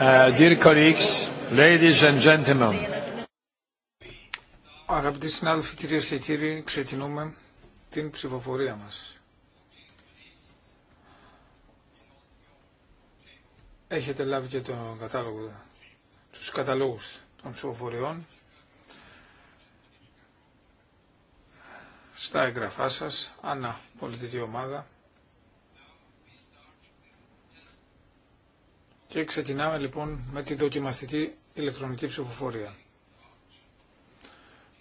Uh, dear colleagues, ladies and gentlemen. Αγαπητοί συνάδελφοι, κυρίες και κύριοι, ξεκινούμε την ψηφοφορία μας. Έχετε λάβει και τον κατάλογο, τους καταλόγους των ψηφοφοριών στα εγγραφά σας, ανά πολιτική ομάδα. Και ξεκινάμε λοιπόν με τη δοκιμαστική ηλεκτρονική ψηφοφορία.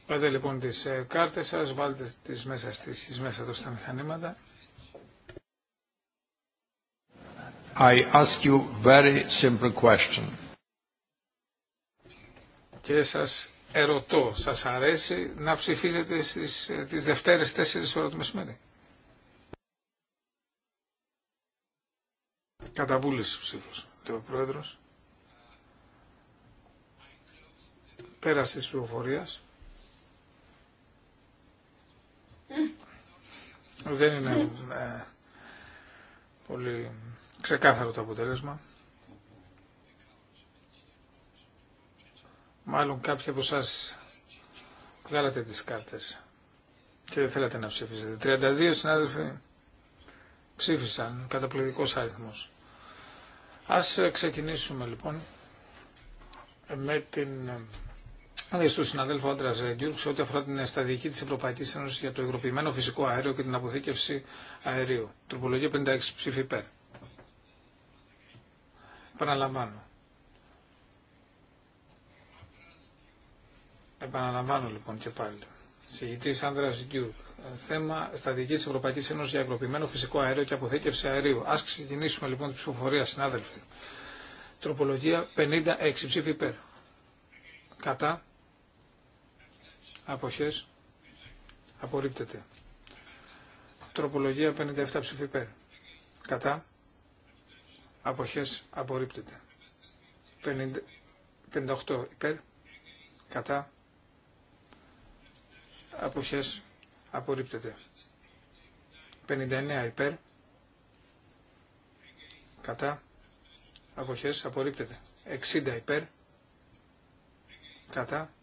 Πάτε λοιπόν τις ε, κάρτες σας, βάλτε τις μέσα, στις, τις μέσα εδώ στα μηχανήματα. I ask you very simple question. Και σας ερωτώ, σας αρέσει να ψηφίζετε στις, ε, τις Δευτέρες 4 ώρα το μεσημέρι. Καταβούληση ο Πρόεδρος. πέρασε της πληροφορίας. Δεν είναι ε, πολύ ξεκάθαρο το αποτέλεσμα. Μάλλον κάποιοι από εσά βγάλατε τις κάρτες και δεν θέλατε να ψηφίσετε. 32 συνάδελφοι ψήφισαν, καταπληκτικός αριθμός. Ας ξεκινήσουμε λοιπόν με την Άδειε του συναδέλφου Άντρα Γκιούρκ ό,τι αφορά την σταδική της Ευρωπαϊκή Ένωση για το υγροποιημένο φυσικό αέριο και την αποθήκευση αερίου. Τροπολογία 56 ψήφι υπέρ. Επαναλαμβάνω. Επαναλαμβάνω λοιπόν και πάλι. Συγητή Άνδρα Γκιούκ. Ε, θέμα στρατηγική τη Ευρωπαϊκή Ένωση για αγροποιημένο φυσικό αέριο και αποθήκευση αερίου. Α ξεκινήσουμε λοιπόν την ψηφοφορία, συνάδελφοι. Τροπολογία 56 ψήφι υπέρ. Κατά. Αποχέ. Απορρίπτεται. Τροπολογία 57 ψήφι υπέρ. Κατά. Αποχέ. Απορρίπτεται. 58 υπέρ. Κατά αποχές απορρίπτεται. 59 υπέρ, κατά, αποχές απορρίπτεται. 60 υπέρ, κατά,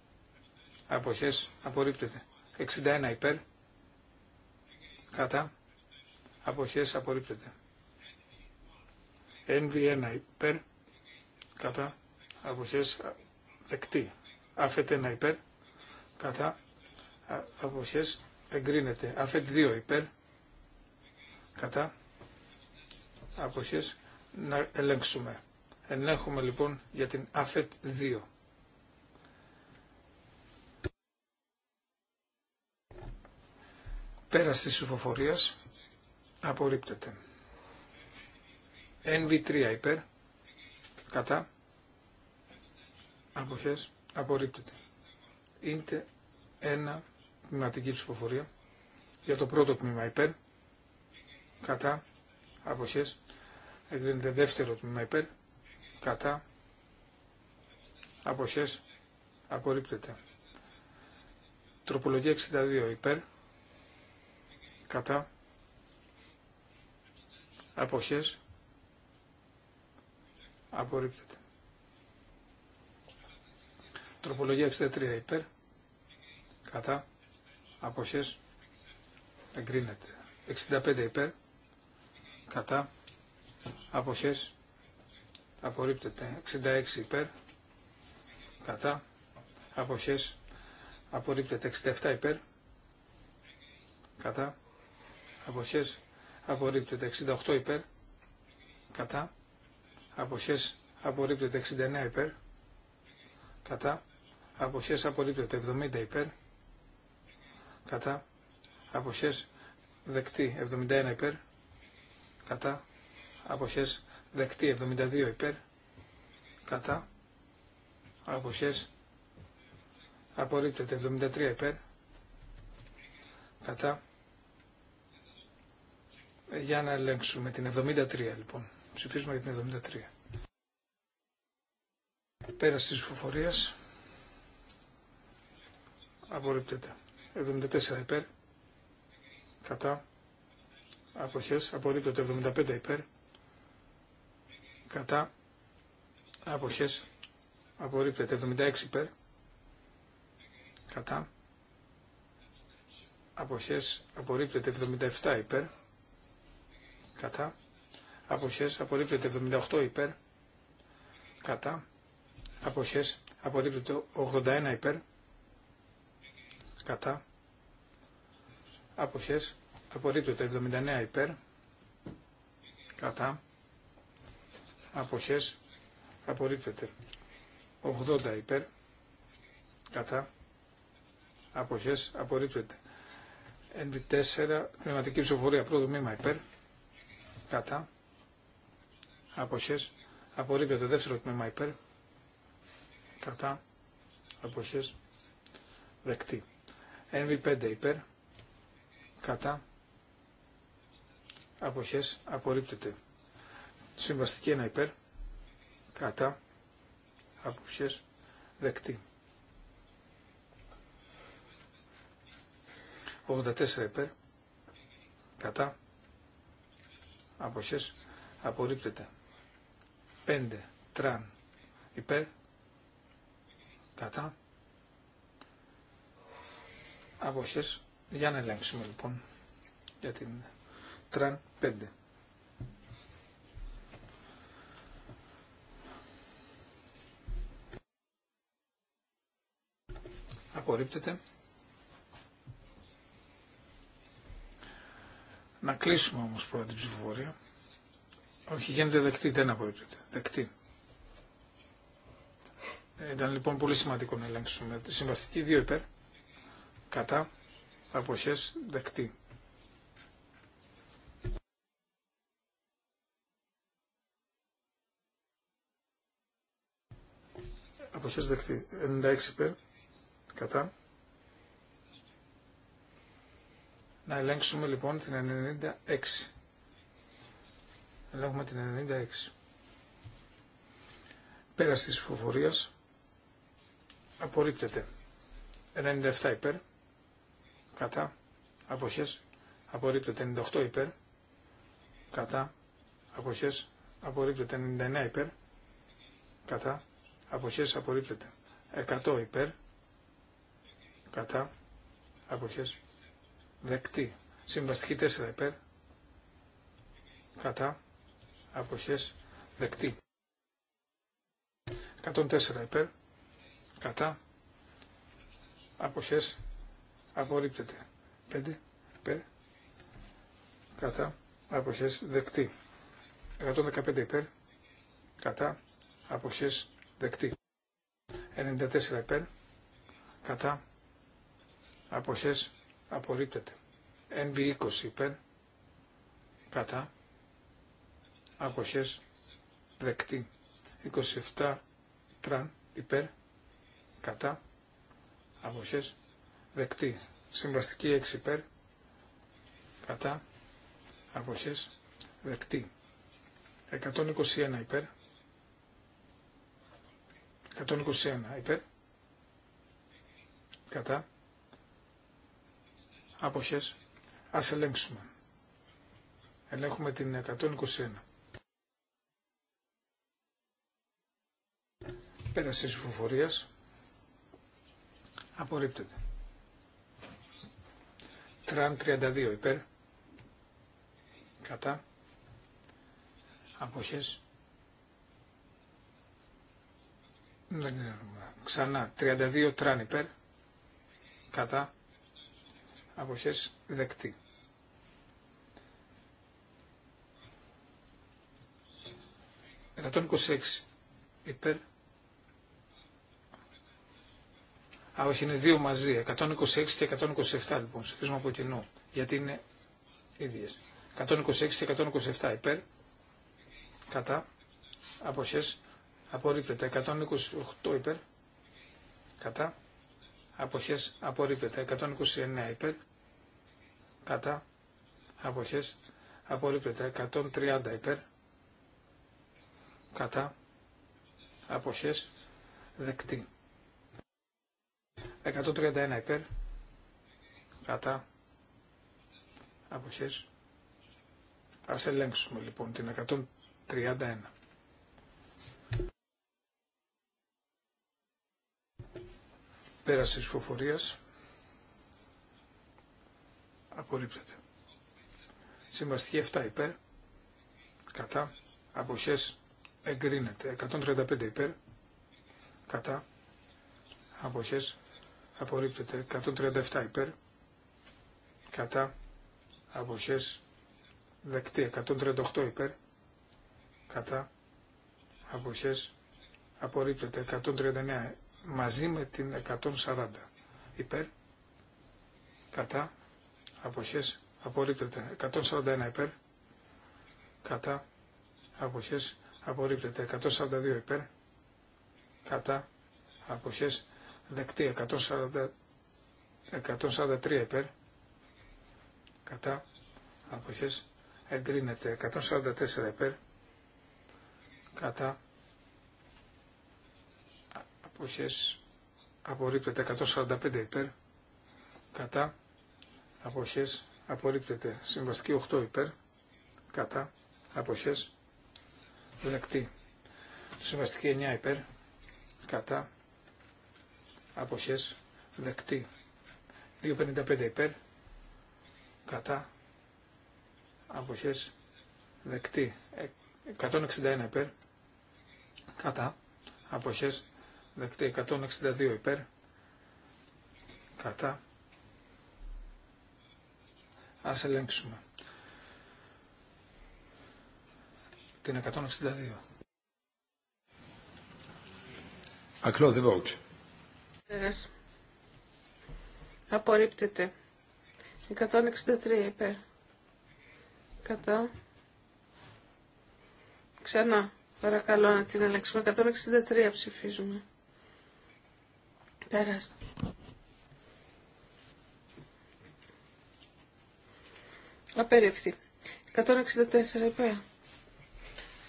αποχές απορρίπτεται. 61 υπέρ, κατά, αποχές απορρίπτεται. NV1 υπέρ, κατά, αποχές δεκτή. Αφέτε 1 υπέρ, κατά, αποχές εγκρίνεται. Αφετ 2 υπέρ κατά αποχές να ελέγξουμε. Ελέγχουμε λοιπόν για την ΑΦΕΤ 2. Πέρα τη υποφορίας απορριπτεται απορρίπτεται. NV3 υπέρ κατά αποχές απορρίπτεται. Είτε ένα τμήματική ψηφοφορία για το πρώτο τμήμα υπέρ, κατά, αποχές, εγκρίνεται δεύτερο τμήμα υπέρ, κατά, αποχές, απορρίπτεται. Τροπολογία 62 υπέρ, κατά, αποχές, απορρίπτεται. Τροπολογία 63 υπέρ, κατά, αποχές εγκρίνεται. 65 υπέρ, κατά, αποχές απορρίπτεται. 66 υπέρ, κατά, αποχές απορρίπτεται. 67 υπέρ, κατά, αποχές απορρίπτεται. 68 υπέρ, κατά, αποχές απορρίπτεται. 69 υπέρ, κατά, αποχές απορρίπτεται. 70 υπέρ, κατά αποχές δεκτή 71 υπέρ κατά αποχές δεκτή 72 υπέρ κατά αποχές απορρίπτεται 73 υπέρ κατά ε, για να ελέγξουμε την 73 λοιπόν ψηφίζουμε για την 73 πέρας της ψηφοφορίας απορρίπτεται 74 υπέρ, κατά, αποχές, απορρίπτεται 75 υπέρ, κατά, αποχές, απορρίπτεται 76 υπέρ, κατά, αποχές, απορρίπτεται 77 υπέρ, κατά, αποχές, απορρίπτεται 78 υπέρ, κατά, αποχές, απορρίπτεται 81 υπέρ, κατά αποχές απορρίπτεται 79 υπέρ κατά αποχές απορρίπτεται 80 υπέρ κατά αποχές απορρίπτεται 4 πνευματική ψηφοφορία πρώτο μήμα υπέρ κατά αποχές απορρίπτεται δεύτερο τμήμα υπέρ κατά αποχές δεκτή NV5 υπέρ, κατά, αποχές, απορρίπτεται. Συμβαστική 1 υπέρ, κατά, αποχές, δεκτή. 84 υπέρ, κατά, αποχές, απορρίπτεται. 5 τραν υπέρ, κατά, αποχές για να ελέγξουμε λοιπόν για την τραν 5. Απορρίπτεται. Να κλείσουμε όμως πρώτα την ψηφοφορία. Όχι, γίνεται δεκτή, δεν απορρίπτεται. Δεκτή. Ε, ήταν λοιπόν πολύ σημαντικό να ελέγξουμε. Συμβαστική δύο υπέρ κατά αποχές δεκτή. Αποχές δεκτή. 96 υπέρ κατά. Να ελέγξουμε λοιπόν την 96. Ελέγχουμε την 96. Πέρας της ψηφοφορίας απορρίπτεται. 97 υπέρ κατά αποχές απορρίπτεται 98 υπέρ κατά αποχές απορρίπτεται 99 υπέρ κατά αποχές απορρίπτεται 100 υπέρ κατά αποχές δεκτή συμβαστική 4 υπέρ κατά αποχές δεκτή 104 υπέρ κατά αποχές απορρίπτεται. 5 υπέρ κατά αποχές δεκτή. 115 υπέρ κατά αποχές δεκτή. 94 υπέρ κατά αποχές απορρίπτεται. NV20 υπέρ κατά αποχές δεκτή. 27 τραν υπέρ κατά αποχές δεκτή. Συμβαστική 6 υπέρ, κατά, αποχές, δεκτή. 121 υπέρ, 121 υπέρ, κατά, αποχές, ας ελέγξουμε. Ελέγχουμε την 121. Πέραση της φοφορίας απορρίπτεται. Τραν 32 υπέρ. Κατά. Αποχές. Δεν ξέρουμε. Ξανά. 32 τραν υπέρ. Κατά. Αποχές δεκτή. 26 υπέρ. Α, όχι, είναι δύο μαζί. 126 και 127 λοιπόν. Ψηφίζουμε από κοινού. Γιατί είναι ίδιε. 126 και 127 υπέρ. Κατά. Αποχέ. Απορρίπτεται. 128 υπέρ. Κατά. Αποχέ. Απορρίπτεται. 129 υπέρ. Κατά. Αποχέ. Απορρίπτεται. 130 υπέρ. Κατά. Αποχέ. Δεκτή. 131 υπέρ. Κατά. Αποχές. Ας ελέγξουμε λοιπόν την 131. Πέραση της φοφορίας. Απορρίπτεται. Συμβαστική 7 υπέρ. Κατά. Αποχές εγκρίνεται. 135 υπέρ. Κατά. Αποχές απορρίπτεται 137 υπέρ κατά αποχές δεκτή 138 υπέρ κατά αποχές απορρίπτεται 139 μαζί με την 140 υπέρ κατά αποχές απορρίπτεται 141 υπέρ κατά αποχές απορρίπτεται 142 υπέρ κατά αποχές Δεκτεί 140, 143 υπέρ κατά αποχές εγκρίνεται 144 υπέρ κατά αποχές απορρίπτεται 145 υπέρ κατά αποχές απορρίπτεται συμβαστική 8 υπέρ κατά αποχές δεκτή συμβαστική 9 υπέρ κατά αποχές δεκτή. 2.55 υπέρ κατά αποχές δεκτή. 161 υπέρ κατά αποχές δεκτή. 162 υπέρ κατά ας ελέγξουμε. Την 162. I close Πέρας. Απορρίπτεται. 163 υπέρ. Κατά. Ξανά. Παρακαλώ να την αλλάξουμε. 163 ψηφίζουμε. Πέρας. Απερίφθη. 164 υπέρ.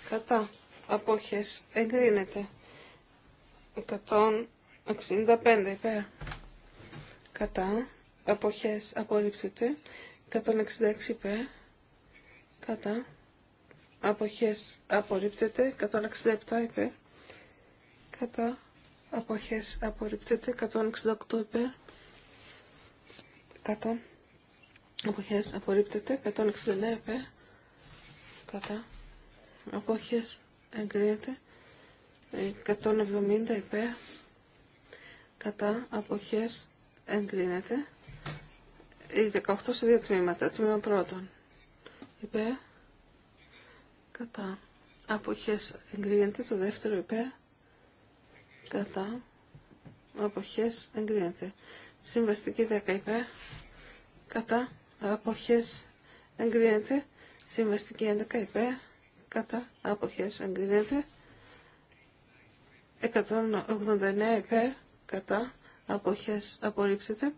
Κατά. Απόχες. Εγκρίνεται. 65 υπέρ. Κατά. Αποχές απορρίπτεται. 166 υπέρ. Κατά. Αποχές απορρίπτεται. 167 υπέρ. Κατά. Αποχές απορρίπτεται. 168 υπέρ. Κατά. Αποχές απορρίπτεται. 169 υπέρ. Κατά. Αποχές εγκρίνεται. 170 υπέρ κατά αποχές εγκρίνεται. Η 18 σε δύο τμήματα. Τμήμα πρώτον. Υπέρ. Κατά. Αποχές εγκρίνεται. Το δεύτερο υπέ, Κατά. Αποχές εγκρίνεται. Συμβαστική 10 υπέρ. Κατά. Αποχές εγκρίνεται. Συμβαστική 11 υπέρ. Κατά. Αποχές εγκρίνεται. 189 υπέρ κατά αποχές απορρίπτεται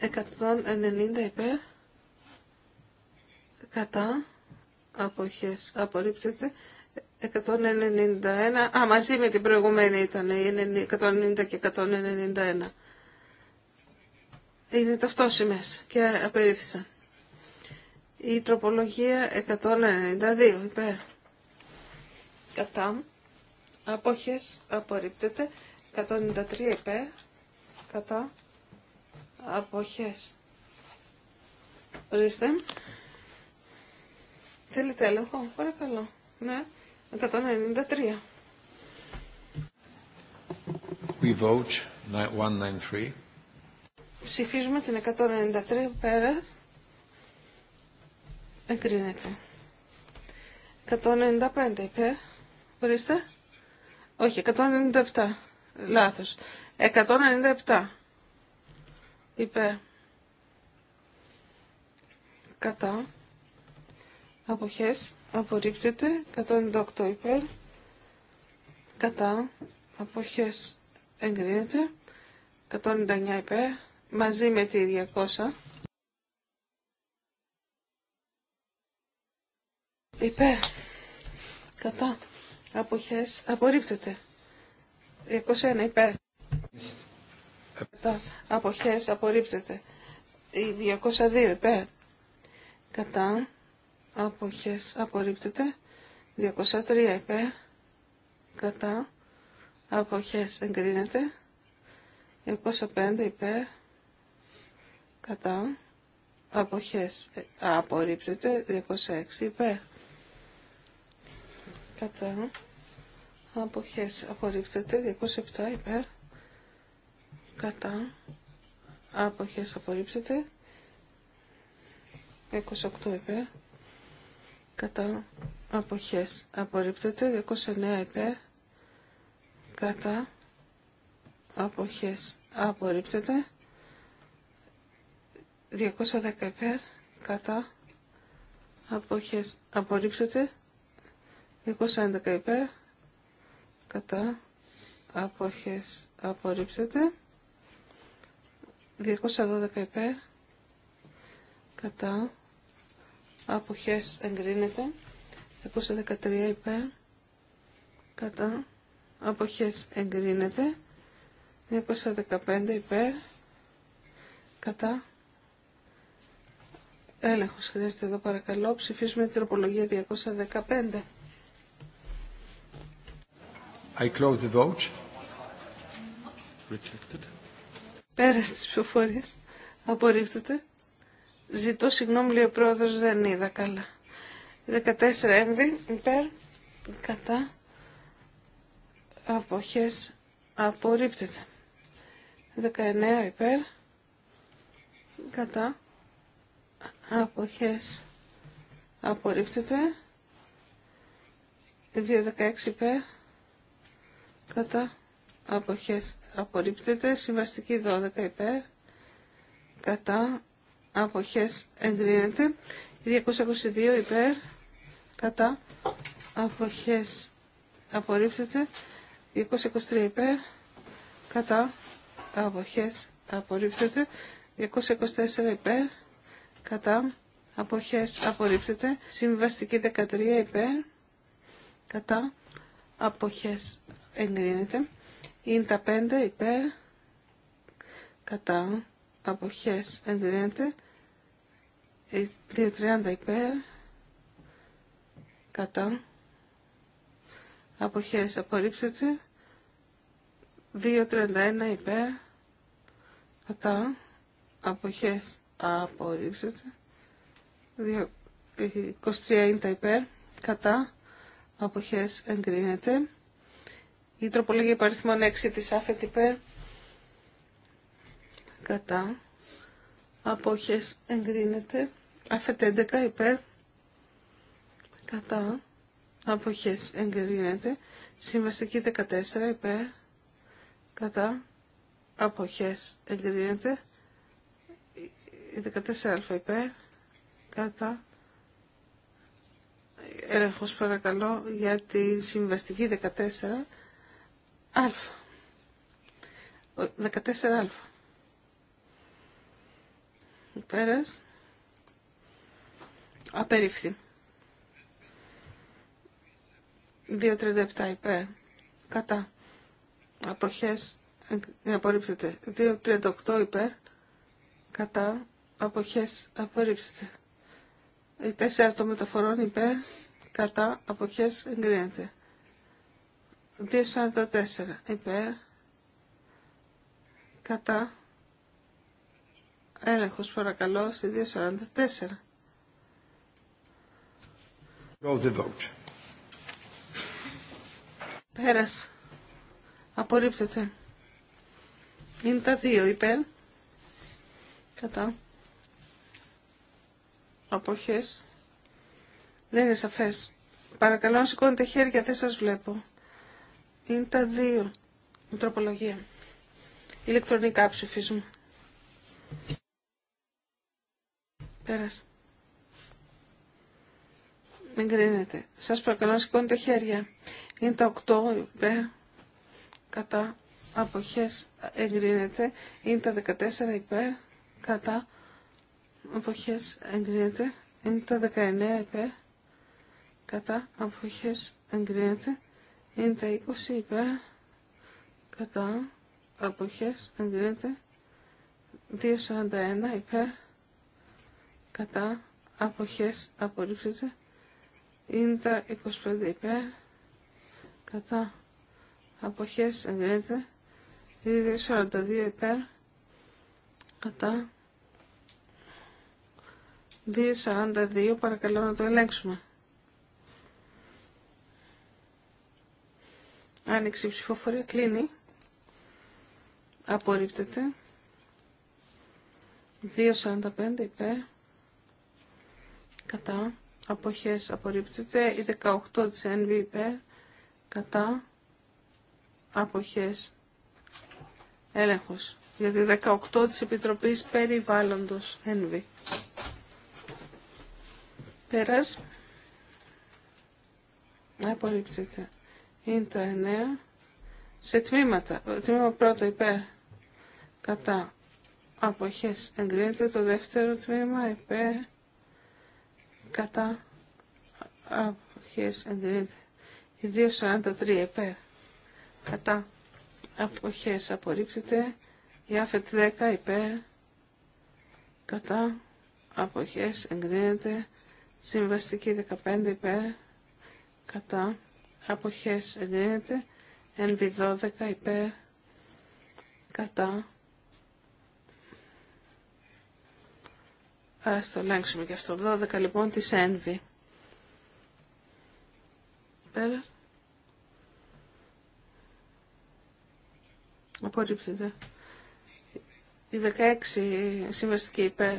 190 υπέρ κατά αποχές απορρίπτεται 191 α μαζί με την προηγούμενη ήταν 190 και 191 είναι ταυτόσιμες και απερίφθησαν η τροπολογία 192 υπέρ κατά αποχές απορρίπτεται 193 επέ κατά αποχές. Ορίστε. Θέλετε έλεγχο, παρακαλώ. Ναι, 193. We vote 193. Ψηφίζουμε την 193 πέρα. Εγκρίνεται. 195 υπέρ. Ορίστε. Όχι, 197. Λάθος. 197. Υπέρ. Κατά. Αποχές. Απορρίπτεται. 198 υπέρ. Κατά. Αποχές. Εγκρίνεται. 199 υπέρ. Μαζί με τη 200. Υπέρ. Κατά. Αποχές. Απορρίπτεται. 201 υπέρ. Κατά αποχές απορρίπτεται. 202 υπέρ. Κατά αποχές απορρίπτεται. 203 υπέρ. Κατά αποχές εγκρίνεται. 205 υπέρ. Κατά αποχές απορρίπτεται. 206 υπέρ. Κατά αποχές απορρίπτεται 207 υπέρ κατά αποχές απορρίπτεται 28 υπέρ κατά αποχές απορρίπτεται 29 υπέρ κατά αποχές απορρίπτεται 210 υπέρ κατά αποχές απορρίπτεται 211 υπέρ κατά αποχές απορρίψεται 212 υπέρ κατά αποχές εγκρίνεται 213 υπέρ κατά αποχές εγκρίνεται 215 υπέρ κατά έλεγχος χρειάζεται εδώ παρακαλώ ψηφίσουμε την τροπολογία 215 I close the vote. Rejected. Πέρας τις ψηφοφορίες. Απορρίπτεται. Ζητώ συγγνώμη, λέει ο πρόεδρος, δεν είδα καλά. 14 έμβη, υπέρ, κατά, αποχές, απορρίπτεται. 19 υπέρ, κατά, αποχές, απορρίπτεται. 2-16 υπέρ, κατά αποχές απορρίπτεται. Συμβαστική 12 υπέρ κατά αποχές εγκρίνεται. 222 υπέρ κατά αποχές απορρίπτεται. 223 υπέρ κατά αποχές απορρίπτεται. 224 υπέρ κατά αποχές απορρίπτεται. Συμβαστική 13 υπέρ κατά αποχές εγκρίνεται. Είναι τα 5 υπέρ κατά αποχές εγκρίνεται. 2.30 ε, υπέρ κατά αποχές απορρίψεται. 2.31 υπέρ κατά αποχές απορρίψεται. 23 ε, είναι τα υπέρ κατά αποχές εγκρίνεται. Η τροπολογία υπαριθμών 6 της ΑΦΕΤ υπέρ. Κατά. Απόχες εγκρίνεται. ΑΦΕΤ 11 υπέρ. Κατά. Απόχες εγκρίνεται. Συμβαστική 14 υπέρ. Κατά. Απόχες εγκρίνεται. Η 14α υπέρ. Κατά. Έλεγχος παρακαλώ για τη συμβαστική 14 α. 14α. Πέρας. Απερίφθη. 2.37 υπέρ. Κατά. Αποχές. Απορρίψετε. 2.38 υπέρ. Κατά. Αποχές. απορρίψετε. Οι τέσσερα των μεταφορών υπέρ. Κατά. Αποχές. Εγκρίνεται. 2.44 υπέρ κατά έλεγχος παρακαλώ σε 2.44 the Πέρας. Απορρίπτεται. Είναι τα δύο υπέρ. Κατά. Αποχές. Δεν είναι σαφές. Παρακαλώ να σηκώνετε χέρια, δεν σας βλέπω. Είναι τα δύο. Η τροπολογία. Ηλεκτρονικά ψηφίζουμε. Πέρασε. Μην κρίνετε. Σας προκαλώ να σηκώνετε χέρια. Είναι τα 8 υπέρ κατά αποχές εγκρίνεται. Είναι τα 14 υπέρ κατά αποχές εγκρίνεται. Είναι τα 19 υπέρ κατά αποχές εγκρίνεται. Είναι τα 20 υπέρ, κατά, αποχές, εγκρίνεται. 2.41 υπέρ, κατά, αποχές, απορρίψετε, Είναι τα 25 υπέρ, κατά, αποχές, εγκρίνεται. 2.42 υπέρ, κατά. 2.42 παρακαλώ να το ελέγξουμε. Άνοιξη η ψηφοφορία, κλείνει. Απορρίπτεται. 2.45 υπέρ. Κατά. Αποχές απορρίπτεται. Η 18 της NV υπέρ. Κατά. Αποχές. Έλεγχος. Για 18 της Επιτροπής Περιβάλλοντος NV. Πέρας. Απορρίπτεται είναι το 9 σε τμήματα. Τμήμα πρώτο υπέρ κατά αποχές εγκρίνεται. Το δεύτερο τμήμα υπέρ κατά αποχές εγκρίνεται. Η 243 υπέρ κατά αποχές απορρίπτεται. Η άφετ 10 υπέρ κατά αποχές εγκρίνεται. Συμβαστική 15 υπέρ κατά αποχές ΕΝΒΙ NV12 υπέρ, κατά. Ας το ελέγξουμε και αυτό. 12 λοιπόν της ΕΝΒΙ. Πέρας. Απορρίπτεται. Η 16 συμβαστική υπέρ.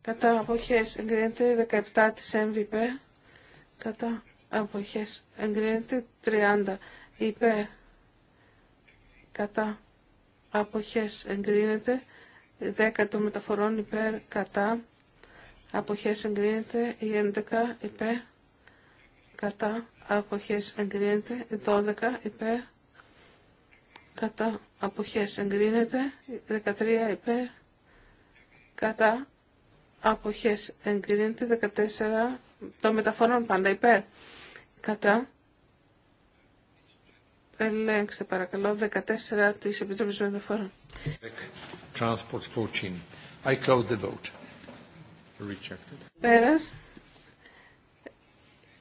Κατά αποχές εγκρίνεται 17 της ΕΝΒΙ υπέρ. Κατά αποχές εγκρίνεται 30 υπέρ κατά αποχές εγκρίνεται 10 των μεταφορών υπέρ κατά αποχές εγκρίνεται 11 υπέρ κατά αποχές εγκρίνεται 12 υπέρ κατά αποχές εγκρίνεται 13 υπέρ κατά αποχές εγκρίνεται 14 των μεταφορών πάντα υπέρ κατά ελέγξτε παρακαλώ 14 της Επιτροπής Μεταφορών. Transport Πέρας.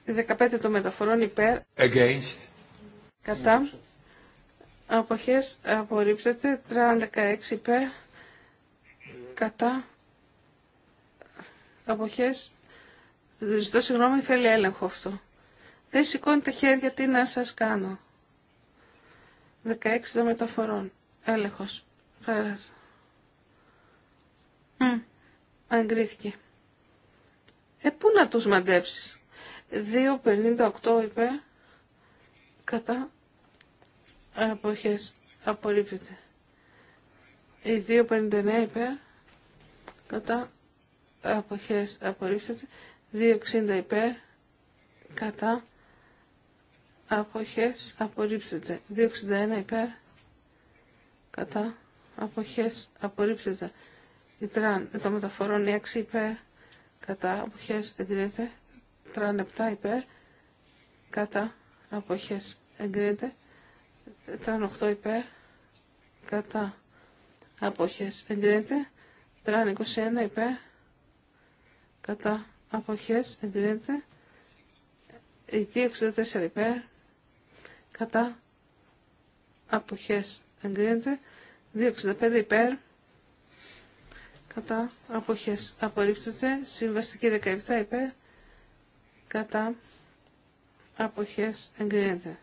15 των μεταφορών υπέρ. Against. Κατά. Αποχές απορρίψετε. 36 υπέρ. Κατά. Αποχές. Ζητώ συγγνώμη, θέλει έλεγχο αυτό. Δεν τα χέρια, τι να σας κάνω. 16 των μεταφορών. Έλεγχος. Πέρασε. Mm. Αγκρίθηκε. Ε, πού να τους μαντέψεις. 2,58 είπε. Κατά. Αποχές. Απορρίπτεται. Η 2,59 είπε. Κατά. Αποχές. Απορρίπτεται. 2,60 υπέρ. Κατά αποχές απορρίπτεται. 261 υπέρ κατά αποχές απορρίπτεται. Η τραν το μεταφορών 6 υπέρ κατά αποχές εγκρίνεται. Τραν 7 υπέρ κατά αποχές εγκρίνεται. Τραν 8 υπέρ κατά αποχές εγκρίνεται. Τραν 21 υπέρ κατά αποχές εγκρίνεται. Η 264 υπέρ κατά αποχές εγκρίνεται 265 υπέρ κατά αποχές απορρίπτεται συμβαστική 17 υπέρ κατά αποχές εγκρίνεται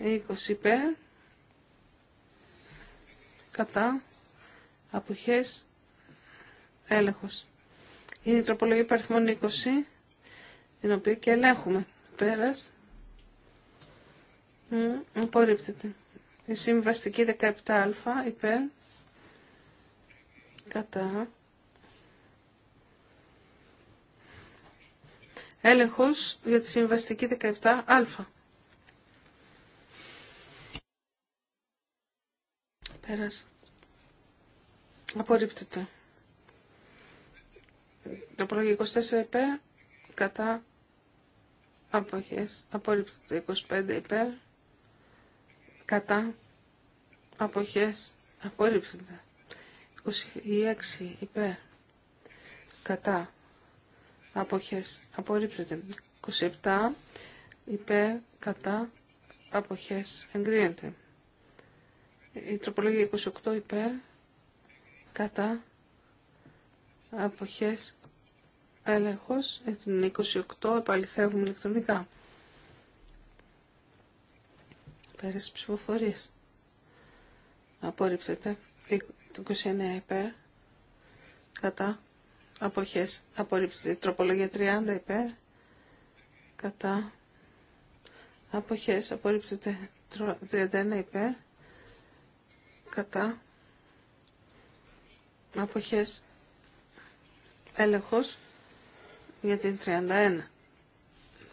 20 υπέρ κατά αποχές έλεγχος είναι η τροπολογία παριθμών 20 την οποία και ελέγχουμε πέρας Απορρίπτεται. Η συμβαστική 17α υπέρ. Κατά. Έλεγχος για τη συμβαστική 17α. Πέρασε. Απορρίπτεται. Το πρόγειο 24 υπέρ. Κατά. Αποχές. Απορρίπτεται. 25 υπέρ κατά αποχές απορρίψονται. 26 υπέρ κατά αποχές απορρίψονται. 27 υπέρ κατά αποχές εγκρίνεται. Η τροπολογία 28 υπέρ κατά αποχές έλεγχος. την 28 επαληθεύουμε ηλεκτρονικά. Πέρας ψηφοφορίας. Απορρίπτεται. 29 υπέρ. Κατά. Αποχές. Απορρίπτεται. Τροπολογία 30 υπέρ. Κατά. Αποχές. Απορρίπτεται. 31 υπέρ. Κατά. Αποχές. Έλεγχος για την 31.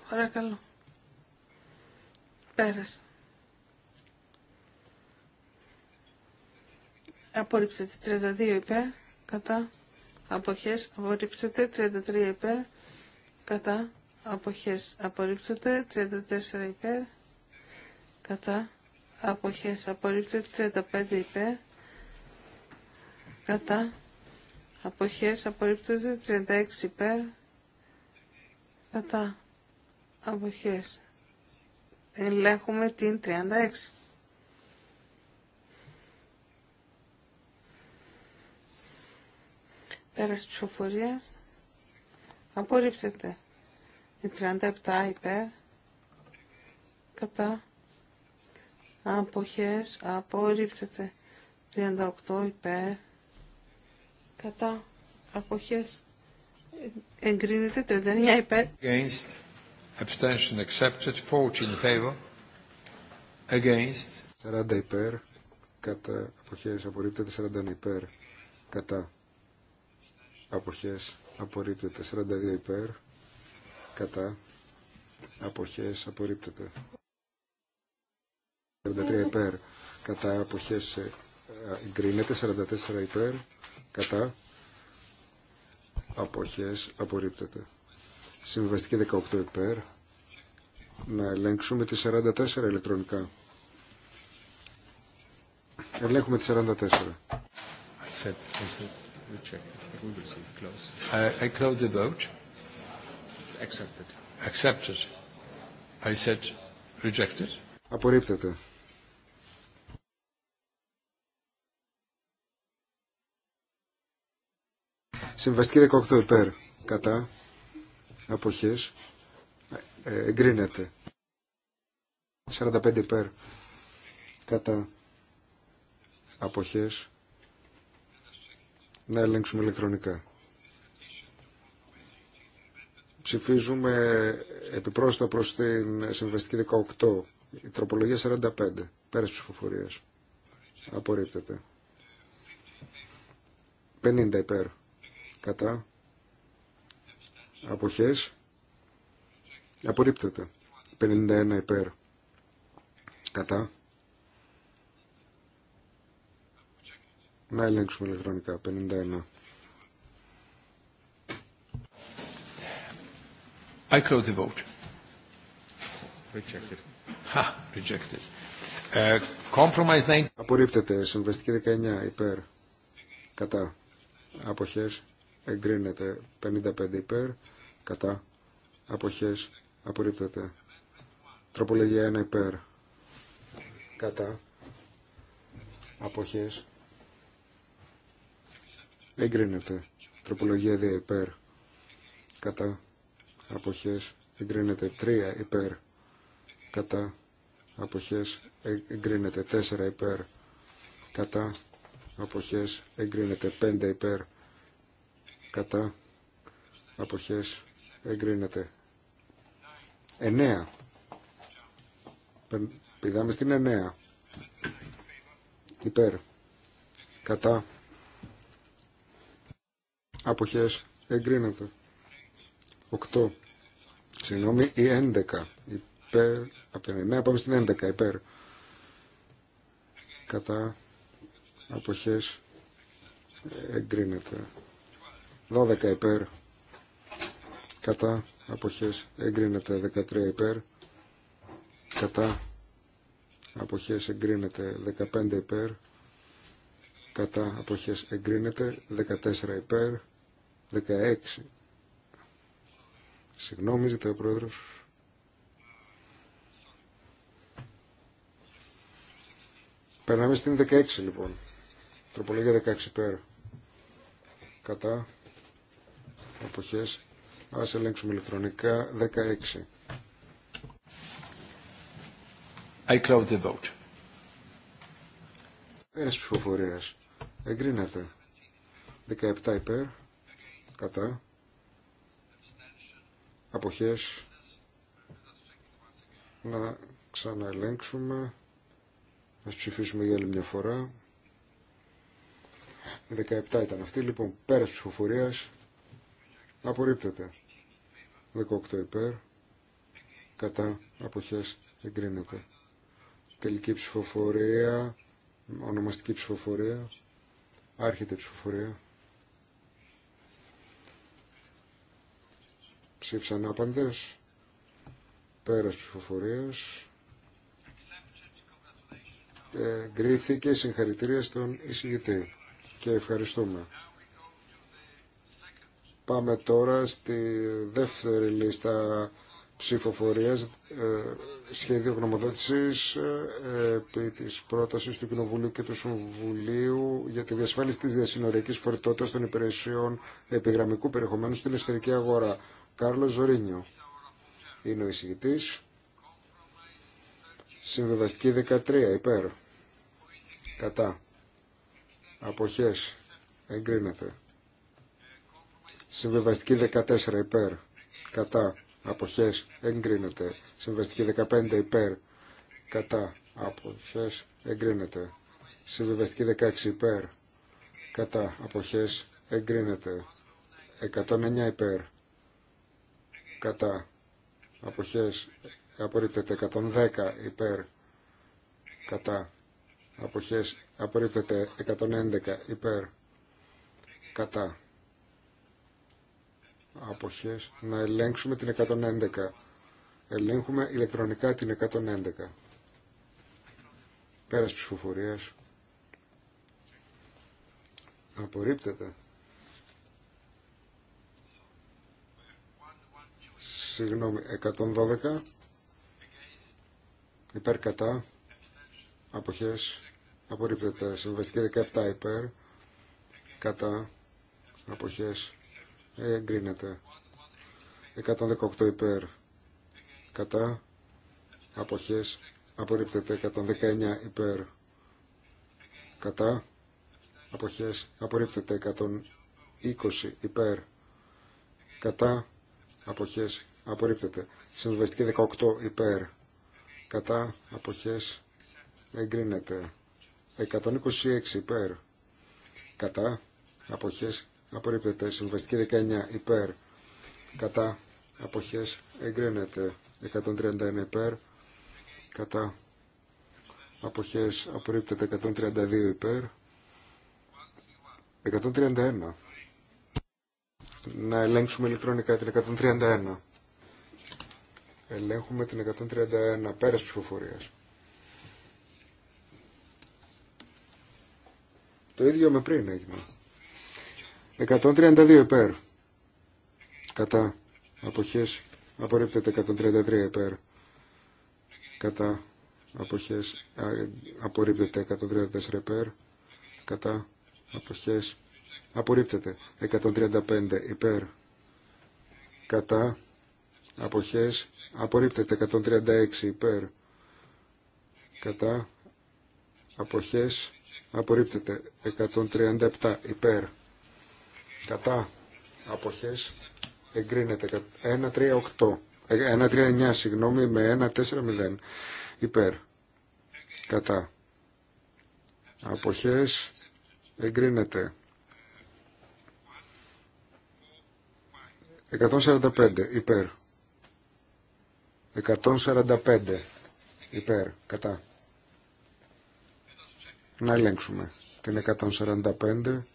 Παρακαλώ. Πέρασε. Απορρίπτεται 32 υπέρ κατά αποχές. Απορρίπτεται 33 υπέρ κατά αποχές. Απορρίπτεται 34 υπέρ κατά αποχές. Απορρίπτεται 35 υπέρ κατά αποχές. Απορρίπτεται 36 υπέρ κατά αποχές. Ελέγχουμε την 36. Πέρας ψηφοφορία. Απορρίπτεται. Η 37 υπέρ. Κατά. Αποχές. Απορρίπτεται. 38 υπέρ. Κατά. Αποχές. Εγκρίνεται 39 υπέρ. Against. Abstention accepted. 40 in favor. Against. 40 υπέρ. Κατά. Αποχές. Απορρίπτεται. 40 υπέρ. Κατά αποχές απορρίπτεται 42 υπέρ κατά αποχές απορρίπτεται 43 υπέρ κατά αποχές ε, εγκρίνεται 44 υπέρ κατά αποχές απορρίπτεται συμβαστική 18 υπέρ να ελέγξουμε τις 44 ηλεκτρονικά ελέγχουμε τις 44 check. We will see. I, I close the vote. Accepted. Accepted. I said rejected. Απορρίπτεται. Συμβαστική 18 υπέρ. Κατά. Αποχές. Ε, εγκρίνεται. 45 υπέρ. Κατά. Αποχές να ελέγξουμε ηλεκτρονικά. Ψηφίζουμε επιπρόσθετα προς την συμβαστική 18, η τροπολογία 45, πέρας ψηφοφορίας. Απορρίπτεται. 50 υπέρ. Κατά. Αποχές. Απορρίπτεται. 51 υπέρ. Κατά. Να ελέγξουμε ηλεκτρονικά. 51. I close the vote. Rejected. rejected. Uh, compromise Απορρίπτεται. Συμβεστική 19. Υπέρ. Κατά. Αποχές. Εγκρίνεται. 55 υπέρ. Κατά. Αποχές. Απορρίπτεται. Τροπολογία 1 υπέρ. Κατά. Αποχές εγκρίνεται. Τροπολογία 2 υπέρ κατά απόχέ εγκρίνεται 3 υπέρ κατά απόχέ, εγκρίνεται 4 υπέρ κατά απόχέ εγκρίνεται 5 υπέρ κατά αποχές εγκρίνεται 9 ε- πηδάμε στην 9 υπέρ κατά αποχές εγκρίνεται. 8. Συγγνώμη, η 11. Υπέρ, από την 9 ναι, πάμε στην 11. Υπέρ. Κατά αποχές εγκρίνεται. 12 υπέρ. Κατά αποχές εγκρίνεται. 13 υπέρ. Κατά αποχές εγκρίνεται. 15 υπέρ. Κατά αποχές εγκρίνεται. 14 υπέρ 16. Συγγνώμη, ζητάει ο Πρόεδρος. Περνάμε στην 16 λοιπόν. Τροπολογία 16 πέρα. Κατά. Αποχές. Ας ελέγξουμε ηλεκτρονικά 16. I close the vote. ψηφοφορίας. Εγκρίνεται. 17 υπέρ κατά αποχές να ξαναελέγξουμε να ψηφίσουμε για άλλη μια φορά 17 ήταν αυτή λοιπόν πέρα της ψηφοφορίας απορρίπτεται 18 υπέρ κατά αποχές εγκρίνεται τελική ψηφοφορία ονομαστική ψηφοφορία άρχεται ψηφοφορία Ψήφισαν άπαντες. Πέρας ψηφοφορίας. εγκρίθηκε γκρίθηκε συγχαρητήρια στον εισηγητή και ευχαριστούμε. Πάμε τώρα στη δεύτερη λίστα ψηφοφορίας ε, σχέδιο γνωμοδότησης ε, επί της πρότασης του Κοινοβουλίου και του Συμβουλίου για τη διασφάλιση της διασυνοριακή φορτότητα των υπηρεσιών επιγραμμικού περιεχομένου στην εσωτερική αγορά. Κάρλος Ζωρίνιο είναι ο εισηγητής. Συμβεβαστική 13 υπέρ. Κατά. Αποχές. Εγκρίνεται. Συμβεβαστική 14 υπέρ. Κατά. Αποχές. Εγκρίνεται. Συμβεβαστική 15 υπέρ. Κατά. Αποχές. Εγκρίνεται. Συμβεβαστική 16 υπέρ. Κατά. Αποχές. Εγκρίνεται. 109 υπέρ κατά αποχές απορρίπτεται 110 υπέρ κατά αποχές απορρίπτεται 111 υπέρ κατά αποχές να ελέγξουμε την 111 ελέγχουμε ηλεκτρονικά την 111 πέρας ψηφοφορίας απορρίπτεται συγγνώμη, 112 υπέρ κατά αποχές απορρίπτεται συμβαστική 17 υπέρ κατά αποχές εγκρίνεται 118 υπέρ κατά αποχές απορρίπτεται 119 υπέρ κατά αποχές απορρίπτεται 120 υπέρ κατά αποχές απορρίπτεται. Συμβαστική 18 υπέρ κατά αποχές εγκρίνεται. 126 υπέρ κατά αποχές απορρίπτεται. Συμβαστική 19 υπέρ κατά αποχές εγκρίνεται. 131 υπέρ κατά αποχές απορρίπτεται. 132 υπέρ 131 να ελέγξουμε ηλεκτρονικά την 131. Ελέγχουμε την 131 πέρας ψηφοφορίας. Το ίδιο με πριν έγινε. 132 υπέρ. Κατά. Αποχές. Απορρίπτεται 133 υπέρ. Κατά. Αποχές. Απορρίπτεται 134 υπέρ. Κατά. Αποχές. Απορρίπτεται 135 υπέρ. Κατά. Αποχές. Απορρίπτεται 136 υπέρ κατά αποχές. Απορρίπτεται 137 υπέρ κατά αποχές. Εγκρίνεται 138. 139 συγγνώμη με 140 υπέρ κατά αποχές εγκρίνεται 145 υπέρ 145 υπέρ, κατά. Να ελέγξουμε την 145.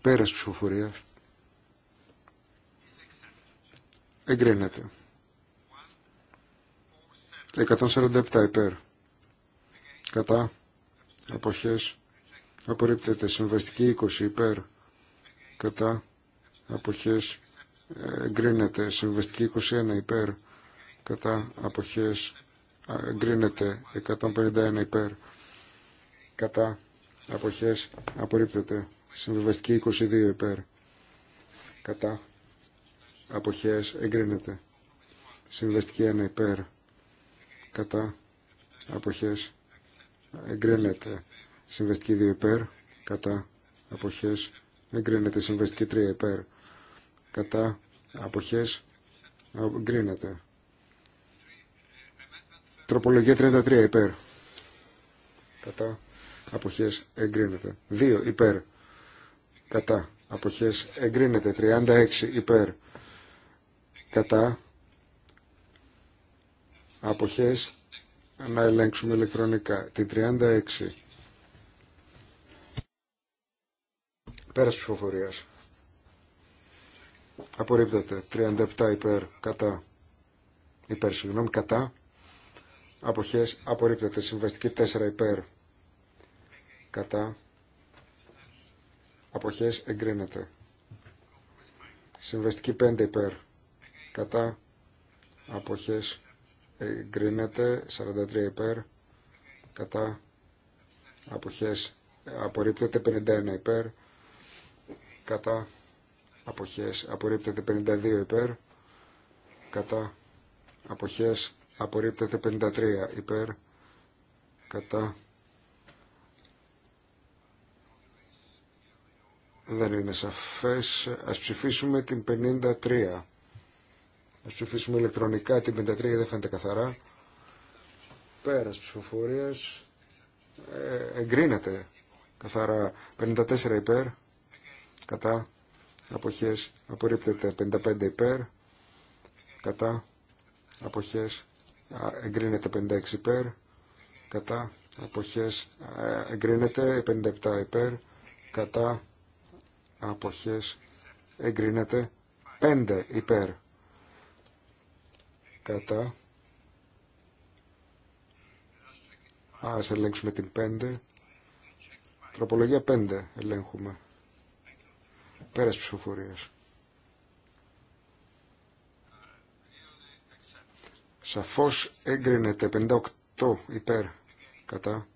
Πέρας ψηφοφορία. Εγκρίνεται. 147 υπέρ. Κατά. Αποχές. Απορρίπτεται. Συμβαστική 20 υπέρ. Κατά. Αποχές εγκρίνεται. συμβεστική 21 υπέρ κατά αποχές εγκρίνεται. 151 υπέρ κατά αποχές απορρίπτεται. Συμβιβαστική 22 υπέρ κατά αποχές εγκρίνεται. συμβεστική 1 υπέρ κατά αποχές εγκρίνεται. συμβεστική 2 υπέρ κατά αποχές εγκρίνεται. συμβεστική 3 υπέρ κατά αποχές γκρίνεται. Τροπολογία 33 υπέρ. Κατά αποχές εγκρίνεται. 2 υπέρ. Κατά αποχές εγκρίνεται. 36 υπέρ. Κατά αποχές να ελέγξουμε ηλεκτρονικά. Την 36. Πέρας ψηφοφορίας. Απορρίπτεται. 37 υπέρ κατά. Υπέρ, συγγνώμη, κατά. Αποχές. Απορρίπτεται. Συμβαστική 4 υπέρ κατά. Αποχές. Εγκρίνεται. Συμβαστική 5 υπέρ κατά. Αποχές. Εγκρίνεται. 43 υπέρ κατά. Αποχές. Απορρίπτεται. 51 υπέρ κατά αποχές απορρίπτεται 52 υπέρ κατά αποχές απορρίπτεται 53 υπέρ κατά δεν είναι σαφές ας ψηφίσουμε την 53 ας ψηφίσουμε ηλεκτρονικά την 53 δεν φαίνεται καθαρά πέρας ψηφοφορίας ε, εγκρίνεται καθαρά 54 υπέρ κατά αποχές απορρίπτεται 55 υπέρ κατά αποχές εγκρίνεται 56 υπέρ κατά αποχές εγκρίνεται 57 υπέρ κατά αποχές εγκρίνεται 5 υπέρ κατά ας ελέγξουμε την 5 τροπολογία 5 ελέγχουμε Πέρας ψηφοφορίας. Σαφώς έγκρινεται 58 υπέρ κατά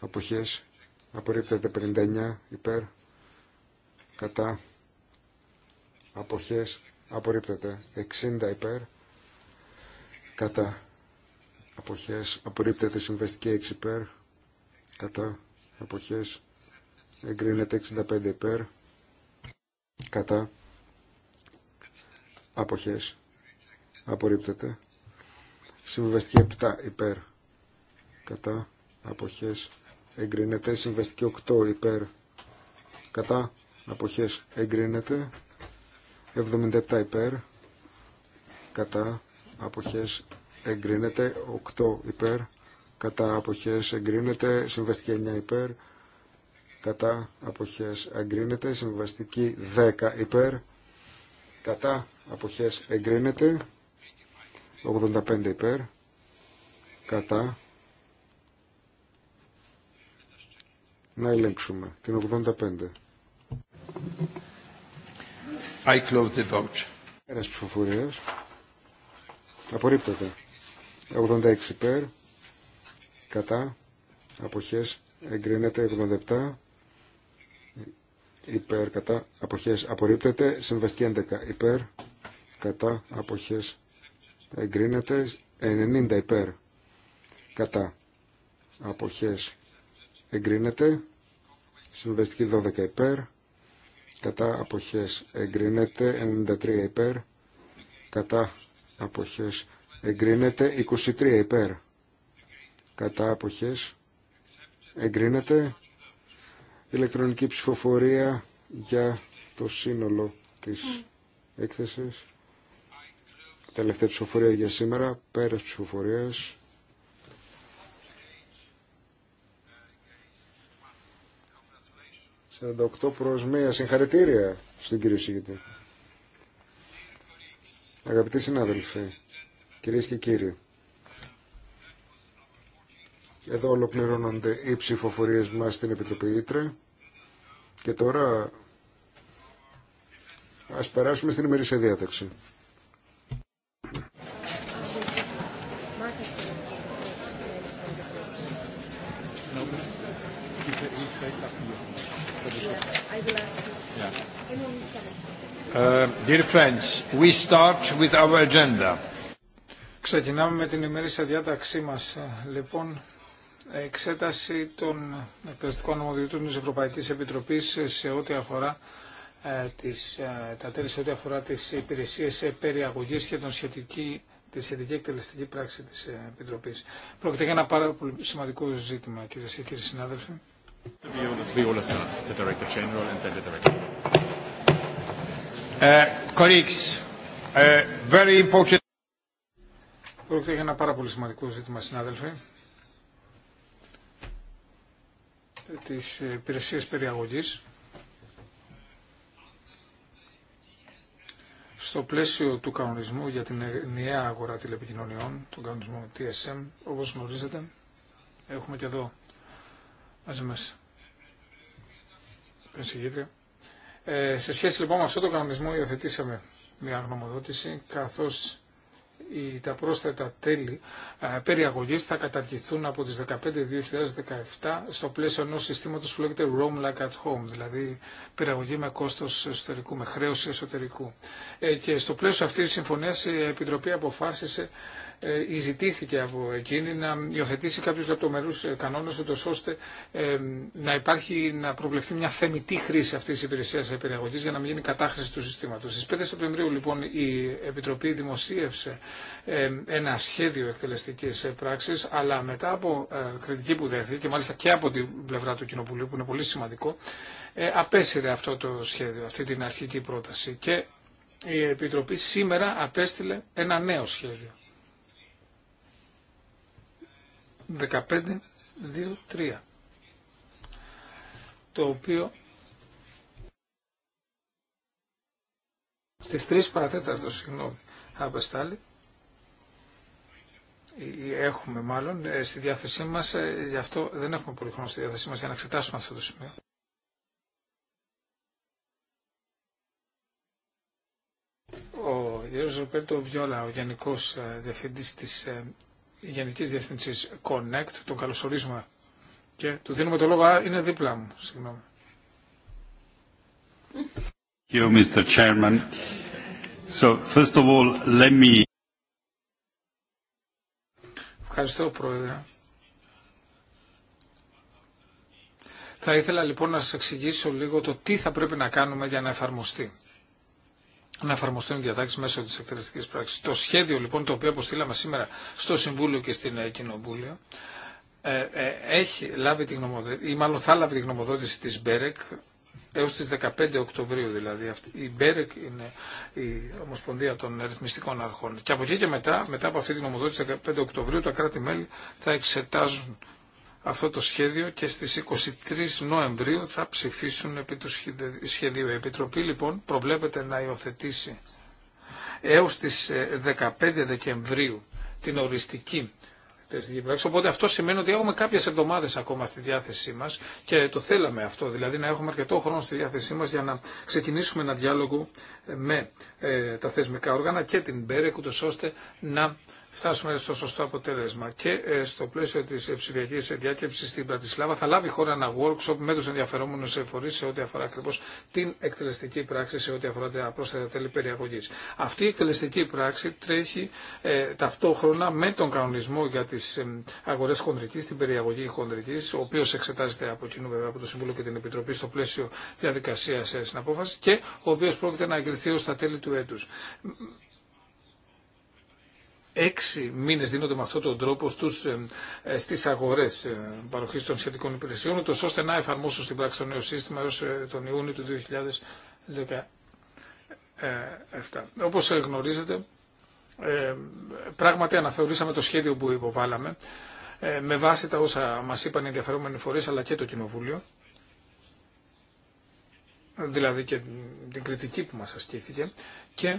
αποχές. Απορρίπτεται 59 υπέρ κατά αποχές. Απορρίπτεται 60 υπέρ κατά αποχές. Απορρίπτεται συμβαστική 6 υπέρ κατά αποχές. Εγκρίνεται 65 υπέρ κατά αποχές απορρίπτεται συμβεστική 7 υπέρ κατά αποχές εγκρίνεται συμβεστική 8 υπέρ κατά αποχές εγκρίνεται 77 υπέρ κατά αποχές εγκρίνεται 8 υπέρ κατά αποχές εγκρίνεται συμβεστική 9 υπέρ κατά αποχές εγκρίνεται. Συμβαστική 10 υπέρ κατά αποχές εγκρίνεται. 85 υπέρ κατά να ελέγξουμε την 85. I close the vote. Ένας ψηφοφορίας. Απορρίπτεται. 86 υπέρ. Κατά. Αποχές. Εγκρίνεται. 87 υπέρ κατά αποχές απορρίπτεται συμβαστική 11 υπέρ κατά αποχές εγκρίνεται 90 υπέρ κατά αποχές εγκρίνεται συμβαστική 12 υπέρ κατά αποχές εγκρίνεται 93 υπέρ κατά αποχές εγκρίνεται 23 υπέρ κατά αποχές εγκρίνεται ηλεκτρονική ψηφοφορία για το σύνολο της mm. έκθεσης. Τελευταία ψηφοφορία για σήμερα, πέρας ψηφοφορίας. «48 προς 1. Συγχαρητήρια στον κύριο Σιγητή. Αγαπητοί συνάδελφοι, κυρίες και κύριοι, εδώ ολοκληρώνονται οι ψηφοφορίες μας στην Επιτροπή Ήτρε. Και τώρα ας περάσουμε στην ημερήσια διάταξη. Ε, dear friends, we start with our agenda. Ξεκινάμε με την ημερήσια διάταξή μας. Ε, λοιπόν, εξέταση των εκτελεστικών νομοδιοτήτων της Ευρωπαϊκής Επιτροπής σε ό,τι αφορά ε, τις, ε, τα τέλη σε ό,τι αφορά τις υπηρεσίες περιαγωγής και τον σχετική, τη σχετική εκτελεστική πράξη της Επιτροπής. Πρόκειται για ένα πάρα πολύ σημαντικό ζήτημα, κύριε και κύριοι συνάδελφοι. Πρόκειται για ένα πάρα πολύ σημαντικό ζήτημα, συνάδελφοι. της υπηρεσίας περιαγωγής στο πλαίσιο του κανονισμού για την νέα αγορά τηλεπικοινωνιών, τον κανονισμό TSM, όπως γνωρίζετε, έχουμε και εδώ μαζί μας την συγκήτρια. Ε, σε σχέση λοιπόν με αυτό το κανονισμό υιοθετήσαμε μια γνωμοδότηση, καθώς τα πρόσθετα τέλη περιαγωγής θα καταργηθούν από τις 15-2017 στο πλαίσιο ενός συστήματος που λέγεται Rome Like at Home, δηλαδή περιαγωγή με κόστος εσωτερικού, με χρέωση εσωτερικού. Ε, και στο πλαίσιο αυτής της συμφωνίας η Επιτροπή αποφάσισε ε, ζητήθηκε από εκείνη να υιοθετήσει κάποιους λεπτομερούς ε, κανόνες ώστε ε, να υπάρχει, να προβλεφθεί μια θεμητή χρήση αυτής της υπηρεσίας επενεργογής για να μην γίνει κατάχρηση του συστήματος. Στις 5 Σεπτεμβρίου λοιπόν η Επιτροπή δημοσίευσε ένα σχέδιο εκτελεστικής πράξης αλλά μετά από κριτική που δέχθηκε και μάλιστα και από την πλευρά του Κοινοβουλίου που είναι πολύ σημαντικό απέσυρε αυτό το σχέδιο, αυτή την αρχική πρόταση και η Επιτροπή σήμερα απέστειλε ένα νέο σχέδιο 15.2.3 το οποίο στις 3 παρατέταρτο συγγνώμη απεστάλλει ε, έχουμε μάλλον ε, στη διάθεσή μας ε, γι' αυτό δεν έχουμε πολύ χρόνο στη διάθεσή μας για να εξετάσουμε αυτό το σημείο ο Γιώργος Ροπέντο Βιόλα, ο Γενικός Διευθυντής της Γενικής Διευθυντής Connect, τον καλωσορίζουμε και του δίνουμε το λόγο, είναι δίπλα μου, συγγνώμη. Mr. Chairman. So, first of all, let me... Ευχαριστώ, Πρόεδρε. Θα ήθελα λοιπόν να σας εξηγήσω λίγο το τι θα πρέπει να κάνουμε για να εφαρμοστεί να εφαρμοστούν οι διατάξει μέσω τη εκτελεστική πράξη. Το σχέδιο λοιπόν το οποίο αποστήλαμε σήμερα στο Συμβούλιο και στην ε, Κοινοβούλιο ε, ε, έχει λάβει τη γνωμοδότηση, ή μάλλον θα λάβει τη γνωμοδότηση τη Μπέρεκ έω τι 15 Οκτωβρίου δηλαδή. Η Μπέρεκ είναι η Ομοσπονδία των Ρυθμιστικών Αρχών. Και από εκεί και μετά, μετά από αυτή τη γνωμοδότηση 15 Οκτωβρίου, τα κράτη-μέλη θα εξετάζουν αυτό το σχέδιο και στις 23 Νοεμβρίου θα ψηφίσουν επί του σχεδίου. Η Επιτροπή λοιπόν προβλέπεται να υιοθετήσει έως τις 15 ε, Δεκεμβρίου την οριστική Οπότε αυτό σημαίνει ότι έχουμε κάποιε εβδομάδε ακόμα στη διάθεσή μα και το θέλαμε αυτό, δηλαδή να έχουμε αρκετό χρόνο στη διάθεσή μα για να ξεκινήσουμε ένα διάλογο με ε, τα θεσμικά όργανα και την ΠΕΡΕΚ, ώστε να φτάσουμε στο σωστό αποτέλεσμα. Και ε, στο πλαίσιο τη ψηφιακή διάκεψη στην Πρατισλάβα θα λάβει χώρα ένα workshop με του ενδιαφερόμενου φορεί σε ό,τι αφορά ακριβώ την εκτελεστική πράξη, σε ό,τι αφορά τα πρόσθετα τέλη περιαγωγή. Αυτή η εκτελεστική πράξη τρέχει ε, ταυτόχρονα με τον κανονισμό για τι ε, αγορέ χοντρική, την περιαγωγή χοντρική, ο οποίο εξετάζεται από κοινού βέβαια από το Συμβούλιο και την Επιτροπή στο πλαίσιο διαδικασία ε, συναπόφαση και ο οποίο πρόκειται να εγκριθεί ω τα τέλη του έτου έξι μήνες δίνονται με αυτόν τον τρόπο στους, ε, ε, στις αγορές ε, παροχής των σχετικών υπηρεσιών, ούτως ώστε να εφαρμόσουν στην πράξη το νέο σύστημα έως τον Ιούνιο του 2017. Όπως γνωρίζετε, πράγματι αναθεωρήσαμε το σχέδιο που υποβάλαμε με βάση τα όσα μας είπαν οι ενδιαφερόμενοι φορείς αλλά και το Κοινοβούλιο δηλαδή και την κριτική που μας ασκήθηκε και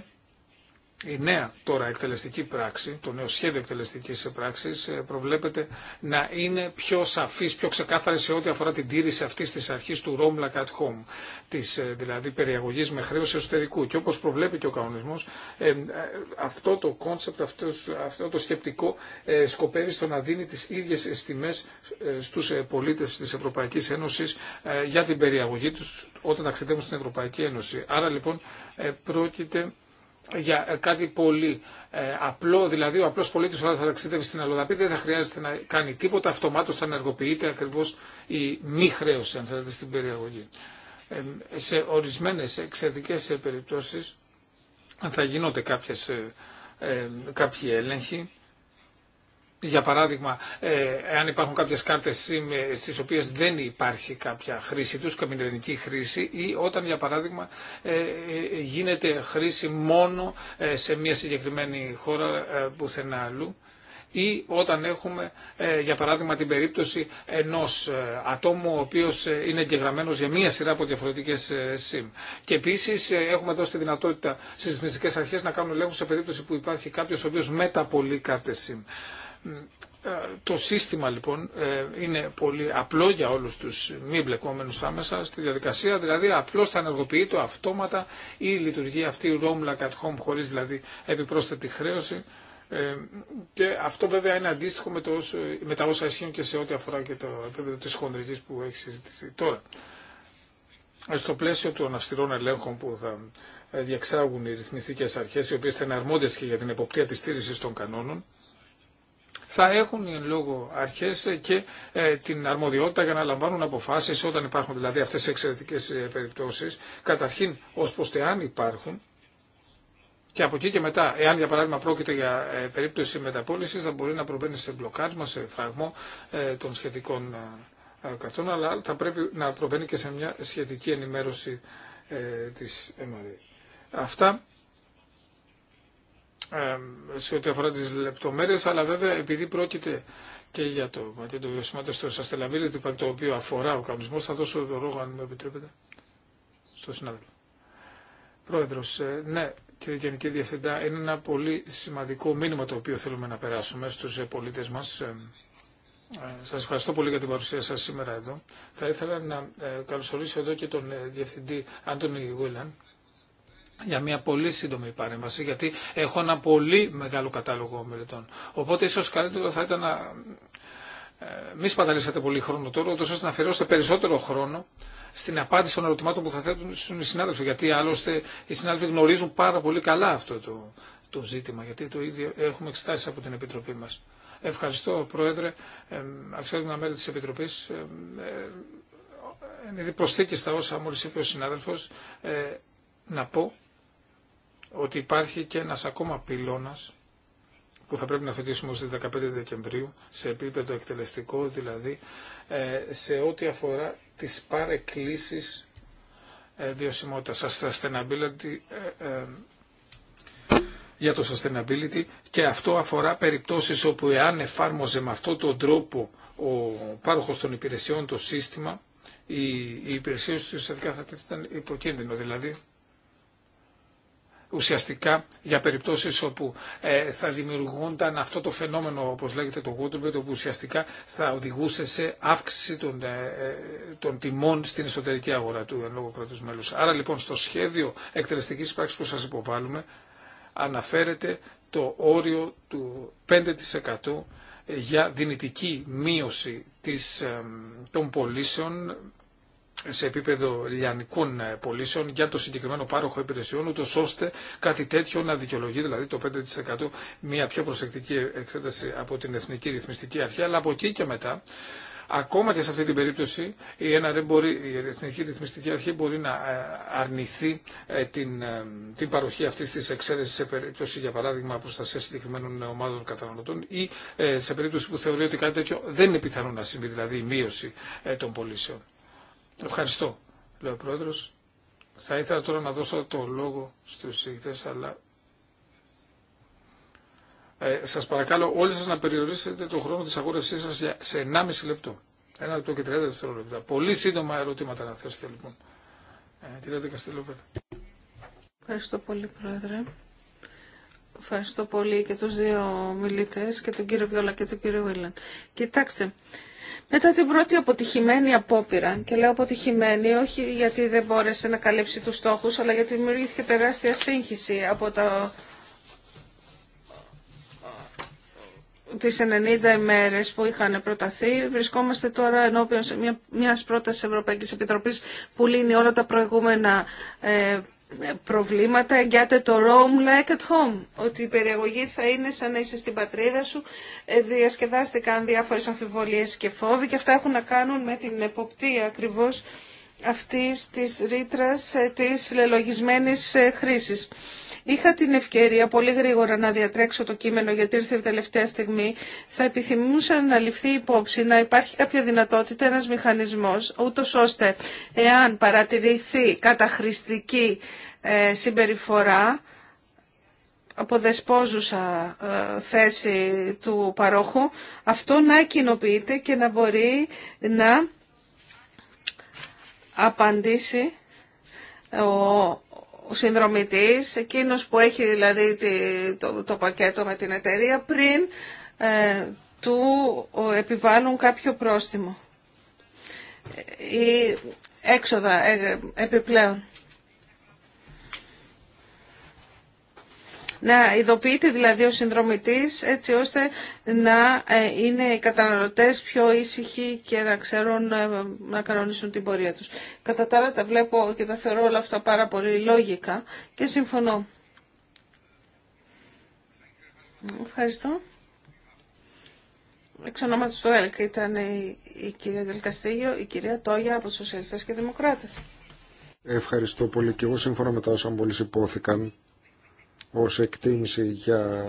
η νέα τώρα εκτελεστική πράξη, το νέο σχέδιο εκτελεστική πράξη ε, προβλέπεται να είναι πιο σαφή, πιο ξεκάθαρη σε ό,τι αφορά την τήρηση αυτή τη αρχή του Rome like at home, ε, δηλαδή περιαγωγή με χρέο εσωτερικού. Και όπω προβλέπει και ο κανονισμός, ε, αυτό το κόνσεπτ, αυτό, το σκεπτικό σκοπεύει στο να δίνει τι ίδιε τιμές στους πολίτες της Ευρωπαϊκής Ένωσης για την περιαγωγή του όταν ταξιδεύουν στην Ευρωπαϊκή Ένωση. Άρα λοιπόν πρόκειται για ε, κάτι πολύ ε, απλό, δηλαδή ο απλός πολίτης όταν θα ταξιδεύει στην Αλλοδαπή δεν θα χρειάζεται να κάνει τίποτα, αυτομάτως θα ενεργοποιείται ακριβώς η μη χρέωση, αν θέλετε, στην περιαγωγή. Ε, σε ορισμένες εξαιρετικές περιπτώσεις θα γίνονται κάποιες, κάποιοι έλεγχοι για παράδειγμα, ε, εάν υπάρχουν κάποιες κάρτες SIM ε, στις οποίες δεν υπάρχει κάποια χρήση τους, καμινερνική χρήση ή όταν, για παράδειγμα, ε, γίνεται χρήση μόνο σε μια συγκεκριμένη χώρα πουθενά αλλού ή όταν έχουμε, για παράδειγμα, την περίπτωση ενός ατόμου ο οποίος είναι εγγεγραμμένος για μία σειρά από διαφορετικές SIM. Και επίσης έχουμε δώσει τη δυνατότητα στις μυστικές αρχές να κάνουν ελέγχους σε περίπτωση που υπάρχει κάποιος ο οποίος μεταπολεί κάρτες SIM. Ε, το σύστημα λοιπόν ε, είναι πολύ απλό για όλους τους μη μπλεκόμενους άμεσα στη διαδικασία, δηλαδή απλώς θα ενεργοποιείται αυτόματα η λειτουργία αυτή roam like at home χωρίς δηλαδή επιπρόσθετη χρέωση ε, και αυτό βέβαια είναι αντίστοιχο με, το, τα όσα ισχύουν και σε ό,τι αφορά και το επίπεδο της χοντρικής που έχει συζητηθεί τώρα. Στο πλαίσιο των αυστηρών ελέγχων που θα διαξάγουν οι ρυθμιστικές αρχές, οι οποίες θα είναι αρμόδιες και για την εποπτεία της στήριξη των κανόνων, θα έχουν λόγω αρχέ και ε, την αρμοδιότητα για να λαμβάνουν αποφάσει όταν υπάρχουν δηλαδή αυτές οι εξαιρετικέ ε, περιπτώσεις. Καταρχήν ω προ υπάρχουν και από εκεί και μετά, εάν για παράδειγμα πρόκειται για ε, περίπτωση μεταπόληση, θα μπορεί να προβαίνει σε μπλοκάρισμα, σε φραγμό των σχετικών καρτών, αλλά θα πρέπει να προβαίνει και σε μια σχετική ενημέρωση της ΕΜΑΡΗ. Αυτά σε ό,τι αφορά τις λεπτομέρειες, αλλά βέβαια επειδή πρόκειται και για το μακέτο βιωσιμότητα στο sustainability pact το οποίο αφορά ο κανονισμός, θα δώσω το ρόγο αν μου επιτρέπετε στο συνάδελφο. Πρόεδρος, ε, ναι, κύριε Γενική Διευθυντά, είναι ένα πολύ σημαντικό μήνυμα το οποίο θέλουμε να περάσουμε στους ε, πολίτες μας. Ε, σας ευχαριστώ πολύ για την παρουσία σας σήμερα εδώ. Θα ήθελα να καλωσορίσω εδώ και τον Διευθυντή Άντωνη Γουίλαν, για μια πολύ σύντομη παρέμβαση, γιατί έχω ένα πολύ μεγάλο κατάλογο μελετών. Οπότε ίσως καλύτερο θα ήταν να ε, μη σπαταλήσατε πολύ χρόνο τώρα, ούτως ώστε να αφιερώσετε περισσότερο χρόνο στην απάντηση των ερωτημάτων που θα θέτουν οι συνάδελφοι. Γιατί άλλωστε οι συνάδελφοι γνωρίζουν πάρα πολύ καλά αυτό το, το ζήτημα, γιατί το ίδιο έχουμε εξετάσει από την Επιτροπή μας. Ευχαριστώ, Πρόεδρε, ε, αξιότιμα μέλη της Επιτροπής. Ε, ε, ε είναι προσθήκη στα όσα είπε ο συνάδελφος. Ε, να πω ότι υπάρχει και ένας ακόμα πυλώνας που θα πρέπει να θετήσουμε στις 15 Δεκεμβρίου σε επίπεδο εκτελεστικό δηλαδή ε, σε ό,τι αφορά τις παρεκκλήσεις ε, βιωσιμότητας sustainability, ε, για το sustainability και αυτό αφορά περιπτώσεις όπου εάν εφάρμοζε με αυτόν τον τρόπο ο πάροχος των υπηρεσιών το σύστημα οι, υπηρεσίες του ουσιαστικά θα ήταν υποκίνδυνο. Δηλαδή ουσιαστικά για περιπτώσεις όπου ε, θα δημιουργούνταν αυτό το φαινόμενο όπως λέγεται το waterbed όπου ουσιαστικά θα οδηγούσε σε αύξηση των, ε, ε, των τιμών στην εσωτερική αγορά του εν λόγω κράτους μέλους. Άρα λοιπόν στο σχέδιο εκτελεστικής πράξης που σας υποβάλλουμε αναφέρεται το όριο του 5% για δυνητική μείωση των πωλήσεων σε επίπεδο λιανικών ε, πωλήσεων για το συγκεκριμένο πάροχο υπηρεσιών, ούτω ώστε κάτι τέτοιο να δικαιολογεί, δηλαδή το 5% μια πιο προσεκτική εξέταση από την Εθνική Ρυθμιστική Αρχή, αλλά από εκεί και μετά. Ακόμα και σε αυτή την περίπτωση η, μπορεί, η Εθνική Ρυθμιστική Αρχή μπορεί να ε, αρνηθεί ε, την, την παροχή αυτής της εξαίρεσης σε περίπτωση για παράδειγμα προστασία συγκεκριμένων ομάδων καταναλωτών ή σε περίπτωση που θεωρεί ότι κάτι τέτοιο δεν είναι πιθανό να συμβεί, δηλαδή η μείωση των πωλήσεων. Ευχαριστώ, λέει ο πρόεδρο. Θα ήθελα τώρα να δώσω το λόγο στους συζητητές, αλλά ε, σας παρακαλώ όλοι σας να περιορίσετε το χρόνο της αγόρευσή σας σε 1,5 λεπτό. 1 λεπτό και 30 δευτερόλεπτα. Πολύ σύντομα ερωτήματα να θέσετε λοιπόν. Ε, κυρία Δικαστήλο, Ευχαριστώ πολύ, Πρόεδρε. Ευχαριστώ πολύ και τους δύο μιλητές, και τον κύριο Βιόλα και τον κύριο Βίλαν. Κοιτάξτε, μετά την πρώτη αποτυχημένη απόπειρα, και λέω αποτυχημένη όχι γιατί δεν μπόρεσε να καλύψει τους στόχους, αλλά γιατί δημιουργήθηκε τεράστια σύγχυση από τα τις 90 ημέρες που είχαν προταθεί. Βρισκόμαστε τώρα ενώπιον σε μια, μιας πρότασης Ευρωπαϊκής Επιτροπής που λύνει όλα τα προηγούμενα ε, ε, προβλήματα εγγυάται το Rome like at home, ότι η περιεγωγή θα είναι σαν να είσαι στην πατρίδα σου. Ε, διασκεδάστηκαν διάφορες αμφιβολίες και φόβοι και αυτά έχουν να κάνουν με την εποπτεία ακριβώς αυτής της ρήτρα ε, της λελογισμένης ε, χρήσης. Είχα την ευκαιρία πολύ γρήγορα να διατρέξω το κείμενο γιατί ήρθε η τελευταία στιγμή. Θα επιθυμούσα να ληφθεί υπόψη να υπάρχει κάποια δυνατότητα ένας μηχανισμός ούτως ώστε εάν παρατηρηθεί καταχρηστική ε, συμπεριφορά από δεσπόζουσα θέση του παρόχου αυτό να κοινοποιείται και να μπορεί να απαντήσει ο συνδρομητής, εκείνος που έχει δηλαδή το, το πακέτο με την εταιρεία πριν ε, του επιβάλλουν κάποιο πρόστιμο ή ε, έξοδα ε, επιπλέον. να ειδοποιείται δηλαδή ο συνδρομητής έτσι ώστε να ε, είναι οι καταναλωτές πιο ήσυχοι και να ξέρουν ε, να κανονίσουν την πορεία τους. Κατά τα άλλα τα βλέπω και τα θεωρώ όλα αυτά πάρα πολύ λόγικα και συμφωνώ. Ευχαριστώ. Εξ ονόματος του ΕΛΚ ήταν η, κυρία Δελκαστήγιο, η κυρία Τόγια από τους Σοσιαλιστές και Δημοκράτες. Ευχαριστώ πολύ και εγώ σύμφωνα με τα όσα μόλις υπόθηκαν ως εκτίμηση για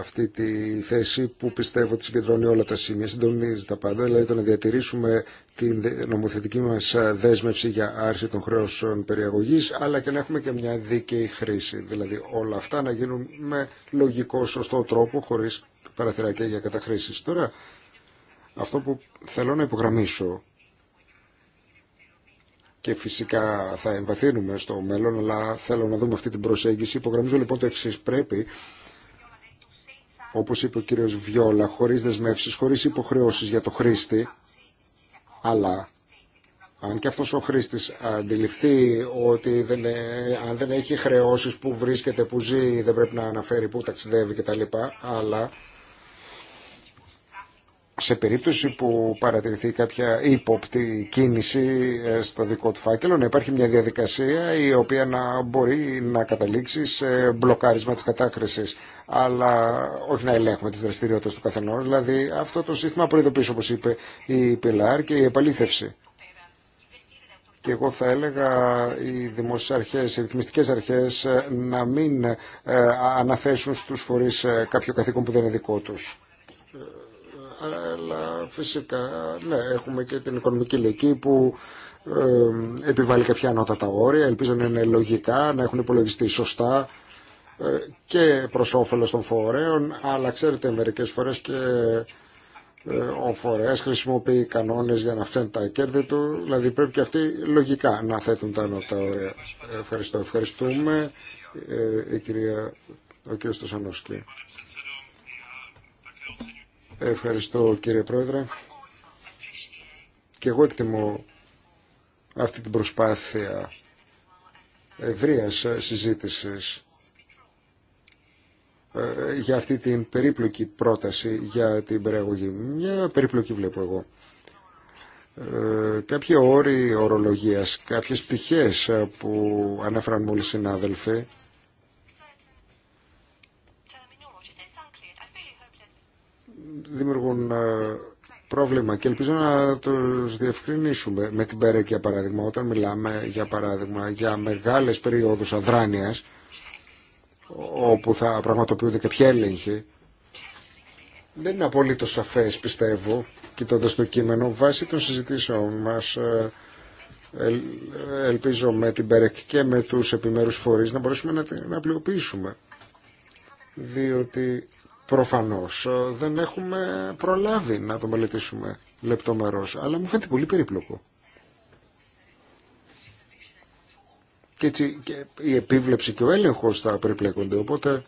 αυτή τη θέση που πιστεύω ότι συγκεντρώνει όλα τα σημεία, συντονίζει τα πάντα, δηλαδή το να διατηρήσουμε την νομοθετική μας δέσμευση για άρση των χρέωσεων περιαγωγής, αλλά και να έχουμε και μια δίκαιη χρήση. Δηλαδή όλα αυτά να γίνουν με λογικό, σωστό τρόπο, χωρίς παραθυρακία για καταχρήσεις. Τώρα, αυτό που θέλω να υπογραμμίσω και φυσικά θα εμβαθύνουμε στο μέλλον, αλλά θέλω να δούμε αυτή την προσέγγιση. Υπογραμμίζω λοιπόν το εξή. Πρέπει, όπως είπε ο κύριος Βιόλα, χωρίς δεσμεύσεις, χωρίς υποχρεώσεις για το χρήστη, αλλά αν και αυτός ο χρήστης αντιληφθεί ότι δεν, ε, αν δεν έχει χρεώσεις που βρίσκεται, που ζει, δεν πρέπει να αναφέρει που ταξιδεύει κτλ. Αλλά σε περίπτωση που παρατηρηθεί κάποια ύποπτη κίνηση ε, στο δικό του φάκελο να υπάρχει μια διαδικασία η οποία να μπορεί να καταλήξει σε μπλοκάρισμα της κατάκρισης αλλά όχι να ελέγχουμε τις δραστηριότητες του καθενός δηλαδή αυτό το σύστημα προειδοποίηση όπως είπε η Πιλάρ και η επαλήθευση και εγώ θα έλεγα οι δημόσιες αρχές, οι ρυθμιστικές αρχές ε, να μην ε, αναθέσουν στους φορείς κάποιο καθήκον που δεν είναι δικό τους αλλά φυσικά ναι, έχουμε και την οικονομική λογική που ε, επιβάλλει κάποια ανώτατα όρια, ελπίζω να είναι λογικά, να έχουν υπολογιστεί σωστά ε, και προ όφελο των φορέων, αλλά ξέρετε μερικές φορές και ε, ο φορέας χρησιμοποιεί κανόνες για να φταίνουν τα κέρδη του, δηλαδή πρέπει και αυτοί λογικά να θέτουν τα ανώτατα όρια. Ευχαριστώ, ευχαριστούμε. Ε, ο Ευχαριστώ κύριε Πρόεδρε. Και εγώ εκτιμώ αυτή την προσπάθεια ευρεία συζήτησης ε, για αυτή την περίπλοκη πρόταση για την περιαγωγή. Μια περίπλοκη βλέπω εγώ. Ε, κάποιοι όροι ορολογίας, κάποιες πτυχές που ανέφεραν μόλις συνάδελφοι, δημιουργούν ε, πρόβλημα και ελπίζω να το διευκρινίσουμε με την ΠΕΡΕΚ για παράδειγμα όταν μιλάμε για παράδειγμα για μεγάλες περιόδους αδράνειας όπου θα πραγματοποιούνται και ποια έλεγχη δεν είναι απολύτως σαφές πιστεύω κοιτώντα το κείμενο βάσει των συζητήσεων μας ε, ελπίζω με την ΠΕΡΕΚ και με τους επιμέρους φορείς να μπορέσουμε να την απλοποιήσουμε διότι προφανώς ε, δεν έχουμε προλάβει να το μελετήσουμε λεπτομερώς, αλλά μου φαίνεται πολύ περίπλοκο. Και έτσι η επίβλεψη και ο έλεγχος θα περιπλέκονται, οπότε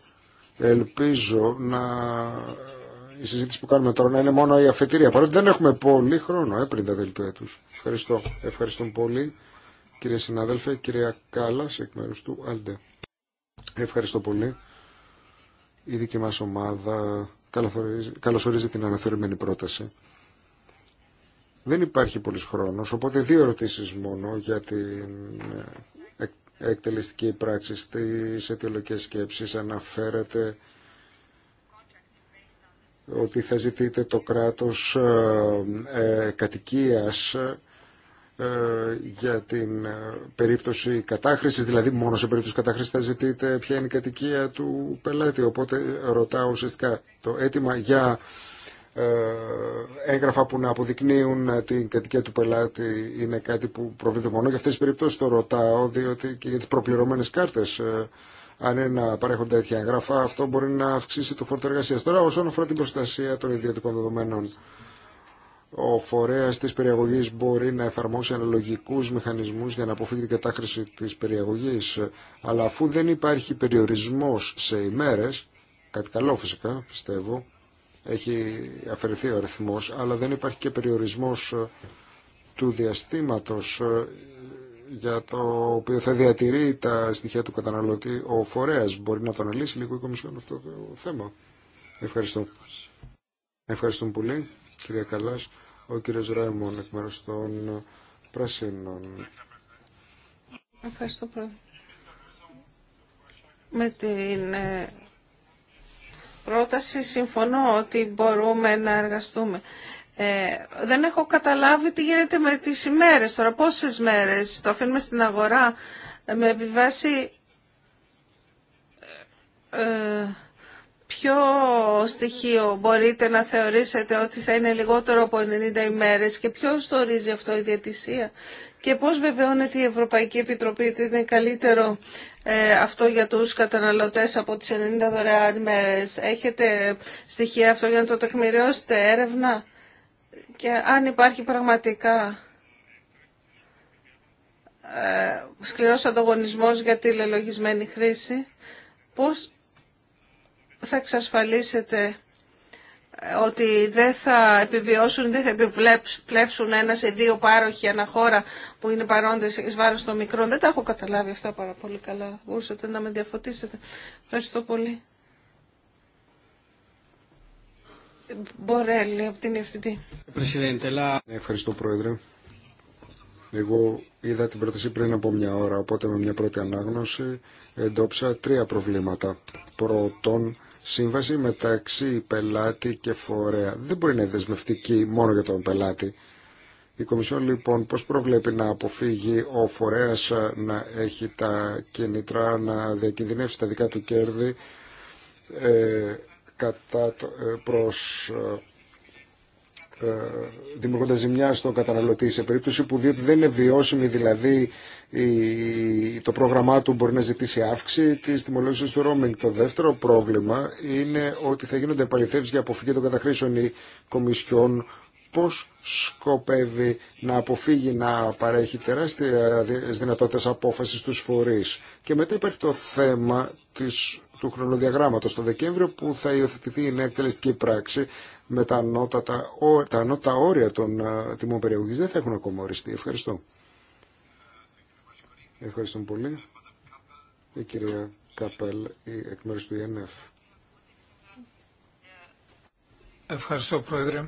ελπίζω να ε, η συζήτηση που κάνουμε τώρα να είναι μόνο η αφετηρία. Παρότι δεν έχουμε πολύ χρόνο ε, πριν τα δελτία του Ευχαριστώ. Ευχαριστώ. πολύ κύριε συνάδελφε, κυρία Κάλλας εκ μέρους του Αλντε. Ευχαριστώ πολύ. Η δική μας ομάδα καλωσορίζει την αναθεωρημένη πρόταση. Δεν υπάρχει πολύς χρόνος, οπότε δύο ερωτήσεις μόνο για την ε, εκτελεστική πράξη στις αιτιολογικές σκέψεις. Αναφέρεται ότι θα ζητείτε το κράτος ε, ε, κατοικίας ε, για την ε, περίπτωση κατάχρησης, δηλαδή μόνο σε περίπτωση κατάχρηση θα ζητείτε ποια είναι η κατοικία του πελάτη. Οπότε ρωτάω ουσιαστικά το αίτημα για ε, έγγραφα που να αποδεικνύουν την κατοικία του πελάτη είναι κάτι που προβλήθηκε μόνο για αυτές τις περιπτώσεις το ρωτάω διότι και για τις προπληρωμένες κάρτες αν είναι να παρέχονται τέτοια έγγραφα αυτό μπορεί να αυξήσει το φόρτο εργασίας. Τώρα όσον αφορά την προστασία των ιδιωτικών δεδομένων ο φορέα τη περιαγωγή μπορεί να εφαρμόσει αναλογικούς μηχανισμούς για να αποφύγει την κατάχρηση της περιαγωγή. αλλά αφού δεν υπάρχει περιορισμός σε ημέρες, κάτι καλό φυσικά πιστεύω, έχει αφαιρεθεί ο αριθμό, αλλά δεν υπάρχει και περιορισμός ε, του διαστήματος ε, για το οποίο θα διατηρεί τα στοιχεία του καταναλωτή ο φορέας. Μπορεί να το αναλύσει λίγο η Κομισιόν αυτό το θέμα. Ευχαριστώ. Ευχαριστούμε πολύ, κυρία Καλάς ο κύριος Ρέμον εκ μέρους των Πρασίνων. Ευχαριστώ πολύ. Με την ε, πρόταση συμφωνώ ότι μπορούμε να εργαστούμε. Ε, δεν έχω καταλάβει τι γίνεται με τις ημέρες τώρα. Πόσες μέρες το αφήνουμε στην αγορά με επιβάση... Ε, ε Ποιο στοιχείο μπορείτε να θεωρήσετε ότι θα είναι λιγότερο από 90 ημέρες και ποιο το ορίζει αυτό η διατησία και πώς βεβαιώνεται η Ευρωπαϊκή Επιτροπή ότι είναι καλύτερο ε, αυτό για τους καταναλωτές από τις 90 δωρεάν ημέρες. Έχετε στοιχεία αυτό για να το τεκμηριώσετε έρευνα και αν υπάρχει πραγματικά ε, σκληρός ανταγωνισμός για τη λελογισμένη χρήση, πώς θα εξασφαλίσετε ότι δεν θα επιβιώσουν, δεν θα επιβλέψουν ένα σε δύο πάροχοι ένα χώρα που είναι παρόντες εις βάρος των μικρών. Δεν τα έχω καταλάβει αυτά πάρα πολύ καλά. Μπορούσατε να με διαφωτίσετε. Ευχαριστώ πολύ. Μπορέλη, από την Ευθυντή. Ευχαριστώ, Πρόεδρε. Εγώ είδα την πρόταση πριν από μια ώρα, οπότε με μια πρώτη ανάγνωση εντόψα τρία προβλήματα. Πρώτον, σύμβαση μεταξύ πελάτη και φορέα. Δεν μπορεί να είναι δεσμευτική μόνο για τον πελάτη. Η Κομισιόν λοιπόν πώς προβλέπει να αποφύγει ο φορέας να έχει τα κινητρά, να διακινδυνεύσει τα δικά του κέρδη ε, κατά, ε, προς ε, ε, δημιουργώντας ζημιά στον καταναλωτή σε περίπτωση που διότι δεν είναι βιώσιμη δηλαδή το πρόγραμμά του μπορεί να ζητήσει αύξηση της τιμολόγησης του roaming. Το δεύτερο πρόβλημα είναι ότι θα γίνονται επαληθεύσεις για αποφυγή των καταχρήσεων ή κομισιών πώς σκοπεύει να αποφύγει να παρέχει τεράστιες δυνατότητες απόφασης στους φορείς. Και μετά υπάρχει το θέμα της του χρονοδιαγράμματος το Δεκέμβριο που θα υιοθετηθεί η νέα εκτελεστική πράξη με τα ανώτατα, τα όρια των ε, τιμών περιοχής. Δεν θα έχουν ακόμα οριστεί. Ευχαριστώ. Ευχαριστώ πολύ. Η κυρία Καπέλ, εκ μέρους του ΙΕΝΕΦ. Ευχαριστώ, Πρόεδρε.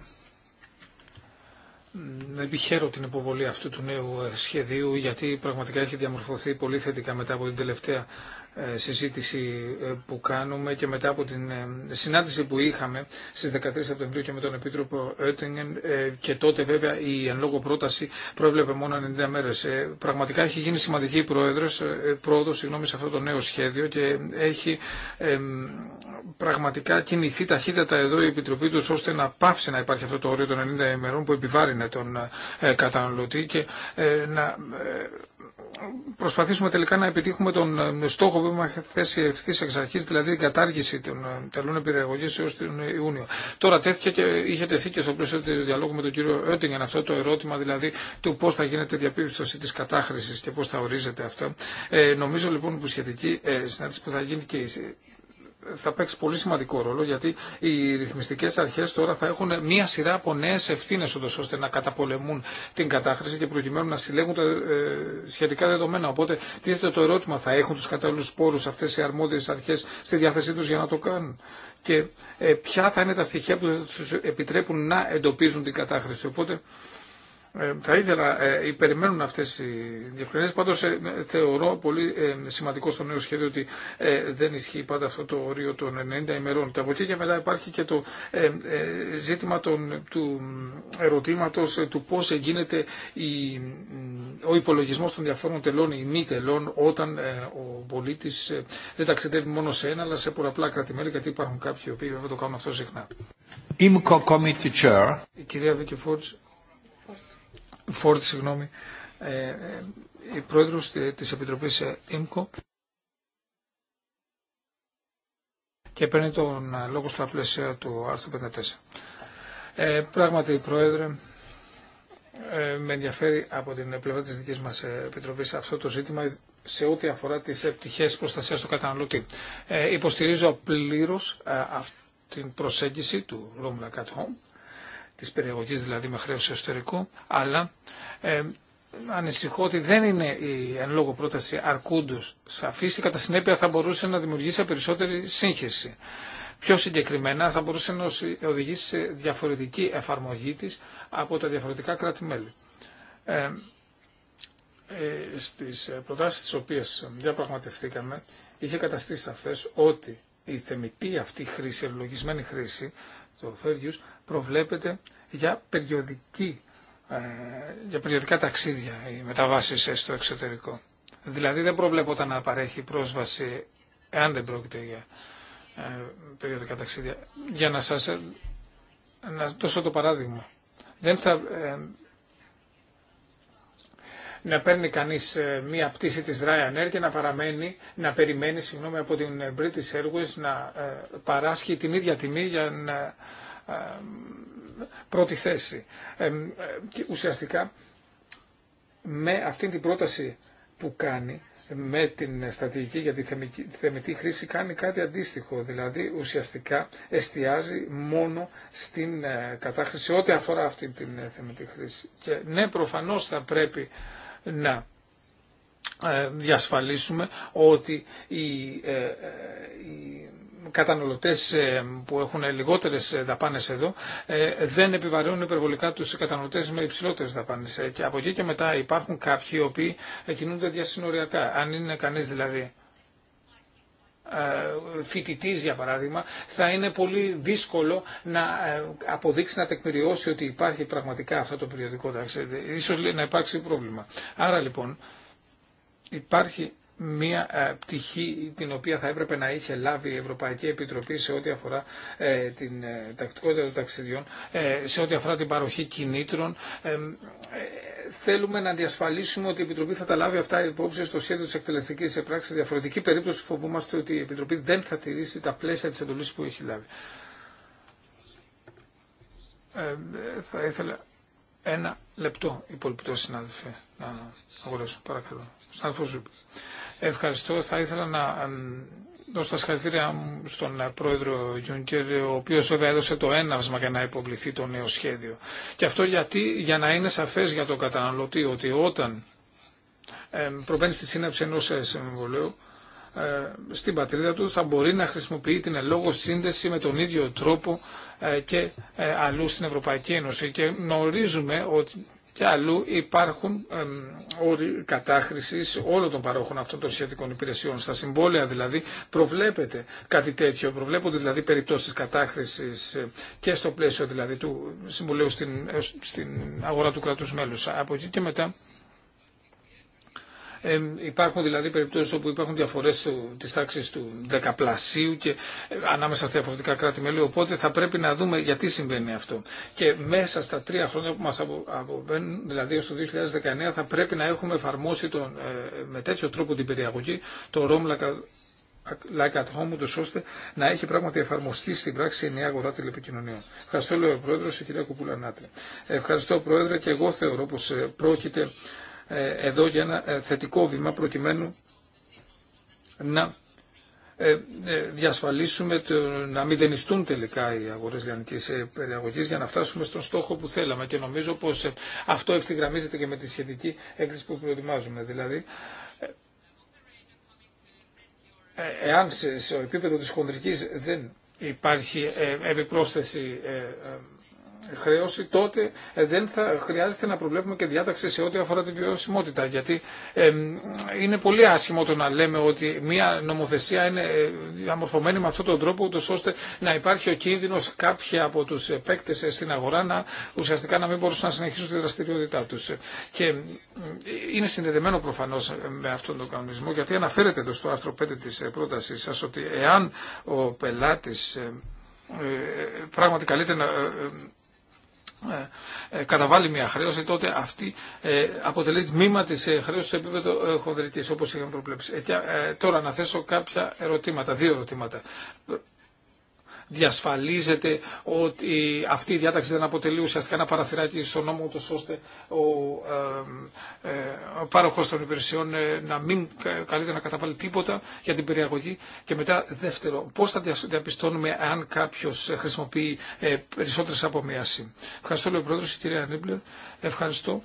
Επιχαίρω την υποβολή αυτού του νέου ε, σχεδίου γιατί πραγματικά έχει διαμορφωθεί πολύ θετικά μετά από την τελευταία ε, συζήτηση ε, που κάνουμε και μετά από την ε, συνάντηση που είχαμε στις 13 Σεπτεμβρίου και με τον Επίτροπο Έττιγεν και τότε βέβαια η εν λόγω πρόταση προέβλεπε μόνο 90 μέρες. Πραγματικά έχει γίνει σημαντική πρόεδρος, πρόοδος συγγνώμη, σε αυτό το νέο σχέδιο και έχει πραγματικά κινηθεί ταχύτατα εδώ η Επιτροπή τους ώστε να πάυσει να υπάρχει αυτό το όριο των 90 ημερών που επιβάρυνε τον καταναλωτή και να προσπαθήσουμε τελικά να επιτύχουμε τον ε, στόχο που είμαστε θέσει ευθύ εξ αρχή, δηλαδή την κατάργηση των ε, τελών επιρρεγωγή έω τον Ιούνιο. Τώρα τέθηκε και είχε τεθεί και στο πλαίσιο του διαλόγου με τον κύριο Ότιγκεν αυτό το ερώτημα, δηλαδή του πώ θα γίνεται η διαπίστωση τη κατάχρηση και πώ θα ορίζεται αυτό. Ε, νομίζω λοιπόν που σχετική ε, συνάντηση που θα γίνει και θα παίξει πολύ σημαντικό ρόλο γιατί οι ρυθμιστικές αρχές τώρα θα έχουν μία σειρά από νέες ευθύνες ώστε να καταπολεμούν την κατάχρηση και προκειμένου να συλλέγουν τα ε, σχετικά δεδομένα. Οπότε τίθεται το ερώτημα θα έχουν τους κατάλληλους πόρους αυτές οι αρμόδιες αρχές στη διάθεσή τους για να το κάνουν και ε, ποια θα είναι τα στοιχεία που θα τους επιτρέπουν να εντοπίζουν την κατάχρηση. Οπότε ε, θα ήθελα, ε, περιμένουν αυτές οι Πάντω Πάντως ε, θεωρώ πολύ ε, σημαντικό στο νέο σχέδιο ότι δεν ισχύει πάντα αυτό το όριο των 90 ημερών. Και από εκεί και μετά υπάρχει και το ζήτημα των, του ερωτήματος του πώ γίνεται η, ο υπολογισμό των διαφόρων τελών ή μη τελών όταν ο πολίτης δεν ταξιδεύει μόνο σε ένα αλλά σε πολλαπλά κρατημέλη γιατί υπάρχουν κάποιοι οι οποίοι βέβαια το κάνουν αυτό συχνά. Η κυρία γιατι υπαρχουν καποιοι οποιοι βεβαια το κανουν αυτο συχνα η κυρια Φόρτζ. Φόρτ, συγγνώμη, ε, ε, η πρόεδρος της Επιτροπής ΕΜΚΟ και παίρνει τον ε, λόγο στα πλαίσια του άρθρου 54. Ε, πράγματι, Πρόεδρε, με ενδιαφέρει από την πλευρά της δικής μας Επιτροπής αυτό το ζήτημα σε ό,τι αφορά τις επιτυχίες προστασίας του καταναλωτή. υποστηρίζω πλήρως την προσέγγιση του Room Like at Home της περιαγωγής δηλαδή με χρέος εσωτερικού, αλλά ε, ανησυχώ ότι δεν είναι η εν λόγω πρόταση αρκούντος σαφής και κατά συνέπεια θα μπορούσε να δημιουργήσει περισσότερη σύγχυση. Πιο συγκεκριμένα θα μπορούσε να οδηγήσει σε διαφορετική εφαρμογή της από τα διαφορετικά κράτη-μέλη. Ε, ε, στις προτάσεις τις οποίες διαπραγματευτήκαμε είχε καταστήσει σαφές ότι η θεμητή αυτή χρήση, η χρήση το Φέργιους προβλέπεται για περιοδική ε, για περιοδικά ταξίδια οι μεταβάσεις ε, στο εξωτερικό. Δηλαδή δεν προβλέπω να παρέχει πρόσβαση εάν δεν πρόκειται για ε, περιοδικά ταξίδια. Για να σας να δώσω το παράδειγμα. Δεν θα να παίρνει κανείς ε, μία πτήση της Ryanair και να, παραμένει, να περιμένει συγγνώμη, από την British Airways να ε, παράσχει την ίδια τιμή για να, ε, πρώτη θέση. ουσιαστικά με αυτή την πρόταση που κάνει με την στρατηγική για τη θεμητή χρήση κάνει κάτι αντίστοιχο. Δηλαδή ουσιαστικά εστιάζει μόνο στην κατάχρηση ό,τι αφορά αυτή την θεμητή χρήση. Και ναι, προφανώς θα πρέπει να ε, διασφαλίσουμε ότι οι, ε, ε, οι που έχουν λιγότερες δαπάνες εδώ δεν επιβαρύνουν υπερβολικά τους καταναλωτές με υψηλότερες δαπάνες. Και από εκεί και μετά υπάρχουν κάποιοι οι οποίοι κινούνται διασυνοριακά. Αν είναι κανείς δηλαδή ε, φοιτητή, για παράδειγμα, θα είναι πολύ δύσκολο να ε, αποδείξει, να τεκμηριώσει ότι υπάρχει πραγματικά αυτό το περιοδικό ταξίδι. Ίσως να υπάρξει πρόβλημα. Άρα λοιπόν υπάρχει μία ε, πτυχή την οποία θα έπρεπε να είχε λάβει η Ευρωπαϊκή Επιτροπή σε ό,τι αφορά την τακτικότητα των ταξιδιών, σε ό,τι αφορά την παροχή κινήτρων θέλουμε να διασφαλίσουμε ότι η Επιτροπή θα τα λάβει αυτά υπόψη στο σχέδιο τη εκτελεστική πράξη. Διαφορετική περίπτωση φοβούμαστε ότι η Επιτροπή δεν θα τηρήσει τα πλαίσια τη εντολή που έχει λάβει. Ε, θα ήθελα ένα λεπτό υπολοιπτό συνάδελφε να αγοράσω. Παρακαλώ. Συνάδελφο Ευχαριστώ. Θα ήθελα να δώσω τα συγχαρητήρια μου στον ε, πρόεδρο Γιούνκερ, ο οποίο βέβαια έδωσε το έναυσμα για να υποβληθεί το νέο σχέδιο. Και αυτό γιατί, για να είναι σαφέ για τον καταναλωτή ότι όταν ε, προβαίνει στη σύναψη ενό ε, συμβολέου, στην πατρίδα του θα μπορεί να χρησιμοποιεί την ελόγω σύνδεση με τον ίδιο τρόπο και αλλού στην Ευρωπαϊκή Ένωση. Και γνωρίζουμε ότι και αλλού υπάρχουν όροι κατάχρησης όλων των παρόχων αυτών των σχετικών υπηρεσιών. Στα συμβόλαια δηλαδή προβλέπεται κάτι τέτοιο, προβλέπονται δηλαδή περιπτώσεις κατάχρησης ε, και στο πλαίσιο δηλαδή του συμβολέου στην, ε, στην αγορά του κρατούς μέλους. Από εκεί και μετά ε, υπάρχουν δηλαδή περιπτώσει όπου υπάρχουν διαφορέ τη τάξη του δεκαπλασίου και ε, ανάμεσα στα διαφορετικά κράτη-μέλη, οπότε θα πρέπει να δούμε γιατί συμβαίνει αυτό. Και μέσα στα τρία χρόνια που μα, αποβαίνουν, δηλαδή έω το 2019, θα πρέπει να έχουμε εφαρμόσει τον, ε, με τέτοιο τρόπο την περιαγωγή το Rome like at home, ούτως ώστε να έχει πράγματι εφαρμοστεί στην πράξη η νέα αγορά τηλεπικοινωνιών. Ευχαριστώ, λέει ο Πρόεδρος, η κυρία Κουπούλα Νάτρη. Ευχαριστώ, Πρόεδρε, και εγώ θεωρώ πως ε, πρόκειται ε, εδώ για ένα ε, θετικό βήμα προκειμένου να ε, διασφαλίσουμε το, να μην δενιστούν τελικά οι αγορές λιανικής περιαγωγής για να φτάσουμε στον στόχο που θέλαμε και νομίζω πως αυτό ευθυγραμμίζεται και με τη σχετική έκθεση που προετοιμάζουμε. Δηλαδή, εάν σε, σε επίπεδο της χοντρικής δεν υπάρχει επιπρόσθεση χρέωση, τότε δεν θα χρειάζεται να προβλέπουμε και διάταξη σε ό,τι αφορά την βιωσιμότητα. Γιατί είναι πολύ άσχημο το να λέμε ότι μια νομοθεσία είναι διαμορφωμένη με αυτόν τον τρόπο, ούτω ώστε να υπάρχει ο κίνδυνο κάποιοι από του παίκτε στην αγορά να ουσιαστικά να μην μπορούσαν να συνεχίσουν τη δραστηριότητά του. Και είναι συνδεδεμένο προφανώ με αυτόν τον κανονισμό, γιατί αναφέρεται εδώ στο άρθρο 5 τη πρότασή σα ότι εάν ο πελάτη πράγματι καλείται να ναι. Ε, καταβάλει μια χρέωση, τότε αυτή ε, αποτελεί τμήμα τη ε, χρέωση σε επίπεδο χονδρική, όπω είχαμε προβλέψει. Τώρα να θέσω κάποια ερωτήματα, δύο ερωτήματα διασφαλίζεται ότι αυτή η διάταξη δεν αποτελεί ουσιαστικά ένα παραθυράκι στον νόμο, ώστε ο, ε, ε, ο πάροχο των υπηρεσιών ε, να μην καλείται να καταβάλει τίποτα για την περιαγωγή. Και μετά, δεύτερο, πώς θα διαπιστώνουμε αν κάποιος χρησιμοποιεί ε, περισσότερε από μία Ευχαριστώ, λέει ο Πρόεδρο, η κυρία Νίμπλερ. Ευχαριστώ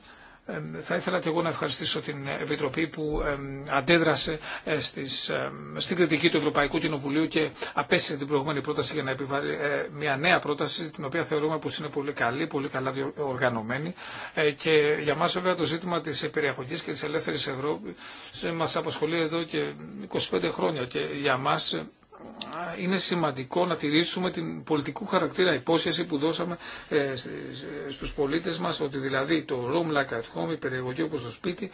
θα ήθελα και εγώ να ευχαριστήσω την Επιτροπή που αντέδρασε ε, στις, στην κριτική του Ευρωπαϊκού Κοινοβουλίου και απέσυρε την προηγούμενη πρόταση για να επιβάλλει μια νέα πρόταση την οποία θεωρούμε πως είναι πολύ καλή, πολύ καλά οργανωμένη ε, και για μας βέβαια το ζήτημα της περιεχογής και της ελεύθερης Ευρώπης ε, μας απασχολεί εδώ και 25 χρόνια και για μας είναι σημαντικό να τηρήσουμε την πολιτικού χαρακτήρα υπόσχεση που δώσαμε ε, στους πολίτες μας ότι δηλαδή το room like at home, η περιεγωγή όπως το σπίτι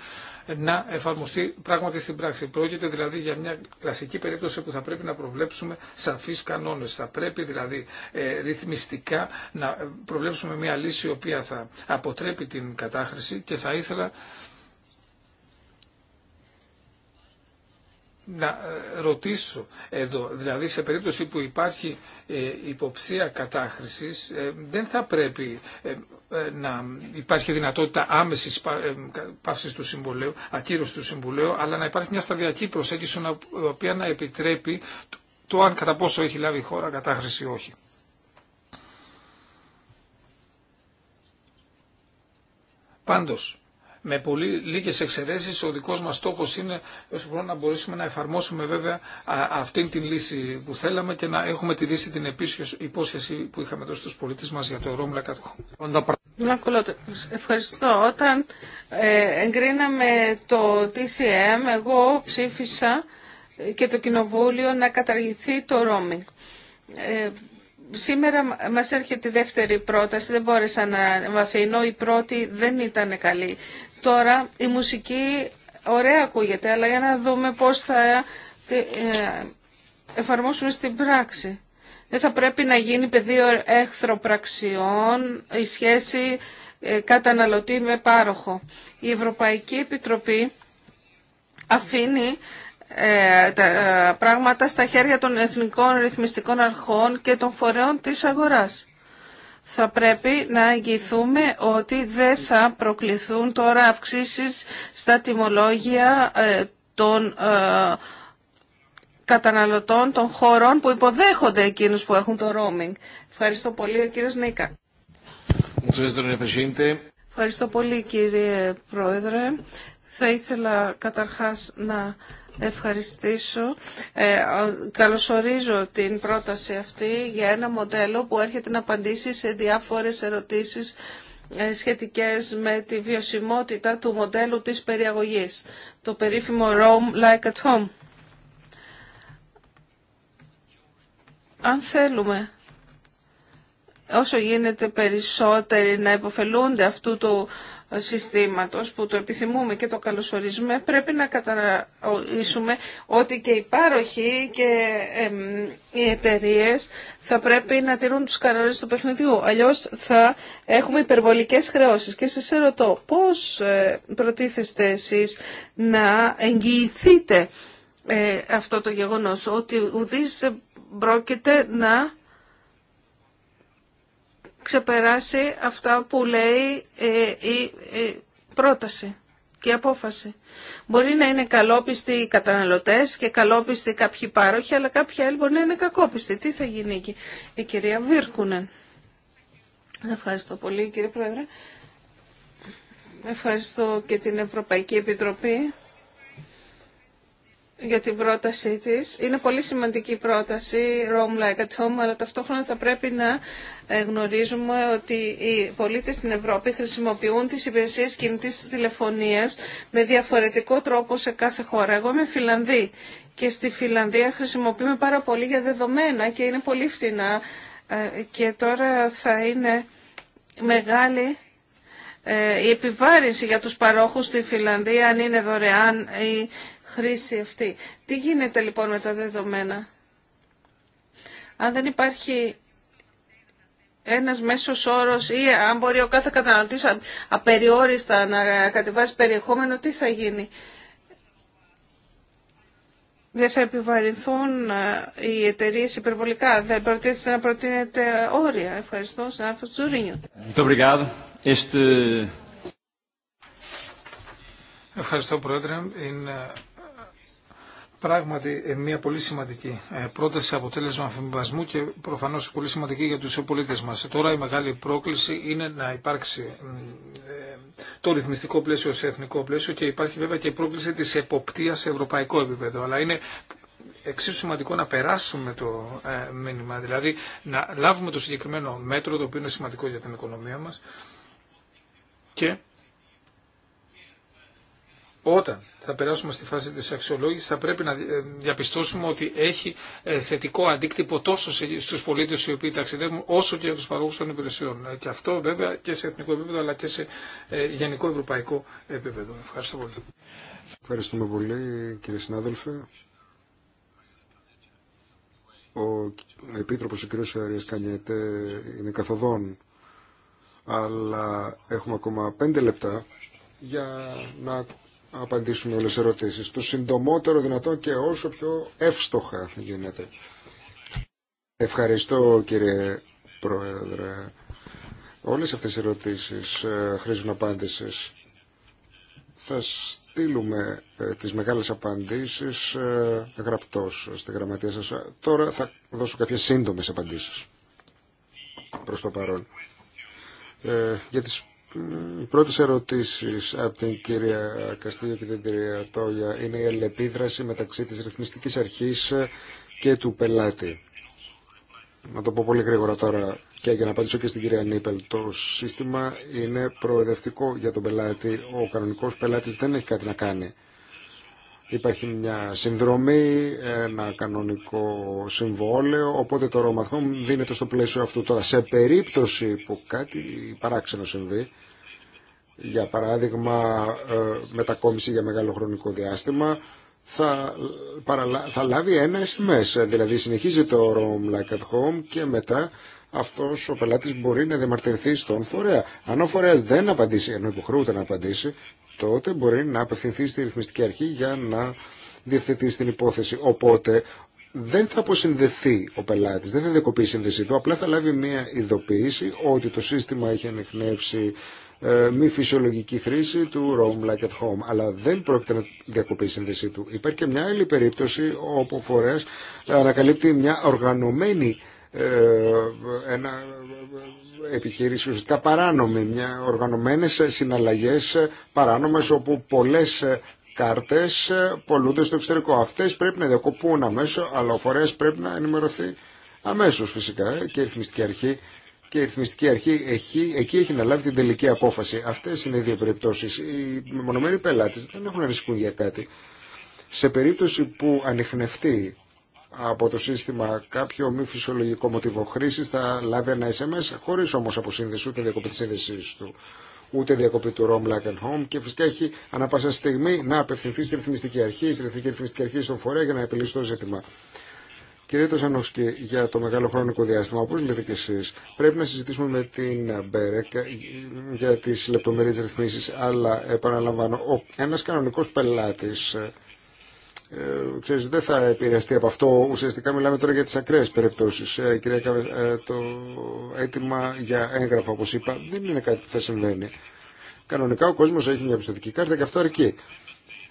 να εφαρμοστεί πράγματι στην πράξη. Πρόκειται δηλαδή για μια κλασική περίπτωση που θα πρέπει να προβλέψουμε σαφείς κανόνες. Θα πρέπει δηλαδή ε, ρυθμιστικά να προβλέψουμε μια λύση η οποία θα αποτρέπει την κατάχρηση και θα ήθελα να ε, ρωτήσω εδώ, δηλαδή σε περίπτωση που υπάρχει ε, υποψία κατάχρησης, ε, δεν θα πρέπει να υπάρχει δυνατότητα άμεσης παύσης του συμβολέου, ακύρωση του συμβολέου, αλλά να υπάρχει μια σταδιακή προσέγγιση, η οποία να επιτρέπει το αν κατά πόσο έχει λάβει η χώρα κατάχρηση ή όχι. Πάντως, με πολύ λίγες εξαιρέσεις ο δικός μας στόχος είναι να μπορέσουμε να εφαρμόσουμε βέβαια αυτή την λύση που θέλαμε και να έχουμε τη λύση την επίσης υπόσχεση που είχαμε δώσει στους πολίτες μας για το Ρώμουλα Κατοχό. Ευχαριστώ. Όταν ε, εγκρίναμε το TCM εγώ ψήφισα ε, και το Κοινοβούλιο να καταργηθεί το roaming. Ε, σήμερα μας έρχεται η δεύτερη πρόταση, δεν μπόρεσα να αφήνω. η πρώτη δεν ήταν καλή. Τώρα η μουσική ωραία ακούγεται, αλλά για να δούμε πώς θα ε, εφαρμόσουμε στην πράξη. Δεν θα πρέπει να γίνει πεδίο εχθροπραξιών η σχέση ε, καταναλωτή με πάροχο. Η Ευρωπαϊκή Επιτροπή αφήνει ε, τα πράγματα στα χέρια των εθνικών ρυθμιστικών αρχών και των φορέων της αγοράς θα πρέπει να εγγυηθούμε ότι δεν θα προκληθούν τώρα αυξήσεις στα τιμολόγια ε, των ε, καταναλωτών των χωρών που υποδέχονται εκείνους που έχουν το roaming. Ευχαριστώ πολύ, κύριος Νίκα. Ευχαριστώ πολύ, κύριε Πρόεδρε. Θα ήθελα καταρχάς να ευχαριστήσω. Ε, καλωσορίζω την πρόταση αυτή για ένα μοντέλο που έρχεται να απαντήσει σε διάφορες ερωτήσεις ε, σχετικές με τη βιωσιμότητα του μοντέλου της περιαγωγής, το περίφημο Rome Like at Home. Αν θέλουμε όσο γίνεται περισσότεροι να υποφελούνται αυτού του συστήματος που το επιθυμούμε και το καλωσορίζουμε πρέπει να κατανοήσουμε ότι και οι πάροχοι και οι εταιρείε θα πρέπει να τηρούν τους κανόνες του παιχνιδιού. Αλλιώς θα έχουμε υπερβολικές χρεώσεις. Και σας ερωτώ πώς ε, προτίθεστε εσείς να εγγυηθείτε ε, αυτό το γεγονός ότι ουδής πρόκειται να ξεπεράσει αυτά που λέει ε, η ε, πρόταση και η απόφαση. Μπορεί να είναι καλόπιστοι οι καταναλωτές και καλόπιστοι κάποιοι πάροχοι, αλλά κάποιοι άλλοι μπορεί να είναι κακόπιστοι. Τι θα γίνει εκεί, η κυρία Βίρκουνεν. Ευχαριστώ πολύ κύριε Πρόεδρε. Ευχαριστώ και την Ευρωπαϊκή Επιτροπή για την πρότασή της. Είναι πολύ σημαντική η πρόταση, Rome Like at Home, αλλά ταυτόχρονα θα πρέπει να ε, γνωρίζουμε ότι οι πολίτες στην Ευρώπη χρησιμοποιούν τις υπηρεσίες κινητής τηλεφωνίας με διαφορετικό τρόπο σε κάθε χώρα. Εγώ είμαι Φιλανδή και στη Φιλανδία χρησιμοποιούμε πάρα πολύ για δεδομένα και είναι πολύ φθηνά. Ε, και τώρα θα είναι μεγάλη ε, η επιβάρυνση για τους παρόχους στη Φιλανδία αν είναι δωρεάν ή χρήση αυτή. Τι γίνεται λοιπόν με τα δεδομένα. Αν δεν υπάρχει ένας μέσος όρος ή αν μπορεί ο κάθε καταναλωτής απεριόριστα να κατεβάσει περιεχόμενο, τι θα γίνει. Δεν θα επιβαρυνθούν ε, οι εταιρείε υπερβολικά. Δεν προτείνεται να προτείνετε όρια. Ευχαριστώ, Ευχαριστώ, Πρόεδρε. Είναι πράγματι ε, μια πολύ σημαντική ε, πρόταση αποτέλεσμα αφημιβασμού και προφανώς πολύ σημαντική για τους πολίτες μας. Τώρα η μεγάλη πρόκληση είναι να υπάρξει ε, το ρυθμιστικό πλαίσιο σε εθνικό πλαίσιο και υπάρχει βέβαια και η πρόκληση της εποπτείας σε ευρωπαϊκό επίπεδο. Αλλά είναι εξίσου σημαντικό να περάσουμε το μήνυμα, δηλαδή να λάβουμε το συγκεκριμένο μέτρο το οποίο είναι σημαντικό για την οικονομία μας και όταν θα περάσουμε στη φάση της αξιολόγησης, θα πρέπει να ε, διαπιστώσουμε ότι έχει ε, θετικό αντίκτυπο τόσο στους πολίτες οι οποίοι ταξιδεύουν, όσο και για τους παρόχους των υπηρεσιών. Ε, και αυτό βέβαια και σε εθνικό επίπεδο, αλλά και σε γενικό ευρωπαϊκό επίπεδο. Ευχαριστώ πολύ. Ευχαριστούμε πολύ κύριε συνάδελφε. Ο Επίτροπος ο κ. Κανιέτε είναι καθοδόν, αλλά έχουμε ακόμα πέντε λεπτά για να Απαντήσουμε όλες τις ερωτήσεις. Το συντομότερο δυνατόν και όσο πιο εύστοχα γίνεται. Ευχαριστώ κύριε Πρόεδρε. Όλες αυτές οι ερωτήσεις ε, χρήζουν απάντησης. Θα στείλουμε ε, τις μεγάλες απαντήσεις ε, γραπτός στη γραμματεία σας. Τώρα θα δώσω κάποιες σύντομες απαντήσεις προς το παρόν. Ε, για τις οι πρώτε ερωτήσει από την κυρία Καστίγιο και την κυρία Τόγια είναι η αλληλεπίδραση μεταξύ τη ρυθμιστική αρχή και του πελάτη. Να το πω πολύ γρήγορα τώρα και για να απαντήσω και στην κυρία Νίπελ. Το σύστημα είναι προοδευτικό για τον πελάτη. Ο κανονικό πελάτη δεν έχει κάτι να κάνει. Υπάρχει μια συνδρομή, ένα κανονικό συμβόλαιο, οπότε το Home δίνεται στο πλαίσιο αυτού. Τώρα, σε περίπτωση που κάτι παράξενο συμβεί, για παράδειγμα ε, μετακόμιση για μεγάλο χρονικό διάστημα, θα, θα λάβει ένα SMS. Δηλαδή συνεχίζει το Roam Like at Home και μετά αυτός ο πελάτης μπορεί να διαμαρτυρηθεί στον φορέα. Αν ο φορέας δεν απαντήσει, ενώ υποχρεούται να απαντήσει, τότε μπορεί να απευθυνθεί στη ρυθμιστική αρχή για να διευθετήσει την υπόθεση. Οπότε δεν θα αποσυνδεθεί ο πελάτης, δεν θα διακοπεί η σύνδεσή του, απλά θα λάβει μια ειδοποίηση ότι το σύστημα έχει ανεχνεύσει ε, μη φυσιολογική χρήση του Rome Like at Home. Αλλά δεν πρόκειται να διακοπεί η σύνδεσή του. Υπάρχει και μια άλλη περίπτωση όπου ο ανακαλύπτει μια οργανωμένη ε, επιχείρηση ουσιαστικά παράνομη, μια, οργανωμένες συναλλαγές παράνομες όπου πολλές ε, κάρτες ε, πολλούνται στο εξωτερικό. Αυτές πρέπει να διακοπούν αμέσως, αλλά ο φορέας πρέπει να ενημερωθεί αμέσως φυσικά και η ρυθμιστική αρχή. Και η ρυθμιστική αρχή εκεί έχει να λάβει την τελική απόφαση. Αυτές είναι οι δύο περιπτώσεις. Οι μονομένοι πελάτες δεν έχουν να για κάτι. Σε περίπτωση που ανιχνευτεί, από το σύστημα κάποιο μη φυσιολογικό μοτίβο χρήση θα λάβει ένα SMS χωρί όμω αποσύνδεση ούτε διακοπή τη σύνδεσή του ούτε διακοπή του ROM Black and Home και φυσικά έχει ανά πάσα στιγμή να απευθυνθεί στη ρυθμιστική αρχή, στη ρυθμιστική, ρυθμιστική αρχή στον φορέα για να επιλύσει το ζήτημα. Κύριε Τωσανόφσκι, για το μεγάλο χρονικό διάστημα, όπω λέτε και εσεί, πρέπει να συζητήσουμε με την Μπέρεκ για τι λεπτομερεί ρυθμίσει, αλλά επαναλαμβάνω, ένα κανονικό πελάτη ε, δεν θα επηρεαστεί από αυτό. Ουσιαστικά μιλάμε τώρα για τις ακραίες περιπτώσεις. Ε, ε το αίτημα για έγγραφα, όπως είπα, δεν είναι κάτι που θα συμβαίνει. Κανονικά ο κόσμος έχει μια πιστοτική κάρτα και αυτό αρκεί.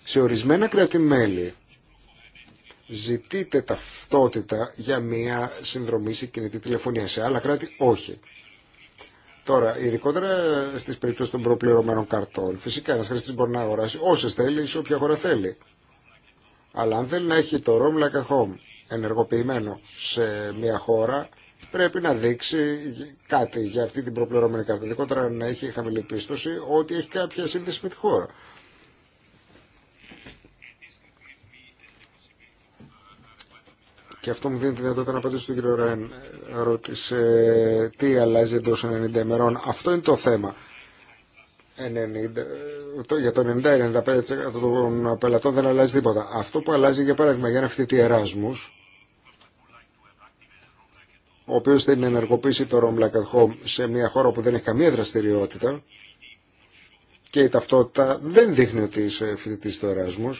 Σε ορισμένα κράτη-μέλη ζητείτε ταυτότητα για μια συνδρομή σε κινητή τηλεφωνία. Σε άλλα κράτη όχι. Τώρα, ειδικότερα στις περιπτώσεις των προπληρωμένων καρτών, φυσικά ένα χρήστη μπορεί να αγοράσει όσε θέλει, σε όποια χώρα θέλει. Αλλά αν θέλει να έχει το Rome like a home ενεργοποιημένο σε μια χώρα, πρέπει να δείξει κάτι για αυτή την προπληρωμένη κάρτα. Δικότερα να έχει χαμηλή πίστοση ότι έχει κάποια σύνδεση με τη χώρα. Και αυτό μου δίνει τη δυνατότητα να απαντήσω στον κύριο Ρεν. Ρώτησε τι αλλάζει εντό 90 ημερών. Αυτό είναι το θέμα. 90, για το 90-95% των πελατών δεν αλλάζει τίποτα. Αυτό που αλλάζει για παράδειγμα για ένα φοιτητή Εράσμου, ο οποίο θέλει να ενεργοποιήσει το Rome Like at Home σε μια χώρα που δεν έχει καμία δραστηριότητα και η ταυτότητα δεν δείχνει ότι είσαι φοιτητή του Εράσμου.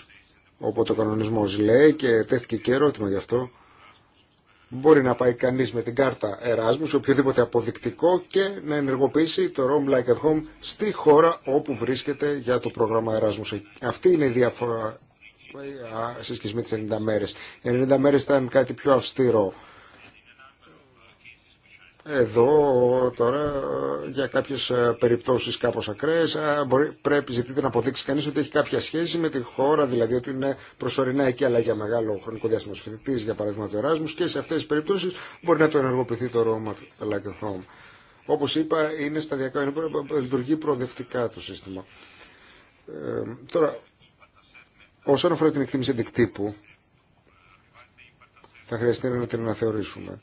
όπου το κανονισμό λέει και τέθηκε και ερώτημα γι' αυτό, Μπορεί να πάει κανείς με την κάρτα Εράσμου οποιοδήποτε αποδεικτικό και να ενεργοποιήσει το Rome Like at Home στη χώρα όπου βρίσκεται για το πρόγραμμα Εράσμου. Αυτή είναι η διαφορά ε, σε σχέση 90 μέρες. 90 μέρες ήταν κάτι πιο αυστηρό εδώ τώρα για κάποιες ε, περιπτώσεις κάπως ακραίες ε, πρέπει ζητείτε να αποδείξει κανείς ότι έχει κάποια σχέση με τη χώρα, δηλαδή ότι είναι προσωρινά εκεί αλλά για μεγάλο χρονικό διάστημα φοιτητής, για παράδειγμα του Εράσμους και σε αυτές τις περιπτώσεις μπορεί να το ενεργοποιηθεί το Roma Like a Home. Όπως είπα είναι σταδιακά, είναι, λειτουργεί προοδευτικά το σύστημα. Ε, τώρα, όσον αφορά την εκτίμηση αντικτύπου, θα χρειαστεί να την αναθεωρήσουμε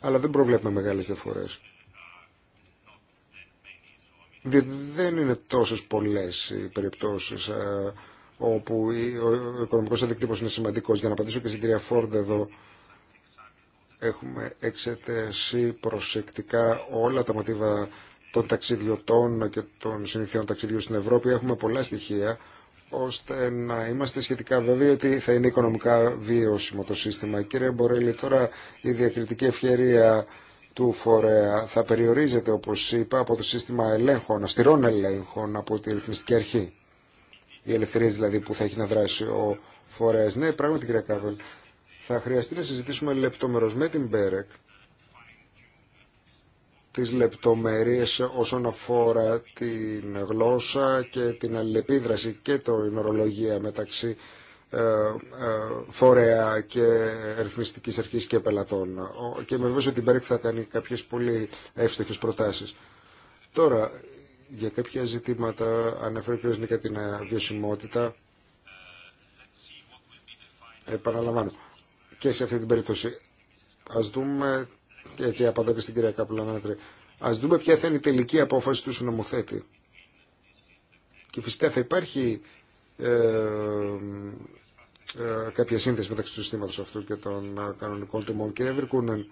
αλλά δεν προβλέπουμε μεγάλες διαφορές. Διότι δεν είναι τόσες πολλές οι περιπτώσεις ε, όπου ο οικονομικός αντικτύπωση είναι σημαντικός. Για να απαντήσω και στην κυρία Φόρντ εδώ, έχουμε εξετάσει προσεκτικά όλα τα μοτίβα των ταξιδιωτών και των συνηθιών ταξιδιού στην Ευρώπη. Έχουμε πολλά στοιχεία ώστε να είμαστε σχετικά βέβαιοι ότι θα είναι οικονομικά βιώσιμο το σύστημα. Κύριε Μπορέλη, τώρα η διακριτική ευκαιρία του φορέα θα περιορίζεται, όπως είπα, από το σύστημα ελέγχων, αστηρών ελέγχων από τη ρυθμιστική αρχή. Οι ελευθερίες δηλαδή που θα έχει να δράσει ο φορέας. Ναι, πράγματι κύριε Κάβελ, θα χρειαστεί να συζητήσουμε λεπτομερώς με την Μπέρεκ τις λεπτομέρειες όσον αφορά την γλώσσα και την αλληλεπίδραση και την ορολογία μεταξύ ε, ε, φορέα και ρυθμιστικής αρχής και πελατών. Και με βέβαιο ότι η Μπέρκ θα κάνει κάποιες πολύ εύστοχες προτάσεις. Τώρα, για κάποια ζητήματα ανέφερε και κ. Νίκα την ε, βιωσιμότητα. Επαναλαμβάνω. Και σε αυτή την περίπτωση. Ας δούμε και έτσι απαντώ και στην κυρία Καπουλανάτρη. Ας δούμε ποια θα είναι η τελική απόφαση του συνομοθέτη. Και φυσικά θα υπάρχει ε, ε, κάποια σύνδεση μεταξύ του συστήματο αυτού και των ε, κανονικών τιμών. Κύριε Βυρκούνεν,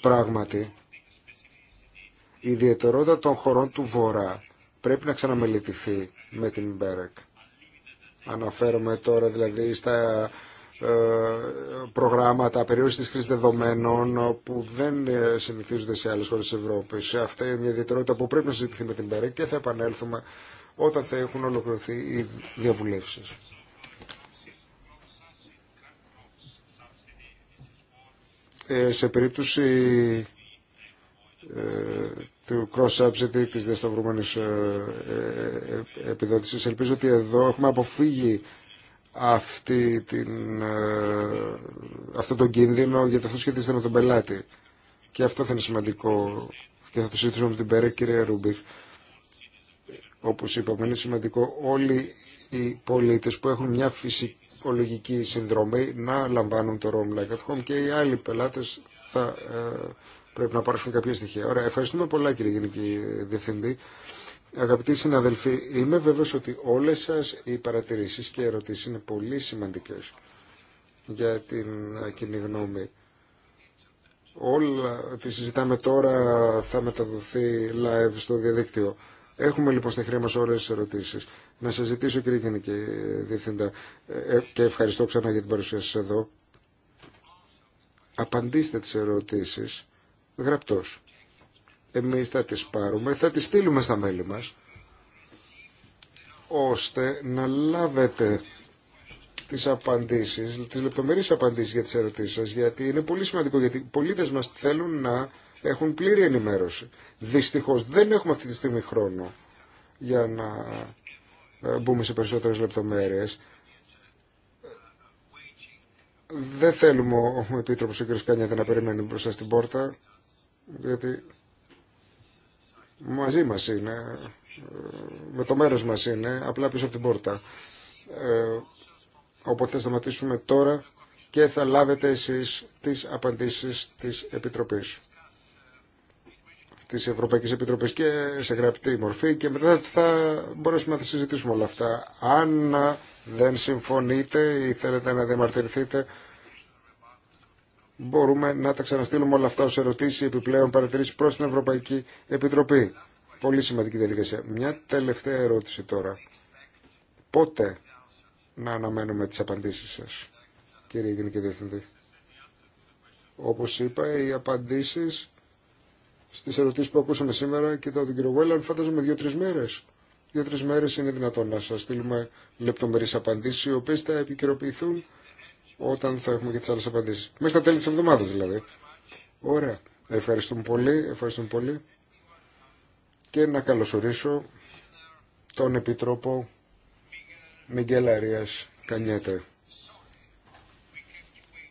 πράγματι, η ιδιαιτερότητα των χωρών του Βορρά πρέπει να ξαναμελετηθεί με την Μπέρεκ. Αναφέρομαι τώρα δηλαδή στα ε, προγράμματα περιόρισης της δεδομένων που δεν ε, συνηθίζονται σε άλλες χώρες της Ευρώπης. Αυτή είναι μια ιδιαιτερότητα που πρέπει να συζητηθεί με την ΠΕΡΕ και θα επανέλθουμε όταν θα έχουν ολοκληρωθεί οι διαβουλεύσεις. Ε, σε περίπτωση ε, του cross-subsidy της διασταυρούμενης ε, επιδότησης ελπίζω ότι εδώ έχουμε αποφύγει αυτή την, ε, αυτό τον κίνδυνο γιατί αυτό σχετίζεται με τον πελάτη. Και αυτό θα είναι σημαντικό και θα το συζητήσουμε με την Πέρα, κύριε Ρούμπιχ. Όπως είπαμε, είναι σημαντικό όλοι οι πολίτες που έχουν μια φυσικολογική συνδρομή να λαμβάνουν το Roam Like at Home και οι άλλοι πελάτες θα ε, πρέπει να πάρουν κάποια στοιχεία. Ωραία, ευχαριστούμε πολλά κύριε Γενική Διευθυντή. Αγαπητοί συναδελφοί, είμαι βέβαιος ότι όλες σας οι παρατηρήσεις και οι ερωτήσεις είναι πολύ σημαντικές για την κοινή γνώμη. Όλα ό,τι συζητάμε τώρα θα μεταδοθεί live στο διαδίκτυο. Έχουμε λοιπόν στα χρήμα μας τις ερωτήσεις. Να σας ζητήσω κύριε Γενική Διευθύντα ε, και ευχαριστώ ξανά για την παρουσία σας εδώ. Απαντήστε τις ερωτήσεις γραπτός. Εμείς θα τις πάρουμε, θα τις στείλουμε στα μέλη μας, ώστε να λάβετε τις απαντήσεις, τις λεπτομερείς απαντήσεις για τις ερωτήσεις σας, γιατί είναι πολύ σημαντικό, γιατί οι πολίτες μας θέλουν να έχουν πλήρη ενημέρωση. Δυστυχώς δεν έχουμε αυτή τη στιγμή χρόνο για να ε, μπούμε σε περισσότερες λεπτομέρειες. Δεν θέλουμε ο Επίτροπος ο κ. Κάνια να περιμένει μπροστά στην πόρτα, γιατί μαζί μας είναι, με το μέρος μας είναι, απλά πίσω από την πόρτα. Ε, οπότε θα σταματήσουμε τώρα και θα λάβετε εσείς τις απαντήσεις της Επιτροπής της Ευρωπαϊκής Επιτροπής και σε γραπτή μορφή και μετά θα μπορέσουμε να τα συζητήσουμε όλα αυτά. Αν δεν συμφωνείτε ή θέλετε να διαμαρτυρηθείτε, μπορούμε να τα ξαναστείλουμε όλα αυτά ως ερωτήσεις επιπλέον παρατηρήσεις προς την Ευρωπαϊκή Επιτροπή. Πολύ σημαντική διαδικασία. Μια τελευταία ερώτηση τώρα. Πότε να αναμένουμε τις απαντήσεις σας, κύριε Γενική Διευθυντή. Όπως είπα, οι απαντήσεις στις ερωτήσεις που ακούσαμε σήμερα και τον κυριο βελλαν Γουέλλαν φαντάζομαι δύο-τρεις μέρες. Δύο-τρεις μέρες είναι δυνατόν να σας στείλουμε λεπτομερείς απαντήσει οι οποίε θα επικαιροποιηθούν όταν θα έχουμε και τι άλλε απαντήσεις. Μέσα στα τέλη τη εβδομάδα δηλαδή. Ωραία. Ευχαριστούμε πολύ. Ευχαριστούμε πολύ. Και να καλωσορίσω τον Επιτρόπο Μιγκελαρία Αρίας Κανιέτε.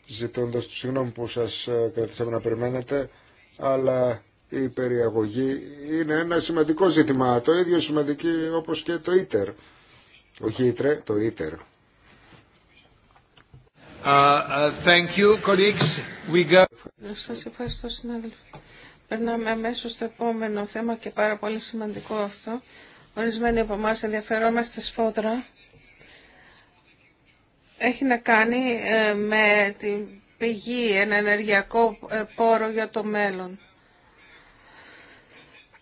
Ζητώντας του συγγνώμη που σα ε, κρατήσαμε να περιμένετε, αλλά η περιαγωγή είναι ένα σημαντικό ζήτημα, το ίδιο σημαντική όπως και το ίτερ. Όχι ίτρε, το ίτερ. Uh, uh, σας ευχαριστώ συνάδελφοι. Περνάμε αμέσω στο επόμενο θέμα και πάρα πολύ σημαντικό αυτό. Ορισμένοι από εμά ενδιαφερόμαστε σφόδρα. Έχει να κάνει ε, με την πηγή, ένα ενεργειακό ε, πόρο για το μέλλον.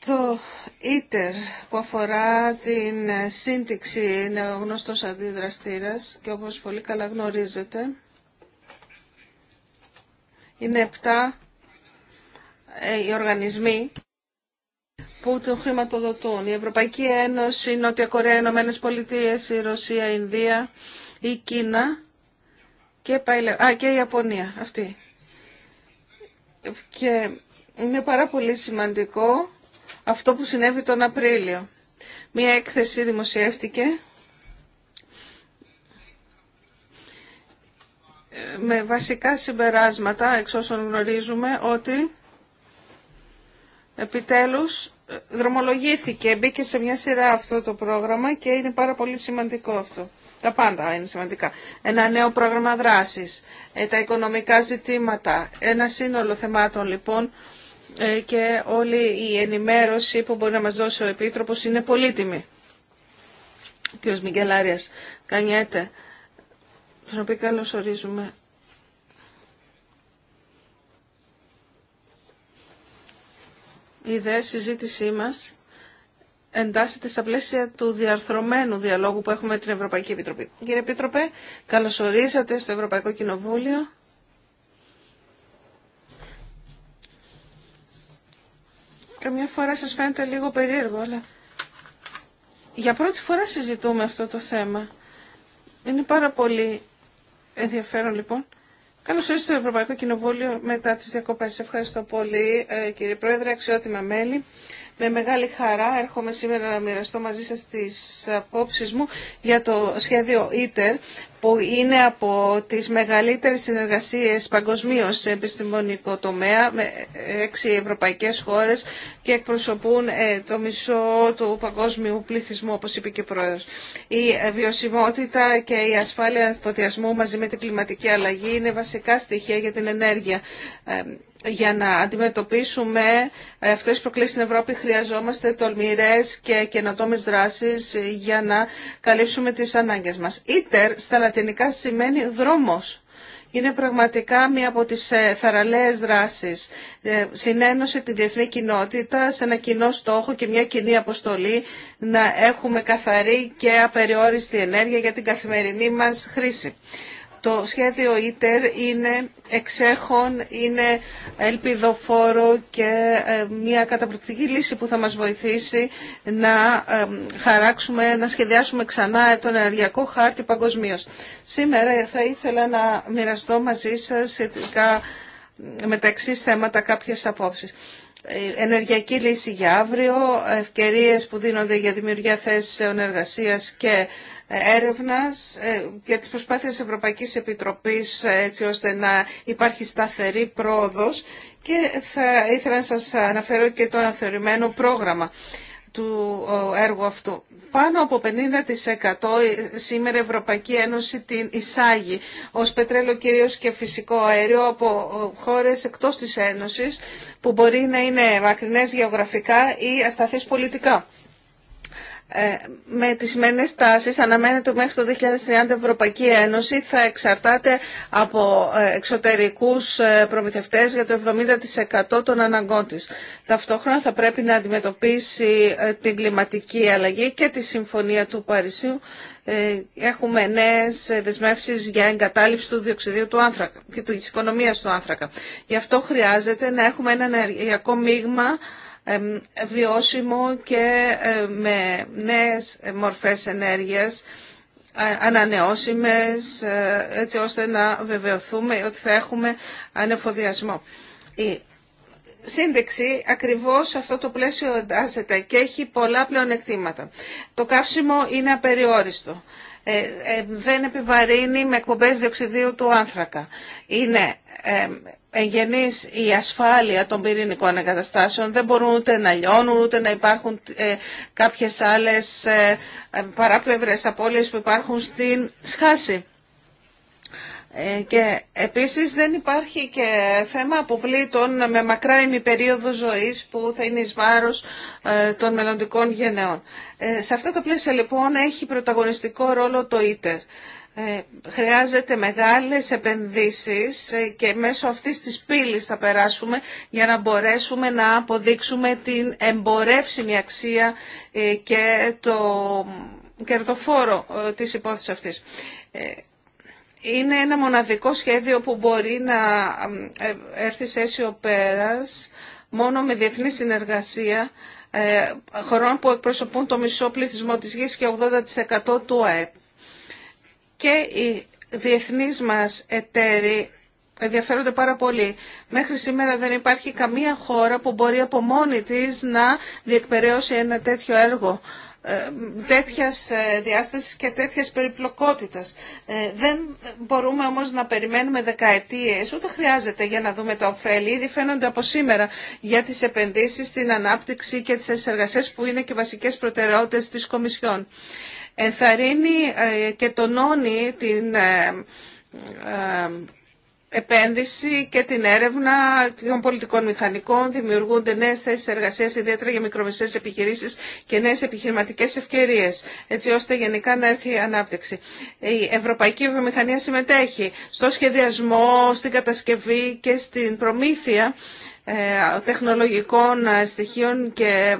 Το ίτερ που αφορά την ε, σύνδεξη είναι ο γνωστός αντιδραστήρας και όπως πολύ καλά γνωρίζετε είναι 7 ε, οι οργανισμοί που τον χρηματοδοτούν. Η Ευρωπαϊκή Ένωση, η Νότια Κορέα, οι Ηνωμένε Πολιτείε, η Ρωσία, η Ινδία, η Κίνα και, και η Ιαπωνία. Αυτή. Και είναι πάρα πολύ σημαντικό αυτό που συνέβη τον Απρίλιο. Μία έκθεση δημοσιεύτηκε με βασικά συμπεράσματα, εξ όσων γνωρίζουμε, ότι επιτέλους ε, δρομολογήθηκε, μπήκε σε μια σειρά αυτό το πρόγραμμα και είναι πάρα πολύ σημαντικό αυτό. Τα πάντα είναι σημαντικά. Ένα νέο πρόγραμμα δράσης, ε, τα οικονομικά ζητήματα, ένα σύνολο θεμάτων λοιπόν ε, και όλη η ενημέρωση που μπορεί να μας δώσει ο Επίτροπος είναι πολύτιμη. Ο κ. Μικελάριας θα πει καλώς ορίζουμε. Η ιδέα συζήτησή μας εντάσσεται στα πλαίσια του διαρθρωμένου διαλόγου που έχουμε με την Ευρωπαϊκή Επιτροπή. Κύριε Επίτροπε, καλώς ορίσατε στο Ευρωπαϊκό Κοινοβούλιο. Καμιά φορά σας φαίνεται λίγο περίεργο, αλλά για πρώτη φορά συζητούμε αυτό το θέμα. Είναι πάρα πολύ ενδιαφέρον λοιπόν. Καλώς ήρθατε στο Ευρωπαϊκό Κοινοβούλιο μετά τις διακοπέ. Ευχαριστώ πολύ ε, κύριε Πρόεδρε, αξιότιμα μέλη. Με μεγάλη χαρά έρχομαι σήμερα να μοιραστώ μαζί σας τις απόψεις μου για το σχέδιο ITER που είναι από τις μεγαλύτερες συνεργασίες παγκοσμίως σε επιστημονικό τομέα με έξι ευρωπαϊκές χώρες και εκπροσωπούν ε, το μισό του παγκόσμιου πληθυσμού όπως είπε και η Πρόεδρος. Η βιωσιμότητα και η ασφάλεια φωτιασμού μαζί με την κλιματική αλλαγή είναι βασικά στοιχεία για την ενέργεια ε, για να αντιμετωπίσουμε ε, αυτές τις προκλήσεις στην Ευρώπη χρειαζόμαστε τολμηρές και καινοτόμες δράσεις για να καλύψουμε τις ανάγκες μας. Ήτερ στα λατινικά σημαίνει δρόμος. Είναι πραγματικά μία από τις ε, θαραλέες δράσεις. Ε, Συνένωσε τη διεθνή κοινότητα σε ένα κοινό στόχο και μια κοινή αποστολή να έχουμε καθαρή και απεριόριστη ενέργεια για την καθημερινή μας χρήση. Το σχέδιο ΙΤΕΡ είναι εξέχον, είναι ελπιδοφόρο και ε, μια καταπληκτική λύση που θα μας βοηθήσει να ε, χαράξουμε, να σχεδιάσουμε ξανά τον ενεργειακό χάρτη παγκοσμίω. Σήμερα θα ήθελα να μοιραστώ μαζί σας σχετικά μεταξύ θέματα κάποιες απόψεις ε, ενεργειακή λύση για αύριο, ευκαιρίες που δίνονται για δημιουργία θέσεων εργασίας και έρευνας ε, για τις προσπάθειες Ευρωπαϊκής Επιτροπής ε, έτσι ώστε να υπάρχει σταθερή πρόοδος και θα ήθελα να σας αναφέρω και το αναθεωρημένο πρόγραμμα του έργου αυτού. Πάνω από 50% ε, σήμερα η Ευρωπαϊκή Ένωση την εισάγει ως πετρέλαιο κυρίως και φυσικό αέριο από χώρες εκτός της Ένωσης που μπορεί να είναι μακρινές γεωγραφικά ή ασταθείς πολιτικά. Ε, με τις σημερινές τάσεις αναμένεται μέχρι το 2030 η Ευρωπαϊκή Ένωση θα εξαρτάται από ε, εξωτερικούς ε, προμηθευτές για το 70% των αναγκών της. Ταυτόχρονα θα πρέπει να αντιμετωπίσει ε, την κλιματική αλλαγή και τη Συμφωνία του Παρισίου. Έχουμε νέες δεσμεύσεις για εγκατάλειψη του διοξιδίου του άνθρακα και της οικονομίας του άνθρακα. Γι' αυτό χρειάζεται να έχουμε ένα ενεργειακό μείγμα βιώσιμο και ε, με νέες μορφές ενέργειας ανανεώσιμες ε, έτσι ώστε να βεβαιωθούμε ότι θα έχουμε ανεφοδιασμό. Η σύνδεξη ακριβώς αυτό το πλαίσιο εντάσσεται και έχει πολλά πλεονεκτήματα. Το καύσιμο είναι απεριόριστο. Ε, δεν επιβαρύνει με εκπομπές διοξιδίου του άνθρακα. Είναι Εγγενείς, η ασφάλεια των πυρηνικών εγκαταστάσεων δεν μπορούν ούτε να λιώνουν ούτε να υπάρχουν ε, κάποιες άλλες ε, παράπλευρες απώλειες που υπάρχουν στην σχάση. Ε, και επίσης δεν υπάρχει και θέμα αποβλήτων με μακρά περίοδο ζωής που θα είναι εις βάρος των μελλοντικών γενεών. Σε αυτά τα πλαίσια λοιπόν έχει πρωταγωνιστικό ρόλο το ΊΤΕΡ. Ε, χρειάζεται μεγάλες επενδύσεις ε, και μέσω αυτής της πύλης θα περάσουμε για να μπορέσουμε να αποδείξουμε την εμπορεύσιμη αξία ε, και το κερδοφόρο της υπόθεσης αυτής. Είναι ένα μοναδικό σχέδιο που μπορεί να έρθει σε αίσιο πέρας μόνο με διεθνή συνεργασία χωρών που εκπροσωπούν το μισό πληθυσμό της γης και 80% του ΑΕΠ και οι διεθνείς μας εταίροι ενδιαφέρονται πάρα πολύ. Μέχρι σήμερα δεν υπάρχει καμία χώρα που μπορεί από μόνη της να διεκπαιρέωσει ένα τέτοιο έργο ε, τέτοια ε, διάσταση και τέτοια περιπλοκότητα. Ε, δεν μπορούμε όμω να περιμένουμε δεκαετίε, ούτε χρειάζεται για να δούμε το ωφέλη. Ήδη φαίνονται από σήμερα για τι επενδύσει, την ανάπτυξη και τι εργασίε που είναι και βασικέ προτεραιότητε τη Κομισιόν ενθαρρύνει ε, και τονώνει την ε, ε, επένδυση και την έρευνα των πολιτικών μηχανικών. Δημιουργούνται νέε θέσει εργασία, ιδιαίτερα για μικρομεσαίε επιχειρήσει και νέε επιχειρηματικέ ευκαιρίε, έτσι ώστε γενικά να έρθει η ανάπτυξη. Η Ευρωπαϊκή Βιομηχανία συμμετέχει στο σχεδιασμό, στην κατασκευή και στην προμήθεια τεχνολογικών στοιχείων και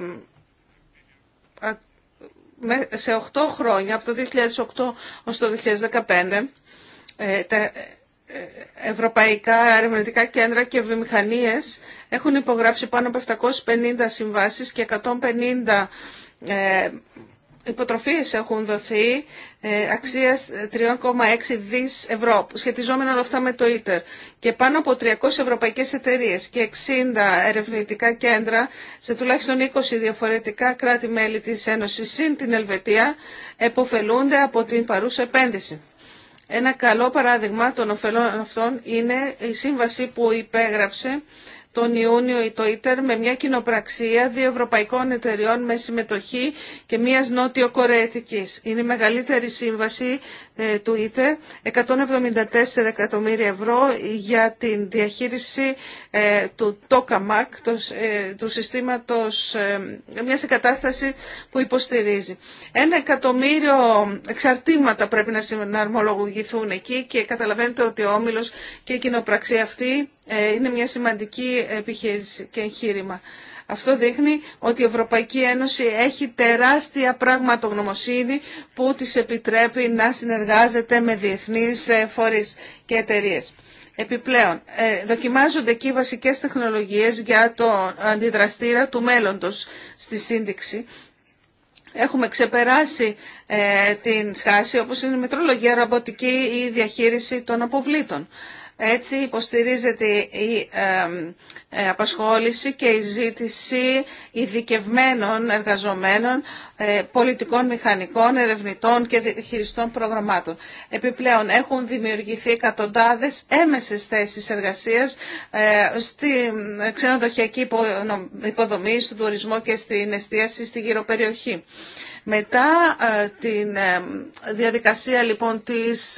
σε 8 χρόνια, από το 2008 ως το 2015, ε, τα ε, ευρωπαϊκά ερευνητικά κέντρα και βιομηχανίες έχουν υπογράψει πάνω από 750 συμβάσεις και 150 υποτροφίες έχουν δοθεί ε, αξίας 3,6 δις ευρώ, σχετιζόμενα όλα αυτά με το ΊΤΕΡ. Και πάνω από 300 ευρωπαϊκές εταιρείες και 60 ερευνητικά κέντρα σε τουλάχιστον 20 διαφορετικά κράτη-μέλη της Ένωσης, συν την Ελβετία, εποφελούνται από την παρούσα επένδυση. Ένα καλό παράδειγμα των ωφελών αυτών είναι η σύμβαση που υπέγραψε τον Ιούνιο η το με μια κοινοπραξία δύο ευρωπαϊκών εταιριών με συμμετοχή και μιας νότιο-κορεατικής. Είναι η μεγαλύτερη σύμβαση ε, του ΙΤΕ, 174 εκατομμύρια ευρώ για την διαχείριση ε, του ΤΟΚΑΜΑΚ, ε, του συστήματος μιας εγκατάσταση που υποστηρίζει. Ένα εκατομμύριο εξαρτήματα πρέπει να συναρμολογηθούν εκεί και καταλαβαίνετε ότι ο Όμιλος και η κοινοπραξία αυτή είναι μια σημαντική επιχείρηση και εγχείρημα. Αυτό δείχνει ότι η Ευρωπαϊκή Ένωση έχει τεράστια πραγματογνωμοσύνη που της επιτρέπει να συνεργάζεται με διεθνείς ε, φορείς και εταιρείε. Επιπλέον, ε, δοκιμάζονται εκεί βασικές τεχνολογίες για το αντιδραστήρα του μέλλοντος στη σύνδεξη. Έχουμε ξεπεράσει ε, την σχάση όπως είναι η μετρολογία, ρομποτική ή η διαχείριση των αποβλήτων. Έτσι υποστηρίζεται η ε, απασχόληση και η ζήτηση ειδικευμένων εργαζομένων, ε, πολιτικών μηχανικών, ερευνητών και χειριστών προγραμμάτων. Επιπλέον έχουν δημιουργηθεί εκατοντάδες έμεσες θέσεις εργασίας ε, στη ξενοδοχειακή υποδομή, στον τουρισμό και στην εστίαση στη περιοχή. Μετά την διαδικασία λοιπόν της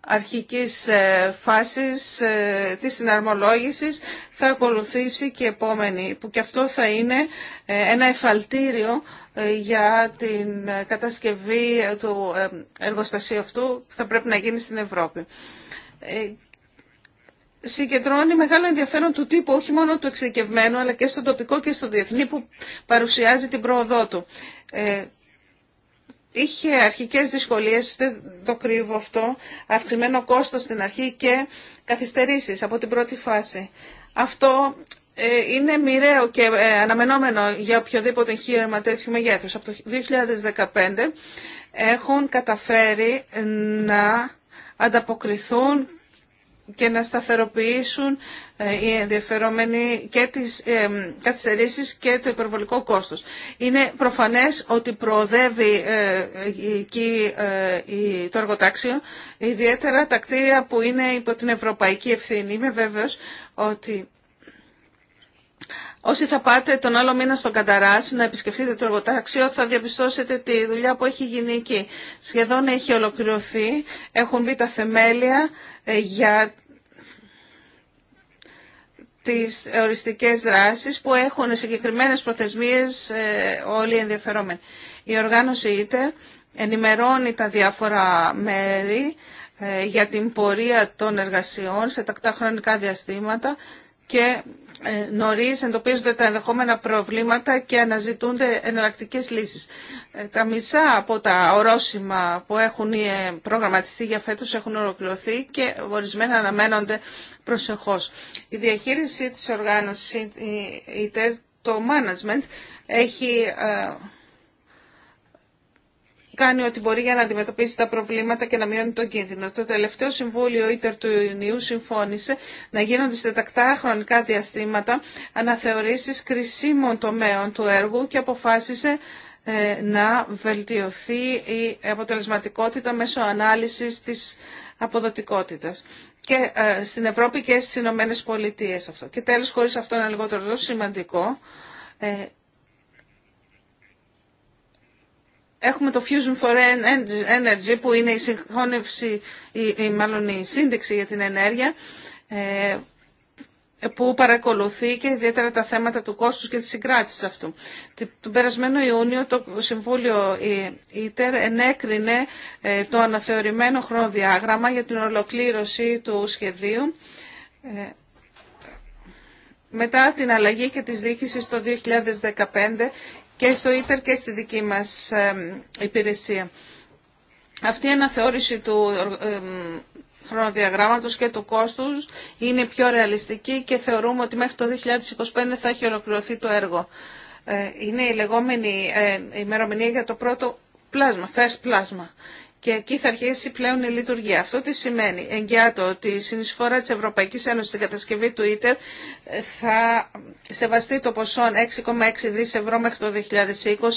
αρχικής ε, φάσης ε, της συναρμολόγησης θα ακολουθήσει και επόμενη, που και αυτό θα είναι ε, ένα εφαλτήριο για την κατασκευή του εργοστασίου αυτού που θα πρέπει να γίνει στην Ευρώπη. Συγκεντρώνει μεγάλο ενδιαφέρον του τύπου, όχι μόνο του εξειδικευμένου, αλλά και στον τοπικό και στο διεθνή που παρουσιάζει την πρόοδό του είχε αρχικές δυσκολίες, δεν το κρύβω αυτό, αυξημένο κόστος στην αρχή και καθυστερήσεις από την πρώτη φάση. Αυτό ε, είναι μοιραίο και ε, αναμενόμενο για οποιοδήποτε εγχείρημα τέτοιου μεγέθους. Από το 2015 έχουν καταφέρει να ανταποκριθούν και να σταθεροποιήσουν ε, οι ενδιαφερόμενοι και τις ε, καθυστερήσεις και το υπερβολικό κόστος. Είναι προφανές ότι προοδεύει ε, εκεί το εργοτάξιο, ιδιαίτερα τα κτίρια που είναι υπό την ευρωπαϊκή ευθύνη. Είμαι βέβαιος ότι Όσοι θα πάτε τον άλλο μήνα στον Κανταράς να επισκεφτείτε το εργοτάξιο θα διαπιστώσετε τη δουλειά που έχει γίνει εκεί. Σχεδόν έχει ολοκληρωθεί, έχουν μπει τα θεμέλια ε, για τις οριστικές δράσεις που έχουν συγκεκριμένες προθεσμίες ε, όλοι οι ενδιαφερόμενοι. Η οργάνωση ΙΤΕ ενημερώνει τα διάφορα μέρη ε, για την πορεία των εργασιών σε τακτά χρονικά διαστήματα και νωρίς εντοπίζονται τα ενδεχόμενα προβλήματα και αναζητούνται εναλλακτικές λύσεις. Τα μισά από τα ορόσημα που έχουν προγραμματιστεί για φέτος έχουν ολοκληρωθεί και ορισμένα αναμένονται προσεχώς. Η διαχείριση της οργάνωσης, η το management, έχει κάνει ό,τι μπορεί για να αντιμετωπίσει τα προβλήματα και να μειώνει τον κίνδυνο. Το τελευταίο Συμβούλιο Ίτερ του Ιουνίου συμφώνησε να γίνονται σε τακτά χρονικά διαστήματα αναθεωρήσεις κρισίμων τομέων του έργου και αποφάσισε ε, να βελτιωθεί η αποτελεσματικότητα μέσω ανάλυσης της αποδοτικότητας και ε, στην Ευρώπη και στις Ηνωμένε Πολιτείε Και τέλος, χωρίς αυτό είναι λιγότερο σημαντικό, ε, Έχουμε το Fusion for Energy που είναι η η, μάλλον η σύνδεξη για την ενέργεια ε, που παρακολουθεί και ιδιαίτερα τα θέματα του κόστους και της συγκράτησης αυτού. Τον περασμένο Ιούνιο το Συμβούλιο ΙΤΕΡ ενέκρινε ε, το αναθεωρημένο χρονοδιάγραμμα για την ολοκλήρωση του σχεδίου ε, μετά την αλλαγή και της διοίκησης το 2015 και στο ΙΤΕΡ και στη δική μας υπηρεσία. Αυτή η αναθεώρηση του χρονοδιαγράμματος και του κόστους είναι πιο ρεαλιστική και θεωρούμε ότι μέχρι το 2025 θα έχει ολοκληρωθεί το έργο. Ε, είναι η λεγόμενη ε, ημερομηνία για το πρώτο πλάσμα, first πλάσμα και εκεί θα αρχίσει πλέον η λειτουργία. Αυτό τι σημαίνει. Εγκιάτο ότι η συνεισφορά της Ευρωπαϊκής Ένωσης στην κατασκευή του ΙΤΕΡ ε, θα σεβαστεί το ποσό 6,6 δις ευρώ μέχρι το 2020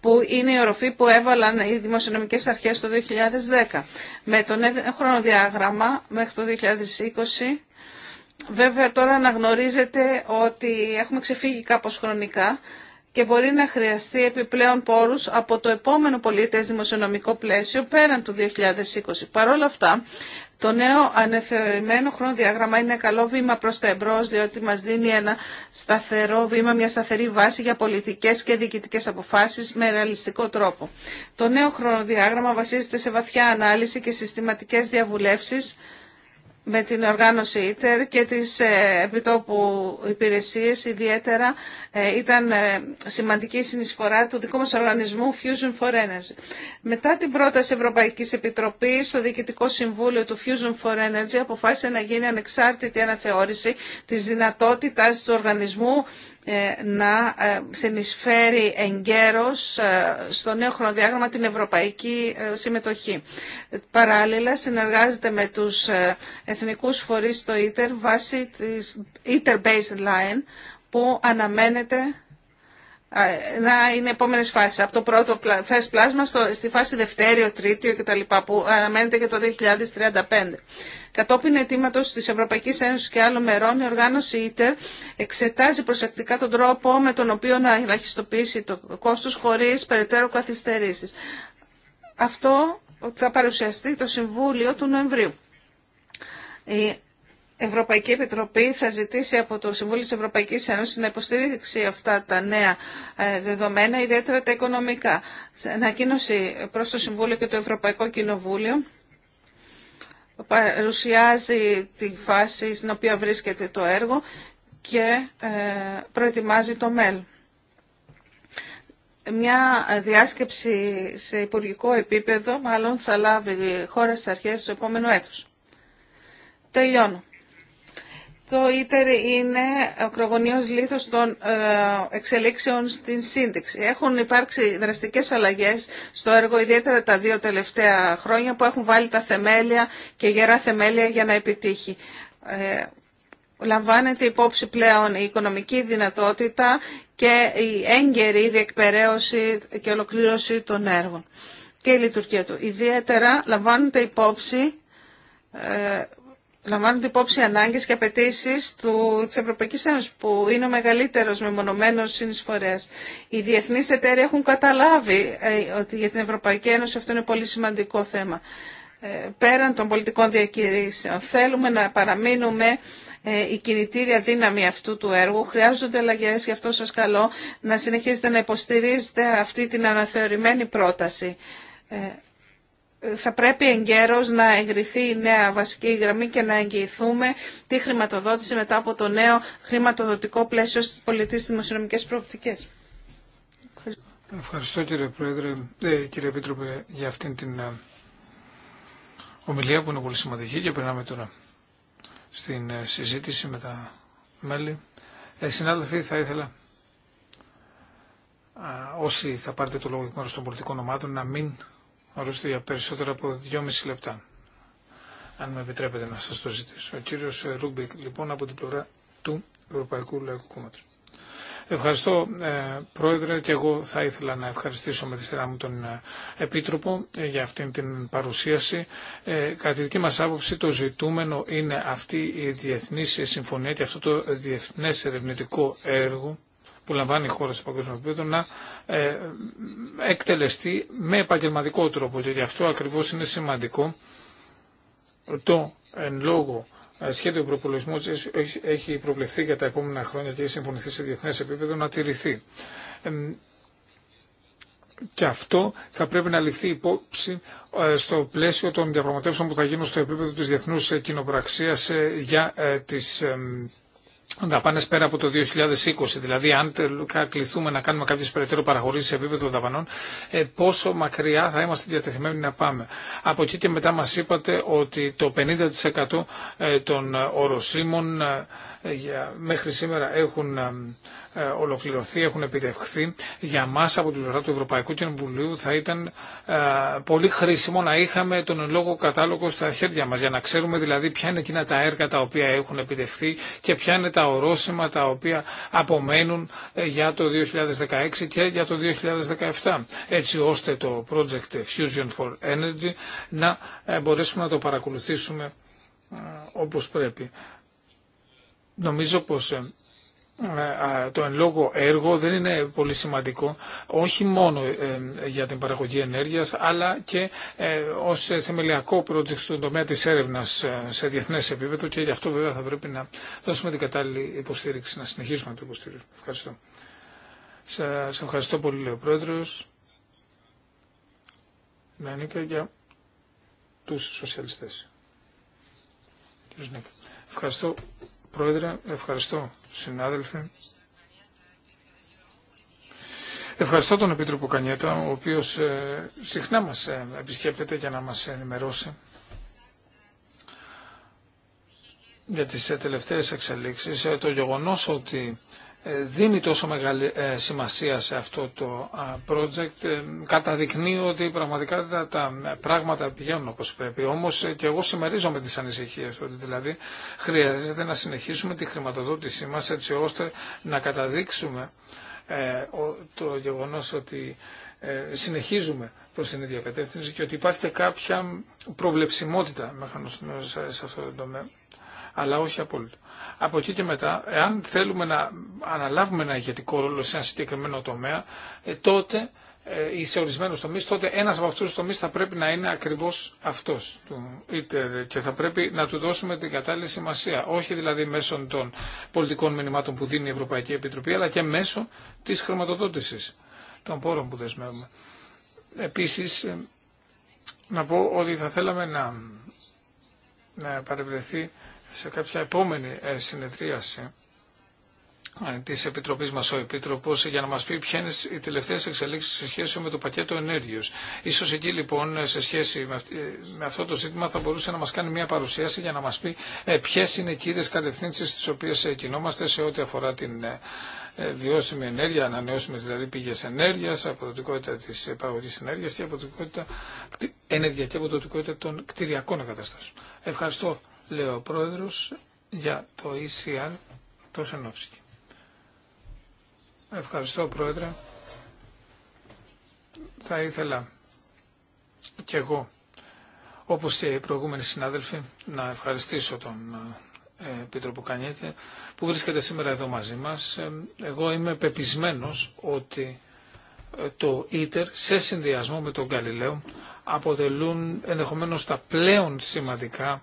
που είναι η οροφή που έβαλαν οι δημοσιονομικές αρχές το 2010. Με τον χρονοδιάγραμμα μέχρι το 2020 Βέβαια τώρα αναγνωρίζετε ότι έχουμε ξεφύγει κάπως χρονικά και μπορεί να χρειαστεί επιπλέον πόρους από το επόμενο πολίτες δημοσιονομικό πλαίσιο πέραν του 2020. Παρ' όλα αυτά, το νέο ανεθεωρημένο χρονοδιάγραμμα είναι ένα καλό βήμα προς τα εμπρός, διότι μας δίνει ένα σταθερό βήμα, μια σταθερή βάση για πολιτικές και διοικητικές αποφάσεις με ρεαλιστικό τρόπο. Το νέο χρονοδιάγραμμα βασίζεται σε βαθιά ανάλυση και συστηματικές διαβουλεύσεις με την οργάνωση ITER και τις ε, επιτόπου υπηρεσίες ιδιαίτερα ε, ήταν ε, σημαντική συνεισφορά του δικού μας οργανισμού Fusion for Energy. Μετά την πρόταση Ευρωπαϊκής Επιτροπής, το Διοικητικό Συμβούλιο του Fusion for Energy αποφάσισε να γίνει ανεξάρτητη αναθεώρηση της δυνατότητας του οργανισμού ε, να ε, συνεισφέρει εγκαίρως ε, στο νέο χρονοδιάγραμμα την ευρωπαϊκή συμμετοχή. Παράλληλα, συνεργάζεται με τους εθνικούς φορείς στο ITER βάσει της ITER Baseline που αναμένεται να είναι επόμενε φάσει. Από το πρώτο φες πλάσμα στο, στη φάση δευτέριο, τρίτιο κτλ. που αναμένεται και το 2035. Κατόπιν αιτήματο τη Ευρωπαϊκή Ένωση και άλλων μερών, η οργάνωση ΙΤΕΡ εξετάζει προσεκτικά τον τρόπο με τον οποίο να ελαχιστοποιήσει το κόστο χωρί περαιτέρω καθυστερήσει. Αυτό θα παρουσιαστεί το Συμβούλιο του Νοεμβρίου. Ευρωπαϊκή Επιτροπή θα ζητήσει από το Συμβούλιο της Ευρωπαϊκής Ένωσης να υποστηρίξει αυτά τα νέα ε, δεδομένα, ιδιαίτερα τα οικονομικά. Σε ανακοίνωση προς το Συμβούλιο και το Ευρωπαϊκό Κοινοβούλιο παρουσιάζει τη φάση στην οποία βρίσκεται το έργο και ε, προετοιμάζει το μέλλον. Μια διάσκεψη σε υπουργικό επίπεδο μάλλον θα λάβει χώρα στις αρχές του επόμενου έτους. Τελειώνω. Το ίτερ είναι ο κρογωνίος των ε, εξελίξεων στην σύνδεξη. Έχουν υπάρξει δραστικές αλλαγές στο έργο, ιδιαίτερα τα δύο τελευταία χρόνια που έχουν βάλει τα θεμέλια και γερά θεμέλια για να επιτύχει. Ε, λαμβάνεται υπόψη πλέον η οικονομική δυνατότητα και η έγκαιρη διεκπαιρέωση και ολοκλήρωση των έργων και η λειτουργία του. Ιδιαίτερα λαμβάνονται υπόψη ε, λαμβάνονται υπόψη ανάγκες και απαιτήσει τη Ευρωπαϊκή Ένωση, που είναι ο μεγαλύτερο μεμονωμένο συνεισφορέα. Οι διεθνεί εταίροι έχουν καταλάβει ε, ότι για την Ευρωπαϊκή Ένωση αυτό είναι πολύ σημαντικό θέμα. Ε, πέραν των πολιτικών διακηρύσεων θέλουμε να παραμείνουμε ε, η κινητήρια δύναμη αυτού του έργου. Χρειάζονται αλλαγέ, γι' αυτό σα καλώ να συνεχίσετε να υποστηρίζετε αυτή την αναθεωρημένη πρόταση θα πρέπει εγκαίρως να εγκριθεί η νέα βασική γραμμή και να εγγυηθούμε τη χρηματοδότηση μετά από το νέο χρηματοδοτικό πλαίσιο στις πολιτικές δημοσιονομικές προοπτικές. Ευχαριστώ. κύριε Πρόεδρε, ε, κύριε Επίτροπε για αυτήν την ε, ομιλία που είναι πολύ σημαντική και περνάμε τώρα στην ε, συζήτηση με τα μέλη. Ε, συνάδελφοι, θα ήθελα ε, όσοι θα πάρετε το λόγο εκ μέρους των πολιτικών ομάδων να μην Ορίστε για περισσότερα από 2,5 λεπτά. Αν με επιτρέπετε να σας το ζητήσω. Ο κύριος Ρούμπικ λοιπόν από την πλευρά του Ευρωπαϊκού Λαϊκού Κόμματος. Ευχαριστώ ε, Πρόεδρε και εγώ θα ήθελα να ευχαριστήσω με τη σειρά μου τον ε, Επίτροπο ε, για αυτήν την παρουσίαση. Κατά τη δική μας άποψη το ζητούμενο είναι αυτή η διεθνή συμφωνία και αυτό το διεθνές ερευνητικό έργο που λαμβάνει η χώρα σε παγκόσμιο επίπεδο να ε, εκτελεστεί με επαγγελματικό τρόπο. Και γι' αυτό ακριβώς είναι σημαντικό το εν λόγω ε, σχέδιο προπολογισμού έχει προβλεφθεί για τα επόμενα χρόνια και έχει συμφωνηθεί σε διεθνές επίπεδο να τηρηθεί. Και αυτό θα πρέπει να ληφθεί υπόψη ε, στο πλαίσιο των διαπραγματεύσεων που θα γίνουν στο επίπεδο της διεθνούς κοινοπραξίας για τις δαπάνε πέρα από το 2020. Δηλαδή, αν τελικά κληθούμε να κάνουμε κάποιε περαιτέρω παραχωρήσει σε επίπεδο δαπανών, ε, πόσο μακριά θα είμαστε διατεθειμένοι να πάμε. Από εκεί και μετά μα είπατε ότι το 50% ε, των οροσύμων ε, μέχρι σήμερα έχουν ε, ε, ολοκληρωθεί, έχουν επιτευχθεί, για μας από την πλευρά του Ευρωπαϊκού Κοινοβουλίου θα ήταν ε, πολύ χρήσιμο να είχαμε τον λόγο κατάλογο στα χέρια μα, για να ξέρουμε δηλαδή ποια είναι εκείνα τα έργα τα οποία έχουν επιτευχθεί και ποια είναι τα ορόσημα τα οποία απομένουν για το 2016 και για το 2017, έτσι ώστε το project Fusion for Energy να μπορέσουμε να το παρακολουθήσουμε όπως πρέπει νομίζω πως ε, ε, το εν λόγω έργο δεν είναι πολύ σημαντικό όχι μόνο ε, για την παραγωγή ενέργειας αλλά και ως θεμελιακό project στον τομέα της έρευνας σε διεθνές επίπεδο και γι' αυτό βέβαια θα πρέπει να δώσουμε την κατάλληλη υποστήριξη, να συνεχίσουμε να το υποστήριξουμε. Ευχαριστώ. Σας ευχαριστώ πολύ, λέει ο Πρόεδρος. νίκα για τους σοσιαλιστές. Ευχαριστώ Πρόεδρε, ευχαριστώ συνάδελφοι. Ευχαριστώ τον Επίτροπο Κανιέτα, ο οποίος ε, συχνά μας ε, επισκέπτεται για να μας ενημερώσει για τις ε, τελευταίες εξελίξεις. Το γεγονός ότι ε, δίνει τόσο μεγάλη ε, σημασία σε αυτό το project ε, καταδεικνύει ότι πραγματικά τα πράγματα πηγαίνουν όπως πρέπει. Όμως και εγώ συμμερίζομαι τις ανησυχίες ότι δηλαδή χρειάζεται να συνεχίσουμε τη χρηματοδότησή μας έτσι ώστε να καταδείξουμε το γεγονός ότι συνεχίζουμε προς την ίδια κατεύθυνση και ότι υπάρχει κάποια προβλεψιμότητα μέχρι σε αυτό το τομέα αλλά όχι απόλυτο. Από εκεί και μετά, εάν θέλουμε να αναλάβουμε ένα ηγετικό ρόλο σε ένα συγκεκριμένο τομέα, ε, τότε ε, ή σε ορισμένου τομεί, τότε ένα από αυτού του τομεί θα πρέπει να είναι ακριβώ αυτό του και θα πρέπει να του δώσουμε την κατάλληλη σημασία. Όχι δηλαδή μέσω των πολιτικών μηνυμάτων που δίνει η Ευρωπαϊκή Επιτροπή, αλλά και μέσω τη χρηματοδότηση των πόρων που δεσμεύουμε. Επίση, ε, να πω ότι θα θέλαμε να, να παρευρεθεί σε κάποια επόμενη ε, συνεδρίαση ε, τη Επιτροπή μα ο Επίτροπο για να μα πει ποιε είναι οι τελευταίε εξελίξει σε σχέση με το πακέτο ενέργεια. σω εκεί λοιπόν σε σχέση με αυτό το ζήτημα θα μπορούσε να μα κάνει μια παρουσίαση για να μα πει ε, ποιε είναι οι κύριε κατευθύνσει στι οποίε κινόμαστε σε ό,τι αφορά την βιώσιμη ενέργεια, ανανεώσιμε δηλαδή πηγέ ενέργεια, αποδοτικότητα τη παραγωγή ενέργεια και αποδοτικότητα, ενεργειακή αποδοτικότητα των κτηριακών εγκαταστάσεων. Ευχαριστώ λέει ο πρόεδρος για το ECR, το Σενόψικη. Ευχαριστώ πρόεδρε. Θα ήθελα και εγώ, όπως και οι προηγούμενοι συνάδελφοι, να ευχαριστήσω τον ε, Επίτροπο που βρίσκεται σήμερα εδώ μαζί μας. Ε, εγώ είμαι πεπισμένος ότι ε, το ίτερ σε συνδυασμό με τον Καλλιλέο αποτελούν ενδεχομένως τα πλέον σημαντικά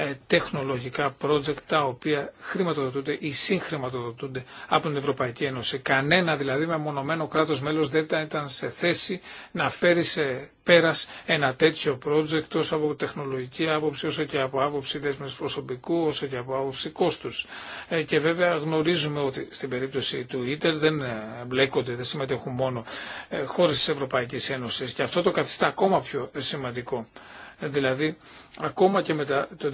ε, τεχνολογικά project τα οποία χρηματοδοτούνται ή συγχρηματοδοτούνται από την Ευρωπαϊκή Ένωση. Κανένα δηλαδή μεμονωμένο κράτος μέλος δεν ήταν σε θέση να φέρει σε πέρας ένα τέτοιο project τόσο από τεχνολογική άποψη όσο και από άποψη δέσμευση προσωπικού όσο και από άποψη κόστους. Ε, και βέβαια γνωρίζουμε ότι στην περίπτωση του ΙΤΕΡ δεν ε, μπλέκονται, δεν συμμετέχουν μόνο χώρες της Ευρωπαϊκής Ένωσης και αυτό το καθιστά ακόμα πιο σημαντικό δηλαδή ακόμα και μετά το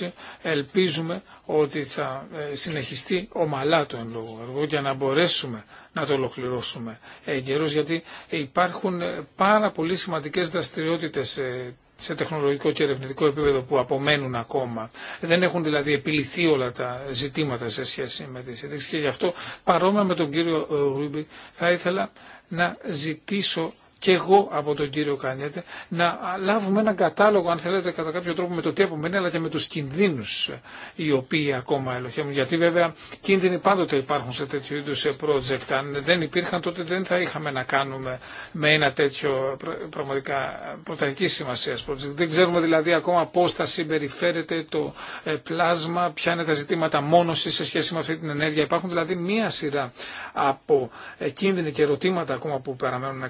2020 ελπίζουμε ότι θα ε, συνεχιστεί ομαλά το εν λόγω έργο για να μπορέσουμε να το ολοκληρώσουμε εγκαιρός γιατί υπάρχουν ε, πάρα πολύ σημαντικές δραστηριότητες ε, σε τεχνολογικό και ερευνητικό επίπεδο που απομένουν ακόμα. Δεν έχουν δηλαδή επιληθεί όλα τα ζητήματα σε σχέση με τις συνδέξη και γι' αυτό παρόμοια με τον κύριο Ρούμπι θα ήθελα να ζητήσω και εγώ από τον κύριο Κανέτε να λάβουμε έναν κατάλογο, αν θέλετε, κατά κάποιο τρόπο με το τι απομένει, αλλά και με του κινδύνου οι οποίοι ακόμα ελοχεύουν. Γιατί βέβαια κίνδυνοι πάντοτε υπάρχουν σε τέτοιου είδου project. Αν δεν υπήρχαν, τότε δεν θα είχαμε να κάνουμε με ένα τέτοιο πραγματικά πρωταρχική σημασία project. Δεν ξέρουμε δηλαδή ακόμα πώ θα συμπεριφέρεται το ε, πλάσμα, ποια είναι τα ζητήματα μόνωση σε σχέση με αυτή την ενέργεια. Υπάρχουν δηλαδή μία σειρά από ε, κίνδυνοι και ερωτήματα ακόμα που παραμένουν να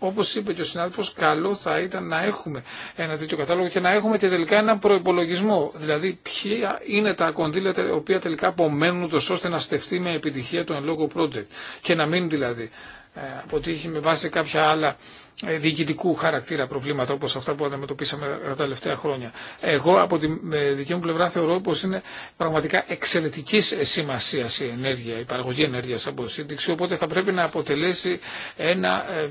Όπω είπε και ο συνάδελφο, καλό θα ήταν να έχουμε ένα τέτοιο κατάλογο και να έχουμε και τελικά ένα προπολογισμό. Δηλαδή, ποια είναι τα κονδύλια τα οποία τελικά απομένουν, ώστε να στεφτεί με επιτυχία το εν λόγω project. Και να μην δηλαδή ε, αποτύχει με βάση κάποια άλλα ε, διοικητικού χαρακτήρα προβλήματα όπως αυτά που αντιμετωπίσαμε τα τελευταία χρόνια. Εγώ από τη δική μου πλευρά θεωρώ πως είναι πραγματικά εξαιρετικής σημασίας η ενέργεια, η παραγωγή ενέργειας από σύνδεξη, οπότε θα πρέπει να αποτελέσει ένα ε,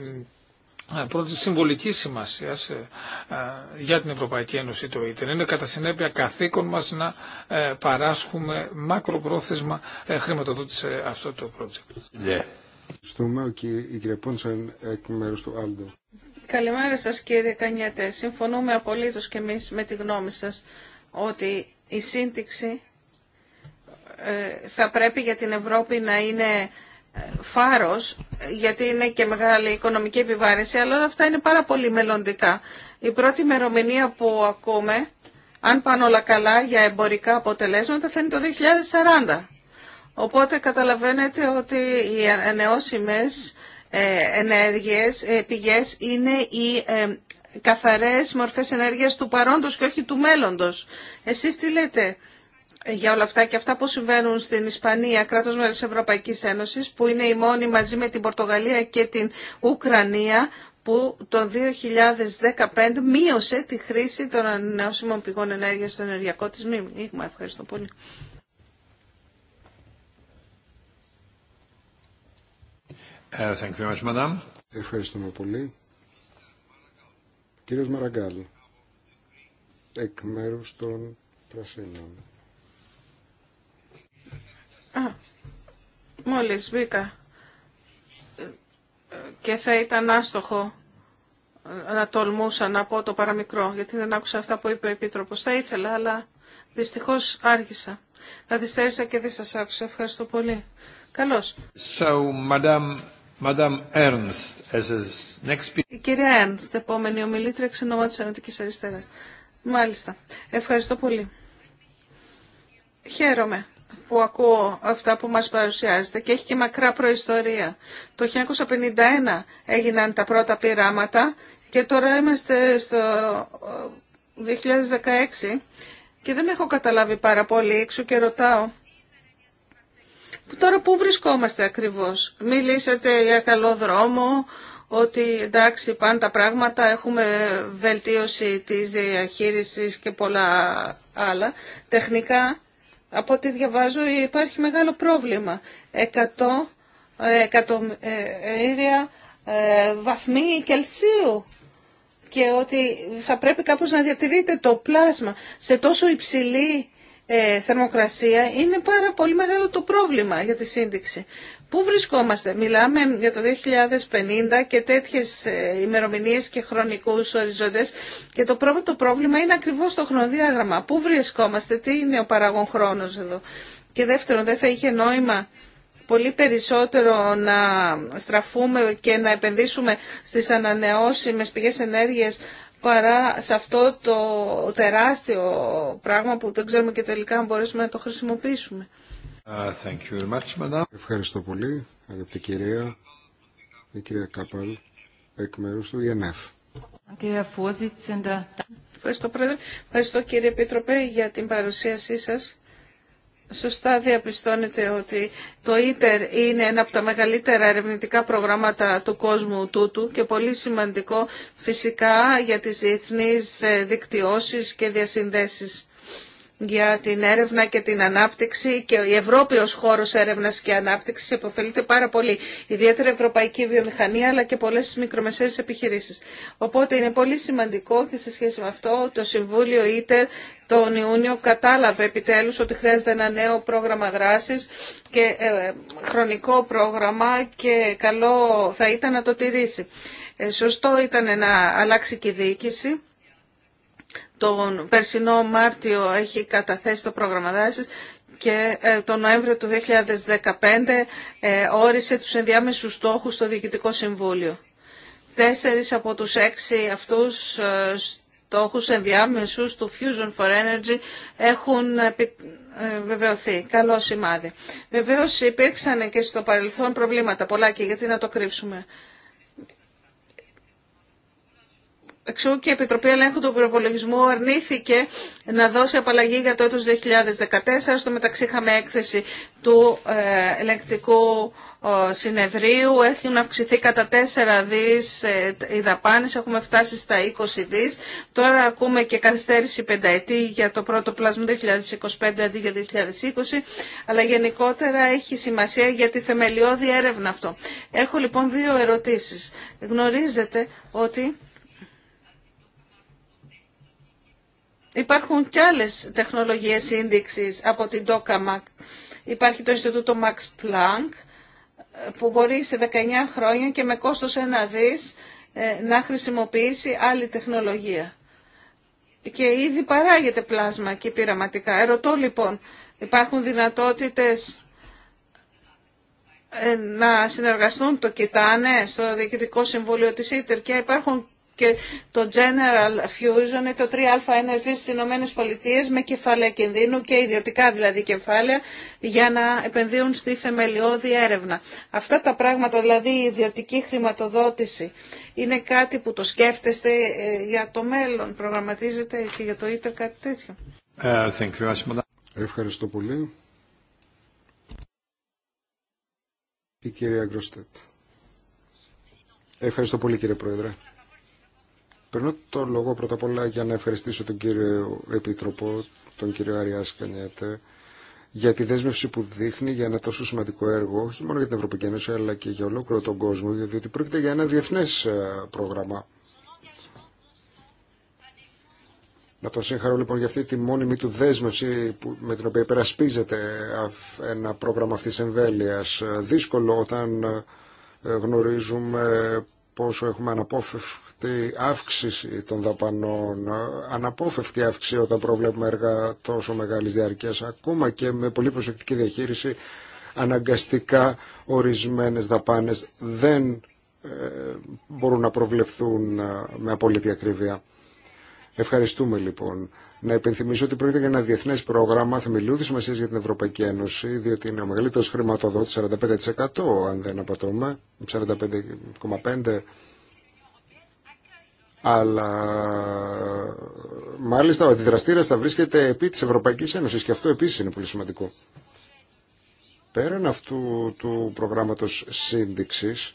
πρώτη συμβολική σημασία για την Ευρωπαϊκή Ένωση το ΙΤΕΝ. Είναι κατά συνέπεια καθήκον μας να ε, παράσχουμε μακροπρόθεσμα ε, χρηματοδότηση αυτό το project. Ναι. η εκ μέρους του Καλημέρα σας κύριε Κανιέτε. Συμφωνούμε απολύτως και εμείς με τη γνώμη σας ότι η σύντηξη ε, θα πρέπει για την Ευρώπη να είναι φάρος, γιατί είναι και μεγάλη οικονομική επιβάρηση αλλά όλα αυτά είναι πάρα πολύ μελλοντικά. Η πρώτη ημερομηνία που ακούμε, αν πάνε όλα καλά για εμπορικά αποτελέσματα, θα είναι το 2040. Οπότε καταλαβαίνετε ότι οι ανανεώσιμες ε, ενέργειες, ε, πηγές είναι οι ε, καθαρές μορφές ενέργειας του παρόντος και όχι του μέλλοντος. Εσείς τι λέτε, για όλα αυτά και αυτά που συμβαίνουν στην Ισπανία, κράτος μέλος της Ευρωπαϊκής Ένωσης, που είναι η μόνη μαζί με την Πορτογαλία και την Ουκρανία, που το 2015 μείωσε τη χρήση των ανανεώσιμων πηγών ενέργειας στο ενεργειακό της μείγμα. Ευχαριστώ πολύ. Ε, Ευχαριστούμε πολύ. Κύριος Μαραγκάλ, εκ μέρους των Πρασίνων. Α, μόλις μπήκα και θα ήταν άστοχο να τολμούσα να πω το παραμικρό, γιατί δεν άκουσα αυτά που είπε ο Επίτροπος. Θα ήθελα, αλλά δυστυχώς άργησα. Καθυστέρησα και δεν σας άκουσα. Ευχαριστώ πολύ. Καλώς. So, Madame, Madame Ernst, as next... Η κυρία Έρνστ, επόμενη ομιλήτρια εξ της Ανατικής Αριστεράς. Μάλιστα. Ευχαριστώ πολύ. Χαίρομαι που ακούω αυτά που μας παρουσιάζετε και έχει και μακρά προϊστορία. Το 1951 έγιναν τα πρώτα πειράματα και τώρα είμαστε στο 2016 και δεν έχω καταλάβει πάρα πολύ έξω και ρωτάω. Τώρα πού βρισκόμαστε ακριβώς. Μιλήσατε για καλό δρόμο, ότι εντάξει πάντα τα πράγματα, έχουμε βελτίωση της διαχείρισης και πολλά άλλα. Τεχνικά από ό,τι διαβάζω υπάρχει μεγάλο πρόβλημα. 100 ε, εκατομμύρια ε, βαθμοί Κελσίου και ότι θα πρέπει κάπως να διατηρείται το πλάσμα σε τόσο υψηλή ε, θερμοκρασία είναι πάρα πολύ μεγάλο το πρόβλημα για τη σύνδεξη. Πού βρισκόμαστε, μιλάμε για το 2050 και τέτοιες ε, ημερομηνίες και χρονικούς οριζόντες και το πρώτο πρόβλημα είναι ακριβώς το χρονοδιάγραμμα. Πού βρισκόμαστε, τι είναι ο παραγόν χρόνος εδώ. Και δεύτερον, δεν θα είχε νόημα πολύ περισσότερο να στραφούμε και να επενδύσουμε στις ανανεώσιμες πηγές ενέργειας παρά σε αυτό το τεράστιο πράγμα που δεν ξέρουμε και τελικά αν μπορέσουμε να το χρησιμοποιήσουμε. Uh, Ευχαριστώ πολύ, αγαπητή κυρία. Η κυρία Κάπαλ, εκ μέρου του ΙΕΝΕΦ. Ευχαριστώ, Πρόεδρε. Ευχαριστώ, κύριε Επίτροπε, για την παρουσίασή σας. Σωστά διαπιστώνετε ότι το ΊΤΕΡ είναι ένα από τα μεγαλύτερα ερευνητικά προγράμματα του κόσμου τούτου και πολύ σημαντικό φυσικά για τις διεθνείς ε, δικτυώσεις και διασυνδέσεις για την έρευνα και την ανάπτυξη και η Ευρώπη ως χώρος έρευνας και ανάπτυξης υποφελείται πάρα πολύ, ιδιαίτερα ευρωπαϊκή βιομηχανία αλλά και πολλές μικρομεσαίες επιχειρήσεις. Οπότε είναι πολύ σημαντικό και σε σχέση με αυτό το Συμβούλιο ΙΤΕΡ τον Ιούνιο κατάλαβε επιτέλους ότι χρειάζεται ένα νέο πρόγραμμα δράσης και ε, χρονικό πρόγραμμα και καλό θα ήταν να το τηρήσει. Ε, σωστό ήταν να αλλάξει και η διοίκηση τον περσινό Μάρτιο έχει καταθέσει το πρόγραμμα δράσης και ε, το Νοέμβριο του 2015 ε, όρισε τους ενδιάμεσους στόχους στο Διοικητικό Συμβούλιο. Τέσσερις από τους έξι αυτούς ε, στόχους ενδιάμεσους του Fusion for Energy έχουν βεβαιωθεί. Καλό σημάδι. Βεβαίως υπήρξαν και στο παρελθόν προβλήματα πολλά και γιατί να το κρύψουμε. Εξού και η Επιτροπή Ελέγχου του Προπολογισμού αρνήθηκε να δώσει απαλλαγή για το έτος 2014. Στο μεταξύ είχαμε έκθεση του ε, ελεγκτικού συνεδρίου. Έχουν αυξηθεί κατά 4 δις ε, οι δαπάνες. Έχουμε φτάσει στα 20 δις. Τώρα ακούμε και καθυστέρηση πενταετή για το πρώτο πλάσμα 2025 αντί για 2020. Αλλά γενικότερα έχει σημασία για τη θεμελιώδη έρευνα αυτό. Έχω λοιπόν δύο ερωτήσεις. Γνωρίζετε ότι Υπάρχουν και άλλες τεχνολογίες σύνδεξης από την DOCAMAC. Υπάρχει το Ινστιτούτο Max Planck που μπορεί σε 19 χρόνια και με κόστος ένα δις ε, να χρησιμοποιήσει άλλη τεχνολογία. Και ήδη παράγεται πλάσμα και πειραματικά. Ερωτώ λοιπόν, υπάρχουν δυνατότητες ε, να συνεργαστούν το κοιτάνε στο Διοικητικό Συμβούλιο της ΙΤΕΡ και υπάρχουν και το General Fusion, το 3α Energy στι Ηνωμένε Πολιτείες με κεφάλαια κινδύνου και ιδιωτικά δηλαδή κεφάλαια για να επενδύουν στη θεμελιώδη έρευνα. Αυτά τα πράγματα δηλαδή η ιδιωτική χρηματοδότηση είναι κάτι που το σκέφτεστε ε, για το μέλλον, προγραμματίζετε και για το ΙΤΕΡ κάτι τέτοιο. Ε, Ευχαριστώ πολύ. Η κυρία Γκροστέτ. Ευχαριστώ πολύ κύριε Πρόεδρε. Περνώ το λόγο πρώτα απ' όλα για να ευχαριστήσω τον κύριο Επίτροπο, τον κύριο Αριά Κανιέτε, για τη δέσμευση που δείχνει για ένα τόσο σημαντικό έργο, όχι μόνο για την Ευρωπαϊκή Ένωση, αλλά και για ολόκληρο τον κόσμο, διότι πρόκειται για ένα διεθνέ ε, πρόγραμμα. Να τον συγχαρώ λοιπόν για αυτή τη μόνιμη του δέσμευση που, με την οποία υπερασπίζεται ένα πρόγραμμα αυτή της εμβέλειας. Δύσκολο όταν ε, γνωρίζουμε πόσο έχουμε αναπόφευκτο αυτή αύξηση των δαπανών, αναπόφευκτη αύξηση όταν προβλέπουμε έργα τόσο μεγάλης διαρκείας, ακόμα και με πολύ προσεκτική διαχείριση, αναγκαστικά ορισμένες δαπάνες δεν ε, μπορούν να προβλεφθούν ε, με απόλυτη ακρίβεια. Ευχαριστούμε λοιπόν. Να υπενθυμίσω ότι πρόκειται για ένα διεθνέ πρόγραμμα θεμελιώδη σημασία για την Ευρωπαϊκή Ένωση, διότι είναι ο μεγαλύτερο χρηματοδότη, 45% αν δεν απατώμε, 45,5% αλλά μάλιστα ο αντιδραστήρα θα βρίσκεται επί της Ευρωπαϊκής Ένωσης και αυτό επίσης είναι πολύ σημαντικό. Πέραν αυτού του προγράμματος σύνδεξης,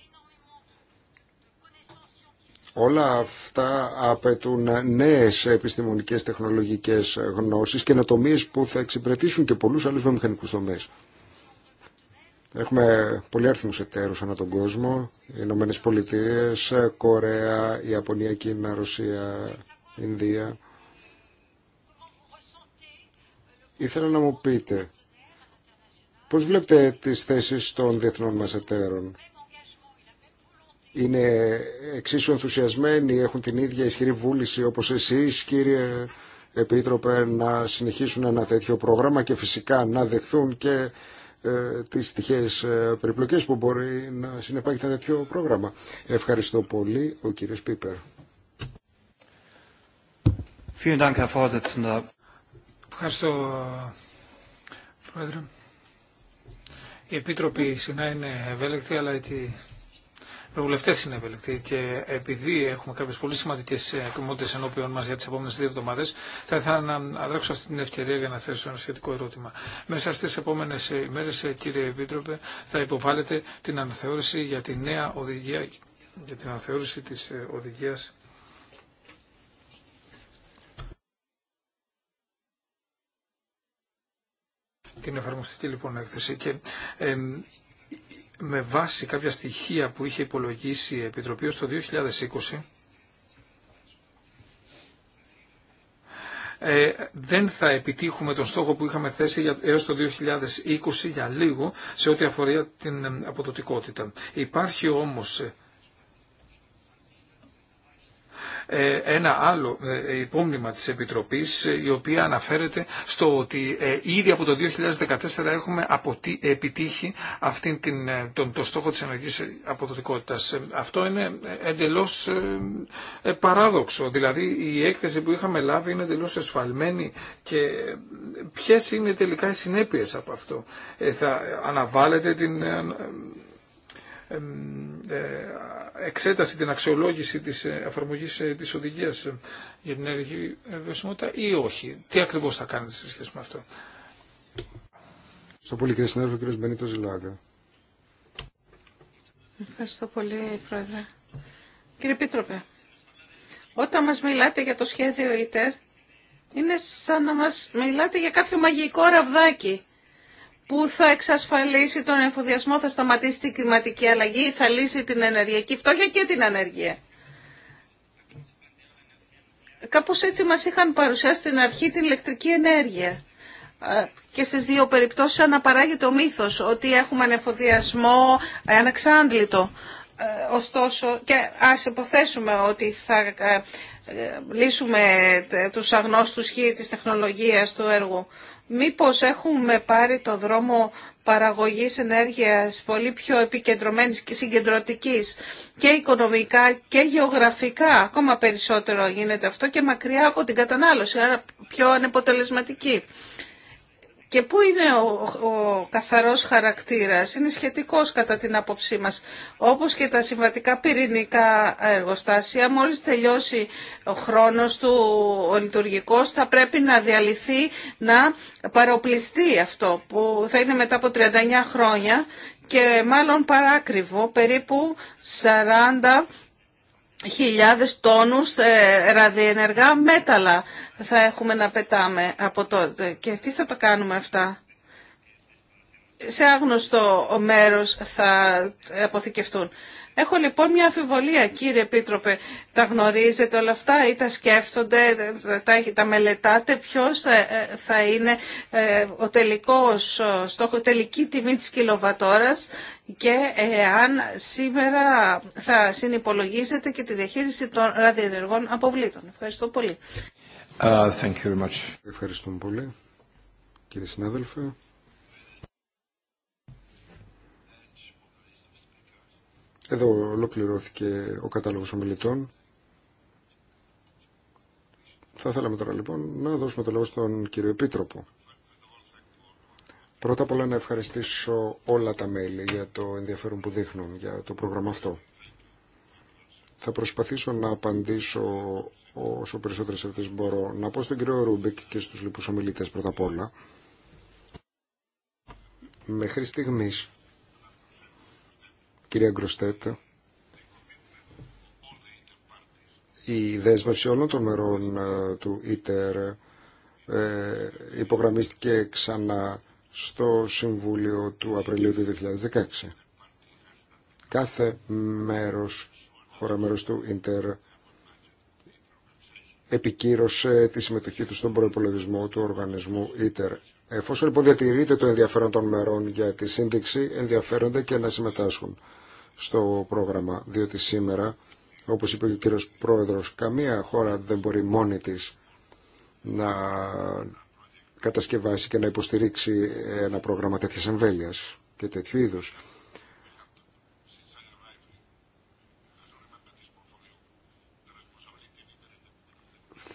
όλα αυτά απαιτούν νέες επιστημονικές τεχνολογικές γνώσεις και που θα εξυπηρετήσουν και πολλούς άλλους βιομηχανικούς τομείς. Έχουμε πολλοί αριθμούς εταίρους ανά τον κόσμο, οι Ηνωμένες Πολιτείες, Κορέα, Ιαπωνία, Κίνα, Ρωσία, Ινδία. Ήθελα να μου πείτε, πώς βλέπετε τις θέσεις των διεθνών μας εταίρων. Είναι εξίσου ενθουσιασμένοι, έχουν την ίδια ισχυρή βούληση όπως εσείς κύριε Επίτροπε να συνεχίσουν ένα τέτοιο πρόγραμμα και φυσικά να δεχθούν και ε, τις τυχαίες ε, περιπλοκές που μπορεί να συνεπάγεται ένα τέτοιο πρόγραμμα. Ευχαριστώ πολύ, ο κύριος Πίπερ. Ευχαριστώ, Πρόεδρε. Η Επίτροπη συχνά είναι ευέλικτη, αλλά η βουλευτέ είναι ευελικτοί και επειδή έχουμε κάποιε πολύ σημαντικέ ε, εκκρεμότητε ενώπιον μα για τι επόμενε δύο εβδομάδε, θα ήθελα να αδράξω αυτή την ευκαιρία για να θέσω ένα σχετικό ερώτημα. Μέσα στι επόμενε ε, ημέρε, ε, κύριε Επίτροπε, θα υποβάλλετε την αναθεώρηση για τη νέα οδηγία, για την αναθεώρηση τη οδηγία την εφαρμοστική λοιπόν έκθεση και με βάση κάποια στοιχεία που είχε υπολογίσει η Επιτροπή ως το 2020, Ε, δεν θα επιτύχουμε τον στόχο που είχαμε θέσει για, έως το 2020 για λίγο σε ό,τι αφορά την ε, αποδοτικότητα. Υπάρχει όμως ε, ε, ένα άλλο ε, υπόμνημα της Επιτροπής ε, η οποία αναφέρεται στο ότι ήδη από το 2014 έχουμε επιτύχει αυτήν την, τον, το στόχο της ενεργής αποδοτικότητας. Αυτό είναι εντελώς παράδοξο. Δηλαδή η έκθεση που είχαμε λάβει είναι εντελώς εσφαλμένη και ποιες είναι τελικά οι συνέπειες από αυτό. Θα αναβάλλεται την ε, εξέταση, την αξιολόγηση της ε, εφαρμογής ε, της οδηγίας για την ενεργή βιωσιμότητα ή όχι. Τι ακριβώς θα κάνετε σε σχέση με αυτό. Στο πολύ κύριε συνέδριο, κύριος Μπενίτος Ευχαριστώ πολύ, Πρόεδρε. Κύριε Πίτροπε, όταν μας μιλάτε για το σχέδιο ΙΤΕΡ, είναι σαν να μας μιλάτε για κάποιο μαγικό ραβδάκι που θα εξασφαλίσει τον εφοδιασμό, θα σταματήσει την κλιματική αλλαγή, θα λύσει την ενεργειακή φτώχεια και την ανεργία. Κάπως έτσι μας είχαν παρουσιάσει στην αρχή την ηλεκτρική ενέργεια. Και στις δύο περιπτώσεις αναπαράγεται το μύθος ότι έχουμε ανεφοδιασμό ανεξάντλητο. Ε, ωστόσο, και ας υποθέσουμε ότι θα ε, ε, λύσουμε τους αγνώστους χείρι της τεχνολογίας του έργου. Μήπως έχουμε πάρει το δρόμο παραγωγής ενέργειας πολύ πιο επικεντρωμένης και συγκεντρωτικής και οικονομικά και γεωγραφικά ακόμα περισσότερο γίνεται αυτό και μακριά από την κατανάλωση, άρα πιο ανεποτελεσματική. Και πού είναι ο, ο καθαρός χαρακτήρας, είναι σχετικός κατά την άποψή μας. Όπως και τα συμβατικά πυρηνικά εργοστάσια, μόλις τελειώσει ο χρόνος του, ο λειτουργικός, θα πρέπει να διαλυθεί, να παροπλιστεί αυτό, που θα είναι μετά από 39 χρόνια και μάλλον παράκριβο, περίπου 40 χιλιάδες τόνους ε, ραδιενεργά μέταλλα θα έχουμε να πετάμε από τότε. Και τι θα το κάνουμε αυτά. Σε άγνωστο μέρος θα αποθηκευτούν. Έχω λοιπόν μια αφιβολία, κύριε Επίτροπε. Τα γνωρίζετε όλα αυτά ή τα σκέφτονται, τα, τα μελετάτε. Ποιος θα, ε, είναι ε, ο τελικός στόχο, τελική τιμή της κιλοβατόρας και ε, αν σήμερα θα συνυπολογίζετε και τη διαχείριση των ραδιενεργών αποβλήτων. Ευχαριστώ πολύ. Uh, thank you very much. Ευχαριστούμε πολύ, κύριε συνάδελφε. Εδώ ολοκληρώθηκε ο κατάλογος ομιλητών. Θα θέλαμε τώρα λοιπόν να δώσουμε το λόγο στον κύριο Επίτροπο. Πρώτα απ' όλα να ευχαριστήσω όλα τα μέλη για το ενδιαφέρον που δείχνουν για το πρόγραμμα αυτό. Θα προσπαθήσω να απαντήσω όσο περισσότερες ερωτήσει μπορώ. Να πω στον κύριο Ρούμπικ και στους λοιπού ομιλητέ πρώτα απ' όλα. Μέχρι στιγμής κυρία Γκροστέτα, η δέσμευση όλων των μερών ε, του ΙΤΕΡ ε, υπογραμμίστηκε ξανά στο Συμβούλιο του Απριλίου του 2016. Κάθε μέρος, χώρα μέρος του ΙΤΕΡ, επικύρωσε τη συμμετοχή του στον προπολογισμό του οργανισμού ΙΤΕΡ. Εφόσον λοιπόν διατηρείται το ενδιαφέρον των μερών για τη σύνδεξη, ενδιαφέρονται και να συμμετάσχουν στο πρόγραμμα, διότι σήμερα, όπως είπε και ο κύριος Πρόεδρος, καμία χώρα δεν μπορεί μόνη της να κατασκευάσει και να υποστηρίξει ένα πρόγραμμα τέτοιας εμβέλειας και τέτοιου είδους.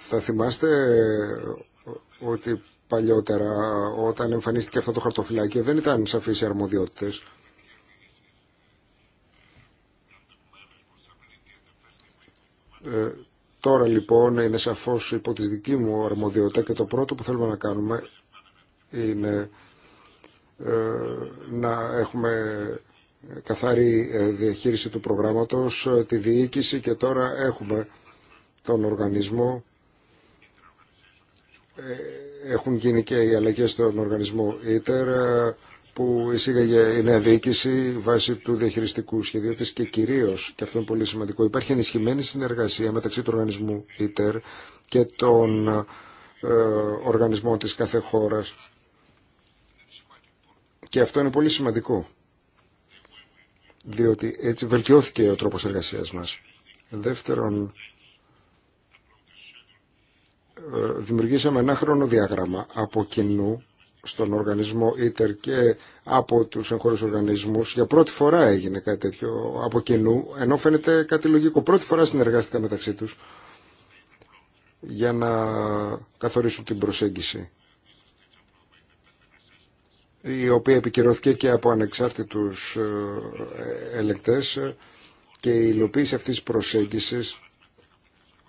Θα θυμάστε ε, ότι παλιότερα όταν εμφανίστηκε αυτό το χαρτοφυλάκιο δεν ήταν σαφείς οι αρμοδιότητες. Ε, τώρα λοιπόν είναι σαφώς υπό τη δική μου αρμοδιότητα και το πρώτο που θέλουμε να κάνουμε είναι ε, να έχουμε καθαρή ε, διαχείριση του προγράμματος, τη διοίκηση και τώρα έχουμε τον οργανισμό. Έχουν γίνει και οι αλλαγές στον οργανισμό ΙΤΕΡ που εισήγαγε η νέα διοίκηση βάσει του διαχειριστικού σχεδίου της και κυρίως, και αυτό είναι πολύ σημαντικό, υπάρχει ενισχυμένη συνεργασία μεταξύ του οργανισμού ΙΤΕΡ και των ε, οργανισμών της κάθε χώρας. Και αυτό είναι πολύ σημαντικό, διότι έτσι βελτιώθηκε ο τρόπος εργασίας μας. Δεύτερον, ε, δημιουργήσαμε ένα χρονοδιάγραμμα από κοινού στον οργανισμό ΙΤΕΡ και από τους εγχώριου οργανισμούς. Για πρώτη φορά έγινε κάτι τέτοιο από κοινού, ενώ φαίνεται κάτι λογικό. Πρώτη φορά συνεργάστηκα μεταξύ τους για να καθορίσουν την προσέγγιση η οποία επικυρώθηκε και από ανεξάρτητους ε, ελεκτές και η υλοποίηση αυτής της προσέγγισης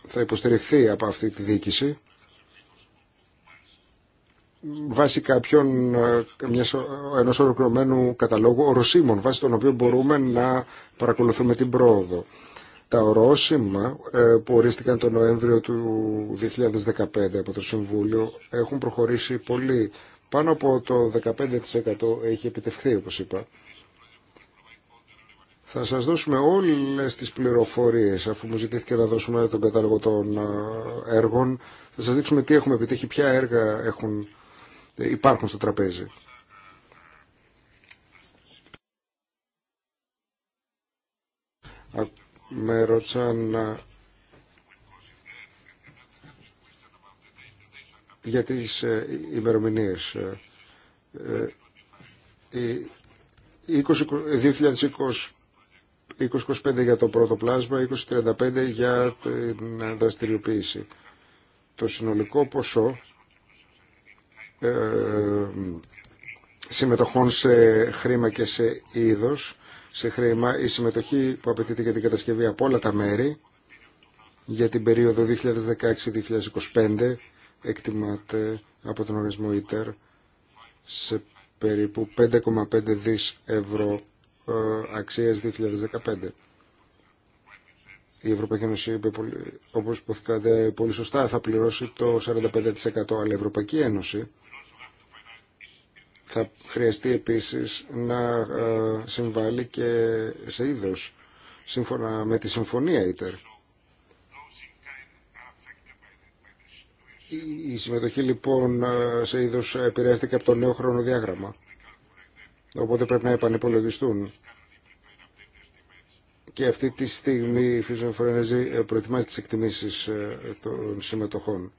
θα υποστηριχθεί από αυτή τη διοίκηση βάσει κάποιων, ε, μιας, ενός ολοκληρωμένου καταλόγου οροσίμων, βάσει των οποίων μπορούμε να παρακολουθούμε την πρόοδο. Τα ορόσημα ε, που ορίστηκαν τον Νοέμβριο του 2015 από το Συμβούλιο έχουν προχωρήσει πολύ. Πάνω από το 15% έχει επιτευχθεί, όπως είπα. Θα σας δώσουμε όλες τις πληροφορίες, αφού μου ζητήθηκε να δώσουμε τον κατάλογο των ε, έργων. Θα σας δείξουμε τι έχουμε επιτύχει, ποια έργα έχουν υπάρχουν στο τραπέζι. Με ρώτησαν για τις ημερομηνίες. 2025 για το πρώτο πλάσμα, 2035 για την δραστηριοποίηση. Το συνολικό ποσό ε, συμμετοχών σε χρήμα και σε είδος. Σε χρήμα η συμμετοχή που απαιτείται για την κατασκευή από όλα τα μέρη για την περίοδο 2016-2025 εκτιμάται από τον ορισμό ΙΤΕΡ σε περίπου 5,5 δις ευρώ ε, αξίας 2015. Η Ευρωπαϊκή Ένωση είπε, όπως υποθήκατε πολύ σωστά, θα πληρώσει το 45% αλλά η Ευρωπαϊκή Ένωση θα χρειαστεί επίσης να ε, συμβάλλει και σε είδο σύμφωνα με τη συμφωνία ΙΤΕΡ. Η συμμετοχή λοιπόν ε, σε είδο επηρεάστηκε από το νέο χρονοδιάγραμμα. Οπότε πρέπει να επανυπολογιστούν. Και αυτή τη στιγμή η Φυσιοφρονέζη ε, προετοιμάζει τις εκτιμήσεις των συμμετοχών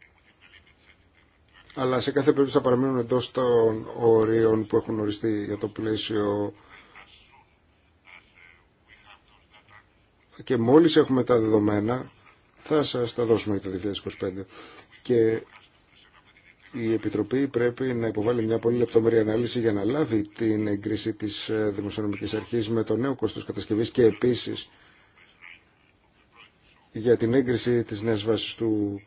αλλά σε κάθε περίπτωση θα παραμείνουν εντός των ορίων που έχουν οριστεί για το πλαίσιο και μόλις έχουμε τα δεδομένα θα σας τα δώσουμε για το 2025 και η Επιτροπή πρέπει να υποβάλει μια πολύ λεπτομερή ανάλυση για να λάβει την εγκρίση της Δημοσιονομικής Αρχής με το νέο κόστος κατασκευής και επίσης για την έγκριση της νέας βάσης του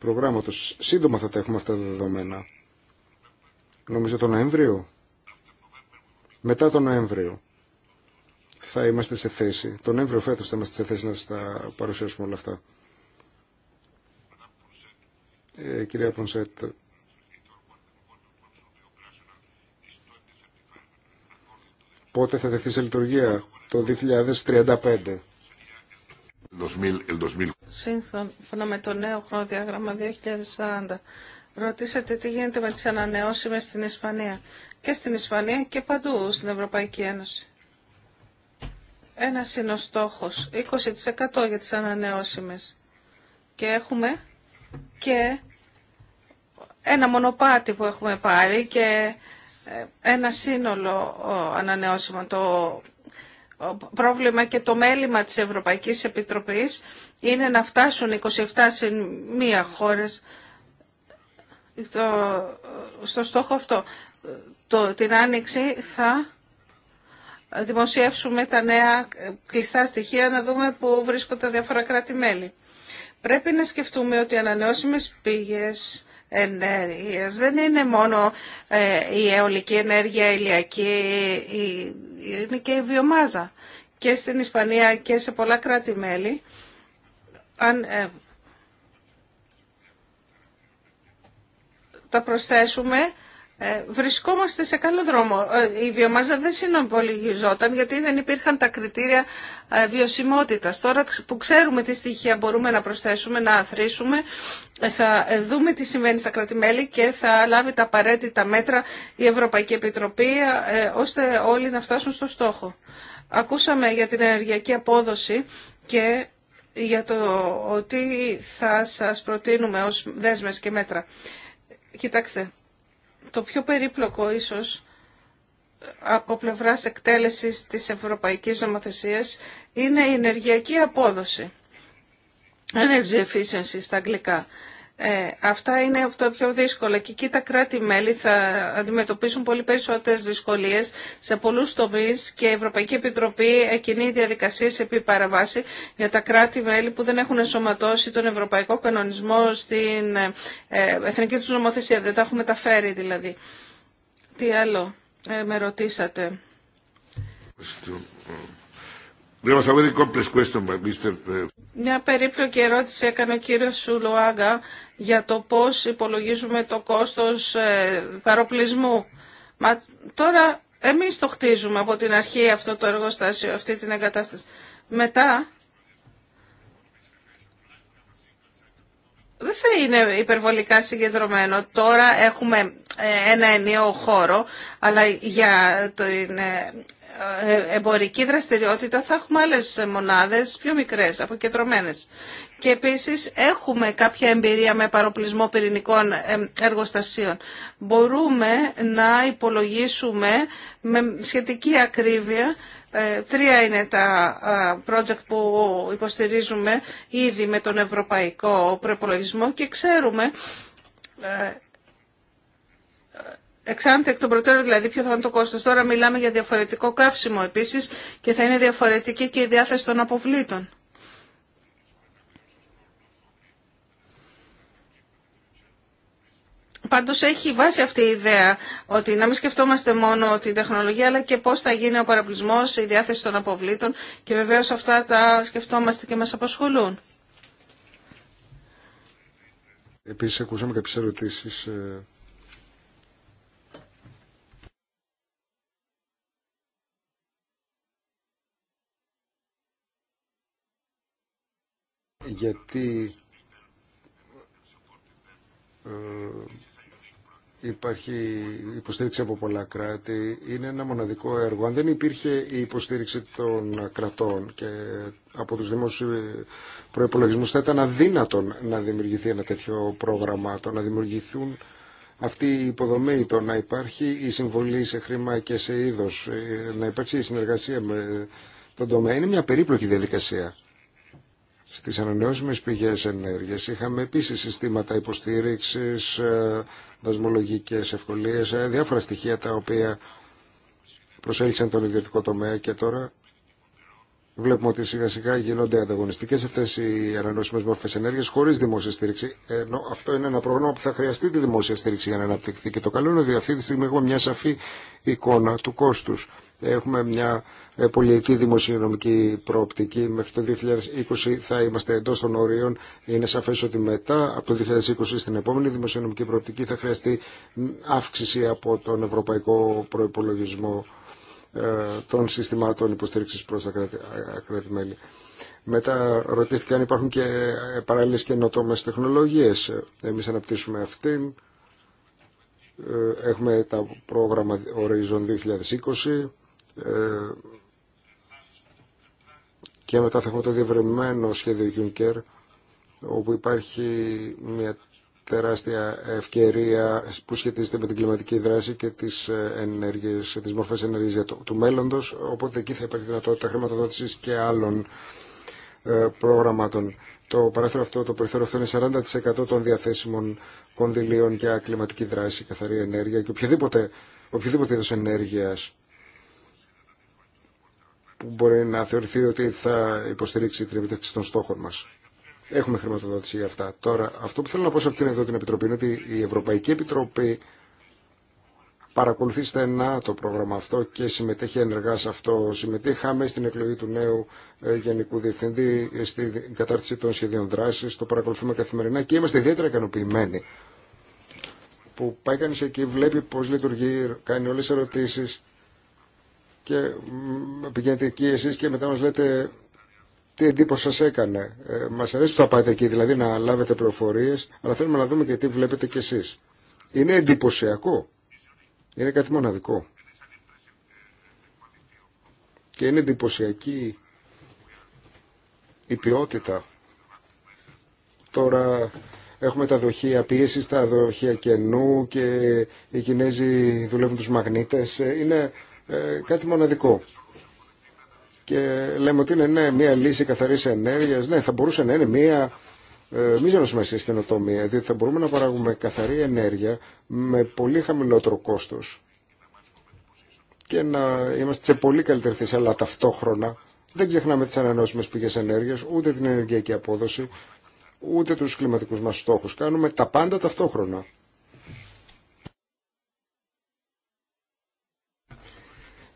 προγράμματος. Σύντομα θα τα έχουμε αυτά τα δεδομένα. Νομίζω τον Νοέμβριο. Μετά τον Νοέμβριο θα είμαστε σε θέση. Τον Νοέμβριο φέτος θα είμαστε σε θέση να σας τα παρουσιάσουμε όλα αυτά. Ε, κυρία Πονσέτ, πότε θα δεθεί σε λειτουργία το 2035. Σύμφωνα με το νέο χρονοδιάγραμμα 2040. Ρωτήσατε τι γίνεται με τις ανανεώσιμες στην Ισπανία. Και στην Ισπανία και παντού στην Ευρωπαϊκή Ένωση. Ένας είναι ο στόχος, 20% για τις ανανεώσιμες. Και έχουμε και ένα μονοπάτι που έχουμε πάρει και ε, ένα σύνολο ανανεώσιμων, το πρόβλημα και το μέλημα της Ευρωπαϊκής Επιτροπής είναι να φτάσουν 27 σε μία χώρες στο στόχο αυτό. Το, την Άνοιξη θα δημοσιεύσουμε τα νέα κλειστά στοιχεία να δούμε πού βρίσκονται τα διάφορα κράτη-μέλη. Πρέπει να σκεφτούμε ότι ανανεώσιμες πήγες δεν είναι μόνο ε, η αιωλική ενέργεια, η ηλιακή, είναι και η βιομάζα. Και στην Ισπανία και σε πολλά κράτη-μέλη. Αν ε, τα προσθέσουμε ε, βρισκόμαστε σε καλό δρόμο. Ε, η βιομάζα δεν συνομπολιγιζόταν γιατί δεν υπήρχαν τα κριτήρια ε, βιωσιμότητας. Τώρα που ξέρουμε τι στοιχεία μπορούμε να προσθέσουμε, να αθροίσουμε, θα δούμε τι συμβαίνει στα κρατημέλη και θα λάβει τα απαραίτητα μέτρα η Ευρωπαϊκή Επιτροπή ώστε όλοι να φτάσουν στο στόχο. Ακούσαμε για την ενεργειακή απόδοση και για το ότι θα σας προτείνουμε ως δέσμες και μέτρα. Κοιτάξτε, το πιο περίπλοκο ίσως από πλευράς εκτέλεσης της ευρωπαϊκής νομοθεσίας είναι η ενεργειακή απόδοση. Energy efficiency στα αγγλικά. Ε, αυτά είναι από τα πιο δύσκολα και εκεί τα κράτη-μέλη θα αντιμετωπίσουν πολύ περισσότερες δυσκολίες σε πολλούς τομείς και η Ευρωπαϊκή Επιτροπή εκκινεί διαδικασίες επί παραβάση για τα κράτη-μέλη που δεν έχουν ενσωματώσει τον Ευρωπαϊκό Κανονισμό στην ε, εθνική τους νομοθεσία, δεν τα έχουν μεταφέρει δηλαδή. Τι άλλο ε, με ρωτήσατε. Uh, Μια περίπλοκη ερώτηση έκανε ο κύριος Σουλουάγκα για το πώς υπολογίζουμε το κόστος ε, παροπλισμού. Μα τώρα εμείς το χτίζουμε από την αρχή αυτό το εργοστάσιο, αυτή την εγκατάσταση. Μετά δεν θα είναι υπερβολικά συγκεντρωμένο. Τώρα έχουμε ε, ένα ενιαίο χώρο, αλλά για το είναι. Ε, εμπορική δραστηριότητα θα έχουμε άλλες μονάδες πιο μικρές, αποκεντρωμένες. Και επίσης έχουμε κάποια εμπειρία με παροπλισμό πυρηνικών ε, εργοστασίων. Μπορούμε να υπολογίσουμε με σχετική ακρίβεια ε, Τρία είναι τα project που υποστηρίζουμε ήδη με τον ευρωπαϊκό προπολογισμό και ξέρουμε Εξάντε εκ των προτέρων δηλαδή ποιο θα είναι το κόστος. Τώρα μιλάμε για διαφορετικό καύσιμο επίσης και θα είναι διαφορετική και η διάθεση των αποβλήτων. Πάντω έχει βάσει αυτή η ιδέα ότι να μην σκεφτόμαστε μόνο την τεχνολογία αλλά και πώ θα γίνει ο παραπλησμός, η διάθεση των αποβλήτων και βεβαίω αυτά τα σκεφτόμαστε και μα απασχολούν. Επίση, ακούσαμε κάποιε ερωτήσει ε, γιατί ε, υπάρχει υποστήριξη από πολλά κράτη. Είναι ένα μοναδικό έργο. Αν δεν υπήρχε η υποστήριξη των κρατών και από τους δημόσιους ε, προϋπολογισμούς θα ήταν αδύνατον να δημιουργηθεί ένα τέτοιο πρόγραμμα, το να δημιουργηθούν αυτή η υποδομή, το να υπάρχει η συμβολή σε χρήμα και σε είδος, ε, να υπάρξει η συνεργασία με τον τομέα. Είναι μια περίπλοκη διαδικασία. Στις ανανεώσιμες πηγές ενέργειας είχαμε επίσης συστήματα υποστήριξης, ε, δασμολογικές ευκολίες, ε, διάφορα στοιχεία τα οποία προσέλξαν τον ιδιωτικό τομέα και τώρα βλέπουμε ότι σιγά σιγά γίνονται ανταγωνιστικέ αυτέ οι ανανεώσιμε μορφέ ενέργειας χωρίς δημόσια στήριξη. Ενώ αυτό είναι ένα πρόγραμμα που θα χρειαστεί τη δημόσια στήριξη για να αναπτυχθεί. Και το καλό είναι ότι αυτή τη στιγμή έχουμε μια σαφή εικόνα του κόστου. Έχουμε μια ε, πολιτική δημοσιονομική προοπτική μέχρι το 2020 θα είμαστε εντό των ορίων. Είναι σαφέ ότι μετά από το 2020 στην επόμενη δημοσιονομική προοπτική θα χρειαστεί αύξηση από τον ευρωπαϊκό προϋπολογισμό ε, των συστημάτων υποστήριξης προ τα ε, κράτη-μέλη. Μετά ρωτήθηκε αν υπάρχουν και παράλληλες καινοτόμες τεχνολογίες. Εμείς αναπτύσσουμε αυτήν. Έχουμε τα πρόγραμμα Horizon 2020 και μετά θα έχουμε το διευρυμένο σχέδιο Juncker, όπου υπάρχει μια τεράστια ευκαιρία που σχετίζεται με την κλιματική δράση και τις, ε, ενέργειες, τις μορφές ενέργειας του μέλλοντος, οπότε εκεί θα υπάρχει δυνατότητα χρηματοδότησης και άλλων ε, προγραμμάτων. Το παράθυρο αυτό, το περιθώριο αυτό είναι 40% των διαθέσιμων κονδυλίων για κλιματική δράση, καθαρή ενέργεια και οποιοδήποτε, οποιοδήποτε είδος ενέργειας που μπορεί να θεωρηθεί ότι θα υποστηρίξει την επιτεύξη των στόχων μας. Έχουμε χρηματοδότηση για αυτά. Τώρα, αυτό που θέλω να πω σε αυτήν εδώ την Επιτροπή είναι ότι η Ευρωπαϊκή Επιτροπή παρακολουθεί στενά το πρόγραμμα αυτό και συμμετέχει ενεργά σε αυτό. Συμμετείχαμε στην εκλογή του νέου ε, Γενικού Διευθυντή, ε, στην κατάρτιση των σχεδίων δράση. Το παρακολουθούμε καθημερινά και είμαστε ιδιαίτερα ικανοποιημένοι. Που πάει κανεί εκεί, βλέπει πώ λειτουργεί, κάνει όλε τι ερωτήσει και πηγαίνετε εκεί εσείς και μετά μας λέτε τι εντύπωση σας έκανε. Ε, μας αρέσει που θα πάτε εκεί, δηλαδή να λάβετε πληροφορίε, αλλά θέλουμε να δούμε και τι βλέπετε κι εσείς. Είναι εντυπωσιακό. Είναι κάτι μοναδικό. Και είναι εντυπωσιακή η ποιότητα. Τώρα έχουμε τα δοχεία πίεση τα δοχεία κενού και οι Κινέζοι δουλεύουν τους μαγνήτες. Ε, είναι ε, κάτι μοναδικό. Και λέμε ότι είναι ναι, μια λύση καθαρή ενέργεια. Ναι, θα μπορούσε να είναι μια ε, μίζωνο σημασία καινοτομία, διότι θα μπορούμε να παράγουμε καθαρή ενέργεια με πολύ χαμηλότερο κόστο και να είμαστε σε πολύ καλύτερη θέση, αλλά ταυτόχρονα δεν ξεχνάμε τι ανανεώσιμε πηγέ ενέργεια, ούτε την ενεργειακή απόδοση, ούτε του κλιματικού μα στόχου. Κάνουμε τα πάντα ταυτόχρονα.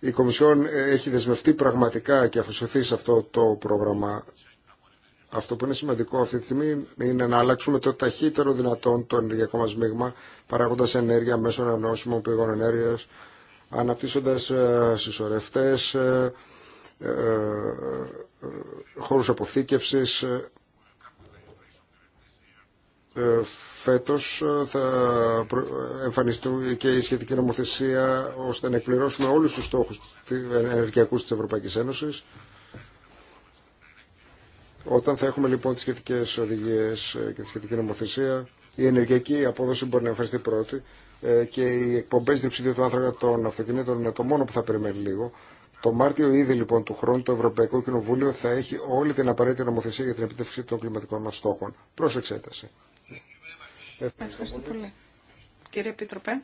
Η Κομισιόν ε, έχει δεσμευτεί πραγματικά και αφοσιωθεί σε αυτό το πρόγραμμα. Αυτό που είναι σημαντικό αυτή τη στιγμή είναι να αλλάξουμε το ταχύτερο δυνατόν το ενεργειακό μας μείγμα, παράγοντας ενέργεια μέσω ανανεώσιμων πηγών ενέργειας, αναπτύσσοντας ε, συσσωρευτές, ε, χώρους αποθήκευσης, ε, φέτος ε, θα εμφανιστούν και η σχετική νομοθεσία ώστε να εκπληρώσουμε όλους τους στόχους ενεργειακούς της Ευρωπαϊκής Ένωσης. Όταν θα έχουμε λοιπόν τις σχετικές οδηγίες ε, και τη σχετική νομοθεσία, η ενεργειακή απόδοση μπορεί να εμφανιστεί πρώτη και οι εκπομπές διοξιδίου του άνθρακα των αυτοκινήτων είναι το μόνο που θα περιμένει λίγο. Το Μάρτιο ήδη λοιπόν του χρόνου το Ευρωπαϊκό Κοινοβούλιο θα έχει όλη την απαραίτητη νομοθεσία για την επιτεύξη των κλιματικών μας στόχων. Προς εξέταση. Ευχαριστώ, πολύ. Κύριε Επίτροπε.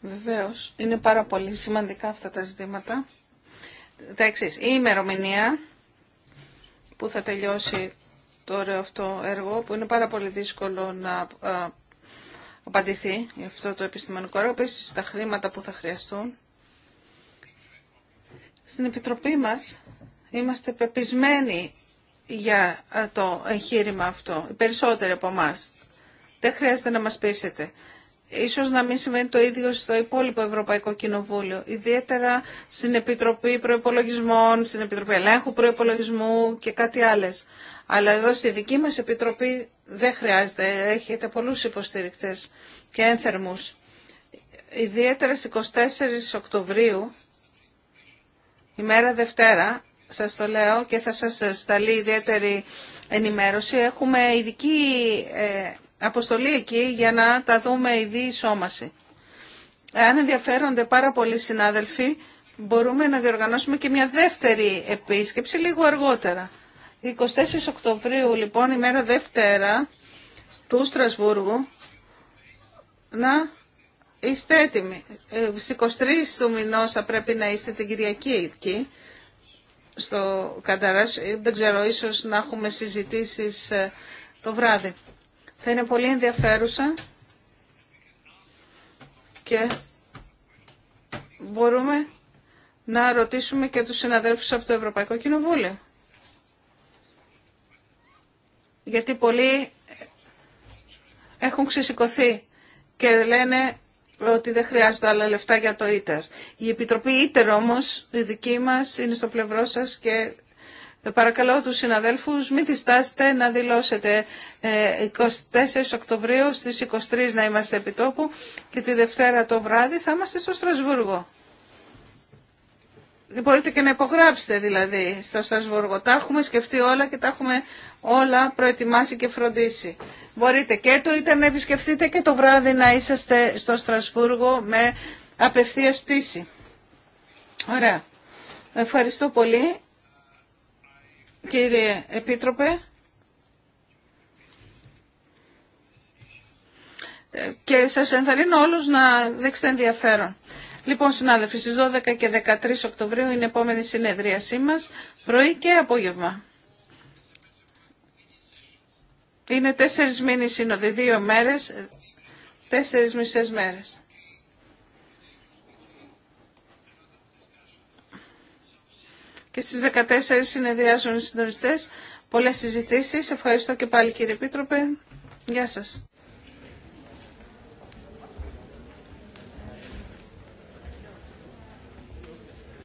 Βεβαίως, είναι πάρα πολύ σημαντικά αυτά τα ζητήματα. Τα η ημερομηνία που θα τελειώσει τώρα αυτό έργο, που είναι πάρα πολύ δύσκολο να ε, απαντηθεί αυτό το επιστημονικό έργο, επίσης τα χρήματα που θα χρειαστούν στην Επιτροπή μας είμαστε πεπισμένοι για ε, το εγχείρημα αυτό, οι περισσότεροι από εμά. Δεν χρειάζεται να μας πείσετε. Ίσως να μην συμβαίνει το ίδιο στο υπόλοιπο Ευρωπαϊκό Κοινοβούλιο, ιδιαίτερα στην Επιτροπή Προϋπολογισμών, στην Επιτροπή Ελέγχου Προϋπολογισμού και κάτι άλλες. Αλλά εδώ στη δική μας Επιτροπή δεν χρειάζεται, έχετε πολλούς υποστηρικτές και ένθερμους. Ιδιαίτερα στις 24 Οκτωβρίου ημέρα Δευτέρα, σας το λέω και θα σας σταλεί ιδιαίτερη ενημέρωση, έχουμε ειδική ε, αποστολή εκεί για να τα δούμε ειδή σώμαση. Αν ενδιαφέρονται πάρα πολλοί συνάδελφοι, μπορούμε να διοργανώσουμε και μια δεύτερη επίσκεψη λίγο αργότερα. 24 Οκτωβρίου, λοιπόν, ημέρα Δευτέρα, του Στρασβούργου, να Είστε έτοιμοι. Ε, Στι 23 του μηνό θα πρέπει να είστε την Κυριακή εκεί, στο Καταράς. Ε, δεν ξέρω, ίσως να έχουμε συζητήσεις ε, το βράδυ. Θα είναι πολύ ενδιαφέρουσα και μπορούμε να ρωτήσουμε και τους συναδέλφους από το Ευρωπαϊκό Κοινοβούλιο. Γιατί πολλοί έχουν ξεσηκωθεί και λένε ότι δεν χρειάζεται άλλα λεφτά για το ίτερ. Η Επιτροπή ίτερ όμως, η δική μας, είναι στο πλευρό σας και παρακαλώ τους συναδέλφους μην διστάσετε να δηλώσετε 24 ε, Οκτωβρίου στις 23 να είμαστε επιτόπου και τη Δευτέρα το βράδυ θα είμαστε στο Στρασβούργο. Μπορείτε και να υπογράψετε δηλαδή στο Στρασβούργο. Τα έχουμε σκεφτεί όλα και τα έχουμε όλα προετοιμάσει και φροντίσει. Μπορείτε και το είτε να επισκεφτείτε και το βράδυ να είσαστε στο Στρασβούργο με απευθείας πτήση. Ωραία. Ευχαριστώ πολύ. Κύριε Επίτροπε. Και σας ενθαρρύνω όλους να δείξετε ενδιαφέρον. Λοιπόν, συνάδελφοι, στις 12 και 13 Οκτωβρίου είναι η επόμενη συνεδρίασή μας, πρωί και απόγευμα. Είναι τέσσερις μήνες σύνοδοι, δύο μέρες, τέσσερις μισές μέρες. Και στις 14 συνεδριάζουν οι συντονιστές. Πολλές συζητήσεις. Ευχαριστώ και πάλι κύριε Επίτροπε. Γεια σας.